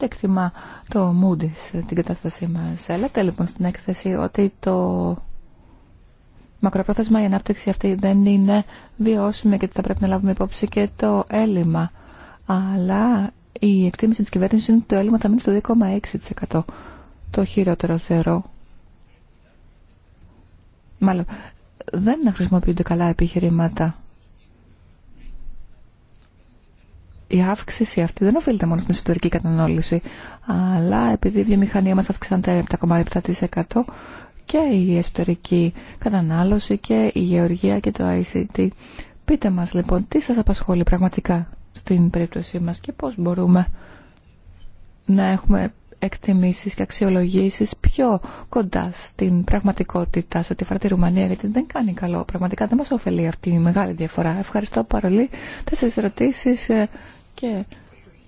εκτιμά το Moody's ε, την κατάστασή μας. Λέτε λοιπόν στην έκθεση ότι το μακροπρόθεσμα η ανάπτυξη αυτή δεν είναι βιώσιμη και θα πρέπει να λάβουμε υπόψη και το έλλειμμα. Αλλά η εκτίμηση της κυβέρνησης είναι ότι το έλλειμμα θα μείνει στο 2,6%. Το χειρότερο θεωρώ. Μάλλον, δεν χρησιμοποιούνται καλά επιχειρήματα. Η αύξηση αυτή δεν οφείλεται μόνο στην ιστορική κατανόληση, αλλά επειδή η βιομηχανία μας αυξάνεται 7,7% και η εσωτερική κατανάλωση και η γεωργία και το ICT. Πείτε μας λοιπόν τι σας απασχολεί πραγματικά στην περίπτωσή μας και πώς μπορούμε να έχουμε εκτιμήσεις και αξιολογήσεις πιο κοντά στην πραγματικότητα σε ό,τι αφορά τη Ρουμανία γιατί δεν κάνει καλό. Πραγματικά δεν μας ωφελεί αυτή η μεγάλη διαφορά. Ευχαριστώ παρολί. Τέσσερις ερωτήσεις ε, και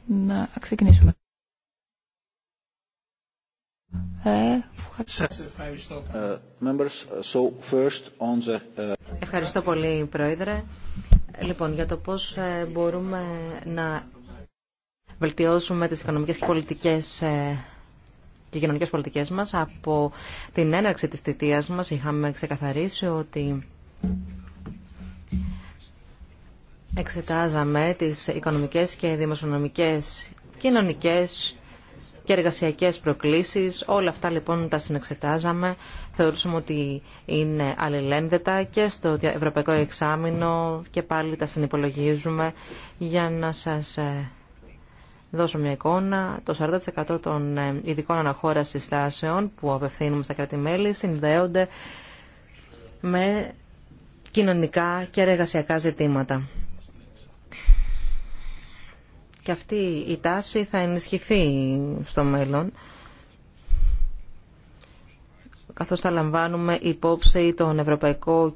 να ξεκινήσουμε. Ευχαριστώ. πολύ, Πρόεδρε. Λοιπόν, για το πώς ε, μπορούμε να βελτιώσουμε τις οικονομικές και πολιτικές ε, και κοινωνικές πολιτικές μας. Από την έναρξη της θητείας μας είχαμε ξεκαθαρίσει ότι εξετάζαμε τις οικονομικές και δημοσιονομικές, κοινωνικές και εργασιακέ προκλήσεις. Όλα αυτά λοιπόν τα συνεξετάζαμε. Θεωρούσαμε ότι είναι αλληλένδετα και στο Ευρωπαϊκό Εξάμεινο και πάλι τα συνυπολογίζουμε για να σας ε, δώσω μια εικόνα. Το 40% των ε, ειδικών αναχώραση στάσεων που απευθύνουμε στα κράτη-μέλη συνδέονται με κοινωνικά και εργασιακά ζητήματα. Και αυτή η τάση θα ενισχυθεί στο μέλλον καθώς θα λαμβάνουμε υπόψη τον Ευρωπαϊκό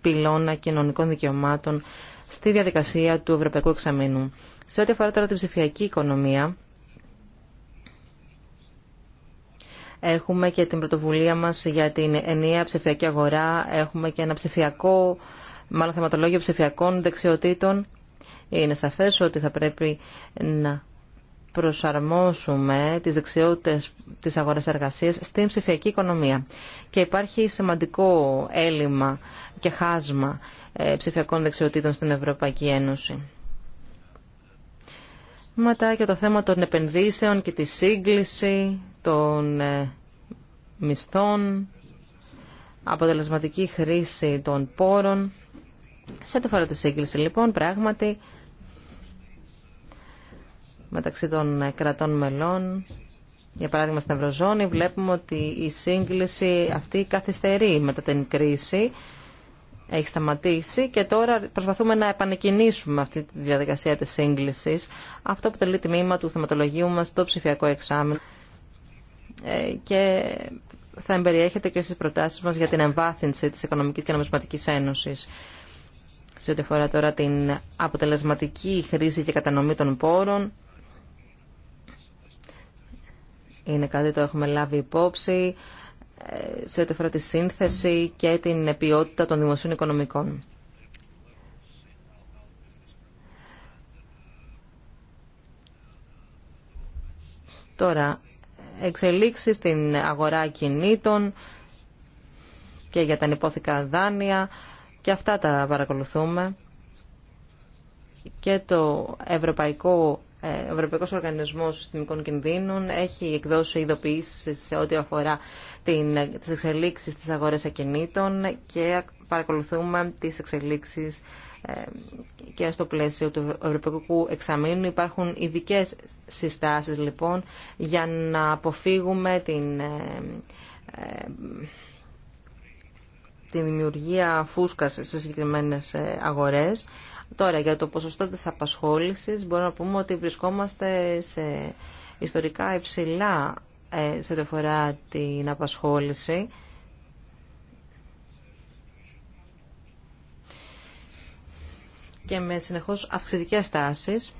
Πυλώνα Κοινωνικών Δικαιωμάτων στη διαδικασία του Ευρωπαϊκού Εξαμήνου. Σε ό,τι αφορά τώρα την ψηφιακή οικονομία, έχουμε και την πρωτοβουλία μας για την ενιαία ψηφιακή αγορά, έχουμε και ένα ψηφιακό, μάλλον θεματολόγιο ψηφιακών δεξιοτήτων είναι σαφές ότι θα πρέπει να προσαρμόσουμε τις δεξιότητες της αγοράς εργασίας στην ψηφιακή οικονομία. Και υπάρχει σημαντικό έλλειμμα και χάσμα ε, ψηφιακών δεξιοτήτων στην Ευρωπαϊκή Ένωση. Μετά και το θέμα των επενδύσεων και τη σύγκληση των ε, μισθών, αποτελεσματική χρήση των πόρων. Σε το φορά τη σύγκληση λοιπόν, πράγματι, μεταξύ των κρατών μελών. Για παράδειγμα, στην Ευρωζώνη βλέπουμε ότι η σύγκληση αυτή καθυστερεί μετά την κρίση. Έχει σταματήσει και τώρα προσπαθούμε να επανεκκινήσουμε αυτή τη διαδικασία της σύγκλησης. Αυτό αποτελεί τμήμα του θεματολογίου μας στο ψηφιακό εξάμεινο ε, και θα εμπεριέχεται και στις προτάσεις μας για την εμβάθυνση της Οικονομικής και Νομισματικής Ένωσης σε ό,τι αφορά τώρα την αποτελεσματική χρήση και κατανομή των πόρων είναι κάτι το έχουμε λάβει υπόψη ε, σε ό,τι αφορά τη σύνθεση και την ποιότητα των δημοσίων οικονομικών. Τώρα, εξελίξεις στην αγορά κινήτων και για τα ανυπόθηκα δάνεια και αυτά τα παρακολουθούμε και το Ευρωπαϊκό ε, ο Ευρωπαϊκός Οργανισμός Συστημικών Κινδύνων έχει εκδώσει ειδοποιήσει σε ό,τι αφορά την, εξελίξει εξελίξεις αγορέ ακινήτων και παρακολουθούμε τις εξελίξεις ε, και στο πλαίσιο του Ευρωπαϊκού Εξαμήνου υπάρχουν ειδικέ συστάσεις λοιπόν για να αποφύγουμε την ε, τη δημιουργία φούσκας σε συγκεκριμένες ε, αγορές. Τώρα, για το ποσοστό της απασχόλησης μπορούμε να πούμε ότι βρισκόμαστε σε ιστορικά υψηλά ε, σε ό,τι αφορά την απασχόληση. και με συνεχώς αυξητικές τάσεις.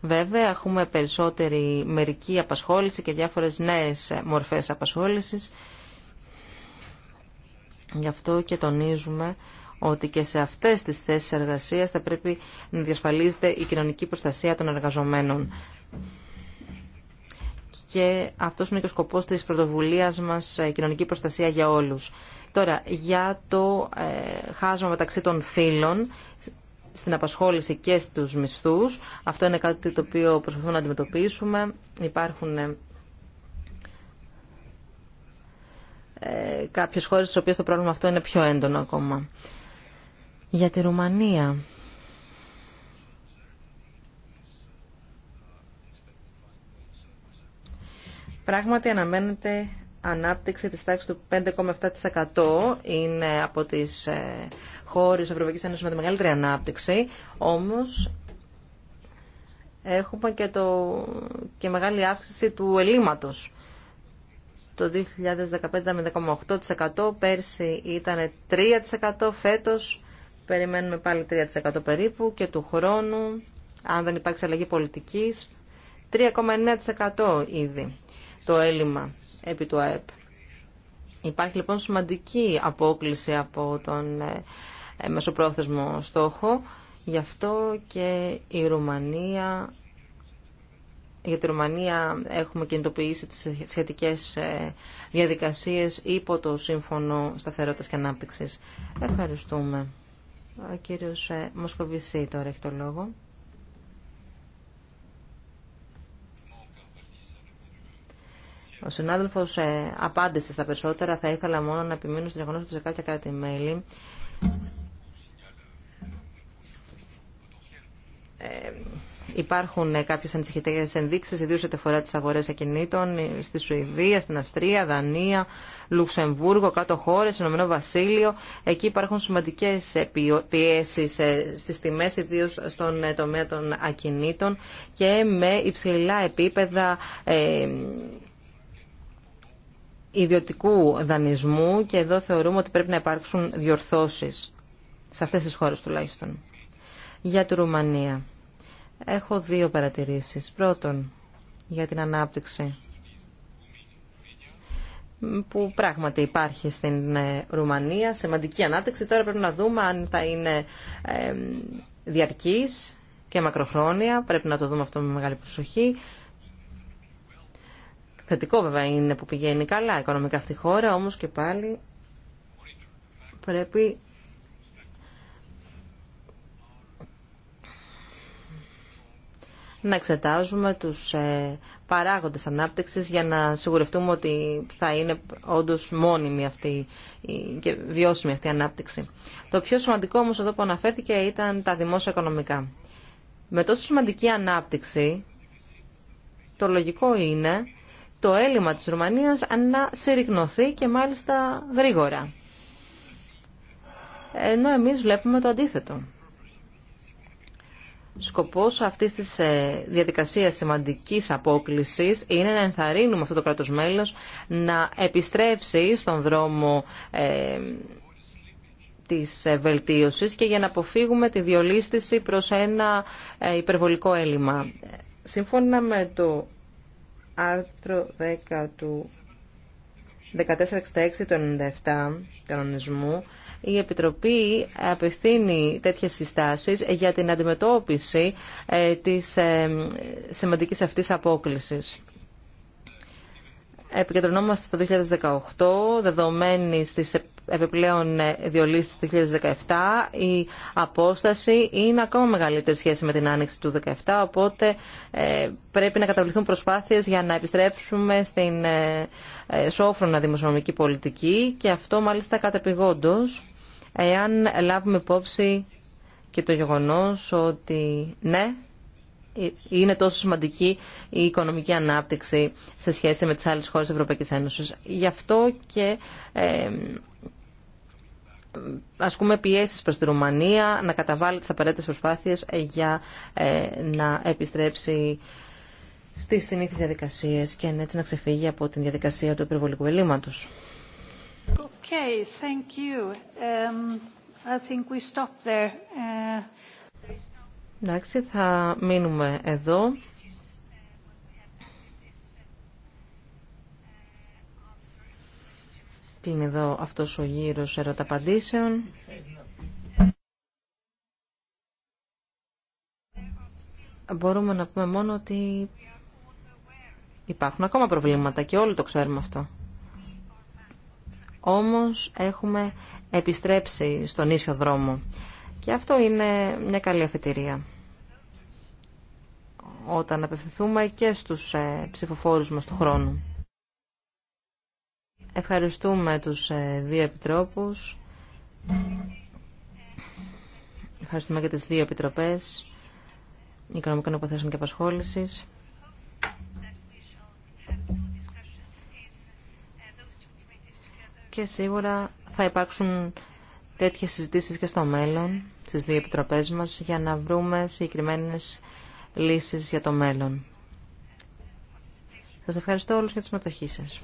Βέβαια, έχουμε περισσότερη μερική απασχόληση και διάφορες νέες μορφές απασχόλησης. Γι' αυτό και τονίζουμε ότι και σε αυτές τις θέσεις εργασίας θα πρέπει να διασφαλίζεται η κοινωνική προστασία των εργαζομένων. Και αυτός είναι και ο σκοπός της πρωτοβουλίας μας, η ε, κοινωνική προστασία για όλους. Τώρα, για το ε, χάσμα μεταξύ των φύλων, στην απασχόληση και στους μισθούς, αυτό είναι κάτι το οποίο προσπαθούμε να αντιμετωπίσουμε. Υπάρχουν ε, ε, κάποιες χώρες οποίε το πρόβλημα αυτό είναι πιο έντονο ακόμα. Για τη Ρουμανία... Πράγματι αναμένεται ανάπτυξη της τάξης του 5,7% είναι από τις ε, χώρες της Ευρωπαϊκής Ένωσης με τη μεγαλύτερη ανάπτυξη, όμως έχουμε και, το, και μεγάλη αύξηση του ελλείμματος. Το 2015 ήταν 18%, πέρσι ήταν 3%, φέτος περιμένουμε πάλι 3% περίπου και του χρόνου, αν δεν υπάρξει αλλαγή πολιτικής, 3,9% ήδη το έλλειμμα επί του ΑΕΠ. Υπάρχει λοιπόν σημαντική απόκληση από τον ε, ε, μεσοπρόθεσμο στόχο, γι' αυτό και η Ρουμανία για τη Ρουμανία έχουμε κινητοποιήσει τις σχετικές ε, διαδικασίες υπό το Σύμφωνο Σταθερότητας και Ανάπτυξης. Ευχαριστούμε. Ο κύριος ε, Μοσκοβισή τώρα έχει το λόγο. Ο συνάδελφος ε, απάντησε στα περισσότερα. Θα ήθελα μόνο να επιμείνω στην γεγονό ότι σε κάποια κράτη-μέλη Υπάρχουν κάποιες ανησυχητικέ ενδείξεις, ιδίως ό,τι αφορά τις αγορές ακινήτων στη Σουηδία, στην Αυστρία, Δανία, Λουξεμβούργο, κάτω χώρες, Ηνωμένο Βασίλειο. Εκεί υπάρχουν σημαντικές πιέσεις ε, στις τιμές, ιδίως στον ε, τομέα των ακινήτων και με υψηλά επίπεδα ε, ιδιωτικού δανεισμού και εδώ θεωρούμε ότι πρέπει να υπάρξουν διορθώσεις σε αυτές τις χώρες τουλάχιστον. Για τη Ρουμανία. Έχω δύο παρατηρήσεις. Πρώτον, για την ανάπτυξη που πράγματι υπάρχει στην ε, Ρουμανία, σημαντική ανάπτυξη. Τώρα πρέπει να δούμε αν θα είναι διαρκής και μακροχρόνια. Πρέπει να το δούμε αυτό με μεγάλη προσοχή. Θετικό βέβαια είναι που πηγαίνει καλά οικονομικά αυτή η χώρα, όμως και πάλι πρέπει να εξετάζουμε τους ε, παράγοντες ανάπτυξης για να σιγουρευτούμε ότι θα είναι όντως μόνιμη αυτή και βιώσιμη αυτή η ανάπτυξη. Το πιο σημαντικό όμως εδώ που αναφέρθηκε ήταν τα δημόσια οικονομικά. Με τόσο σημαντική ανάπτυξη, το λογικό είναι το έλλειμμα της Ρουμανίας να συρρυκνωθεί και μάλιστα γρήγορα. Ενώ εμείς βλέπουμε το αντίθετο. Σκοπός αυτής της ε, διαδικασίας σημαντικής απόκλησης είναι να ενθαρρύνουμε αυτό το κράτος μέλος να επιστρέψει στον δρόμο ε, της ε, βελτίωσης και για να αποφύγουμε τη διολίστηση προς ένα υπερβολικό έλλειμμα. Σύμφωνα με το άρθρο 10 του 1466 του 97 κανονισμού, η Επιτροπή απευθύνει τέτοιες συστάσεις για την αντιμετώπιση ε, της ε, σημαντικής αυτής απόκλησης. Επικεντρωνόμαστε στο 2018, δεδομένη της επιπλέον ε, διολύσεις του 2017. Η απόσταση είναι ακόμα μεγαλύτερη σχέση με την άνοιξη του 2017, οπότε πρέπει να καταβληθούν προσπάθειες για να επιστρέψουμε στην σόφρονα δημοσιονομική πολιτική και αυτό μάλιστα κατεπηγόντως εάν λάβουμε υπόψη και το γεγονός ότι ναι, είναι τόσο σημαντική η οικονομική ανάπτυξη σε σχέση με τις άλλες χώρες της Ευρωπαϊκής Ένωσης. Γι' αυτό και ε, ασκούμε πιέσεις προς τη Ρουμανία να καταβάλει τις απαραίτητες προσπάθειες για ε, να επιστρέψει στις συνήθεις διαδικασίες και έτσι να ξεφύγει από την διαδικασία του υπερβολικού ελλείμματος. Okay, thank you. Um, I think we stop there. Uh, Εντάξει, θα μείνουμε εδώ. Τι είναι εδώ αυτός ο γύρος ερωταπαντήσεων. Μπορούμε να πούμε μόνο ότι υπάρχουν ακόμα προβλήματα και όλοι το ξέρουμε αυτό όμως έχουμε επιστρέψει στον ίσιο δρόμο. Και αυτό είναι μια καλή αφετηρία. Όταν απευθυνθούμε και στους ε, ψηφοφόρους μας του χρόνου. Ευχαριστούμε τους ε, δύο επιτρόπους. Ευχαριστούμε και τις δύο επιτροπές Οικονομικών Υποθέσεων και Απασχόλησης. και σίγουρα θα υπάρξουν τέτοιες συζητήσεις και στο μέλλον στις δύο επιτροπές μας για να βρούμε συγκεκριμένε λύσεις για το μέλλον. Σας ευχαριστώ όλους για τη συμμετοχή σας.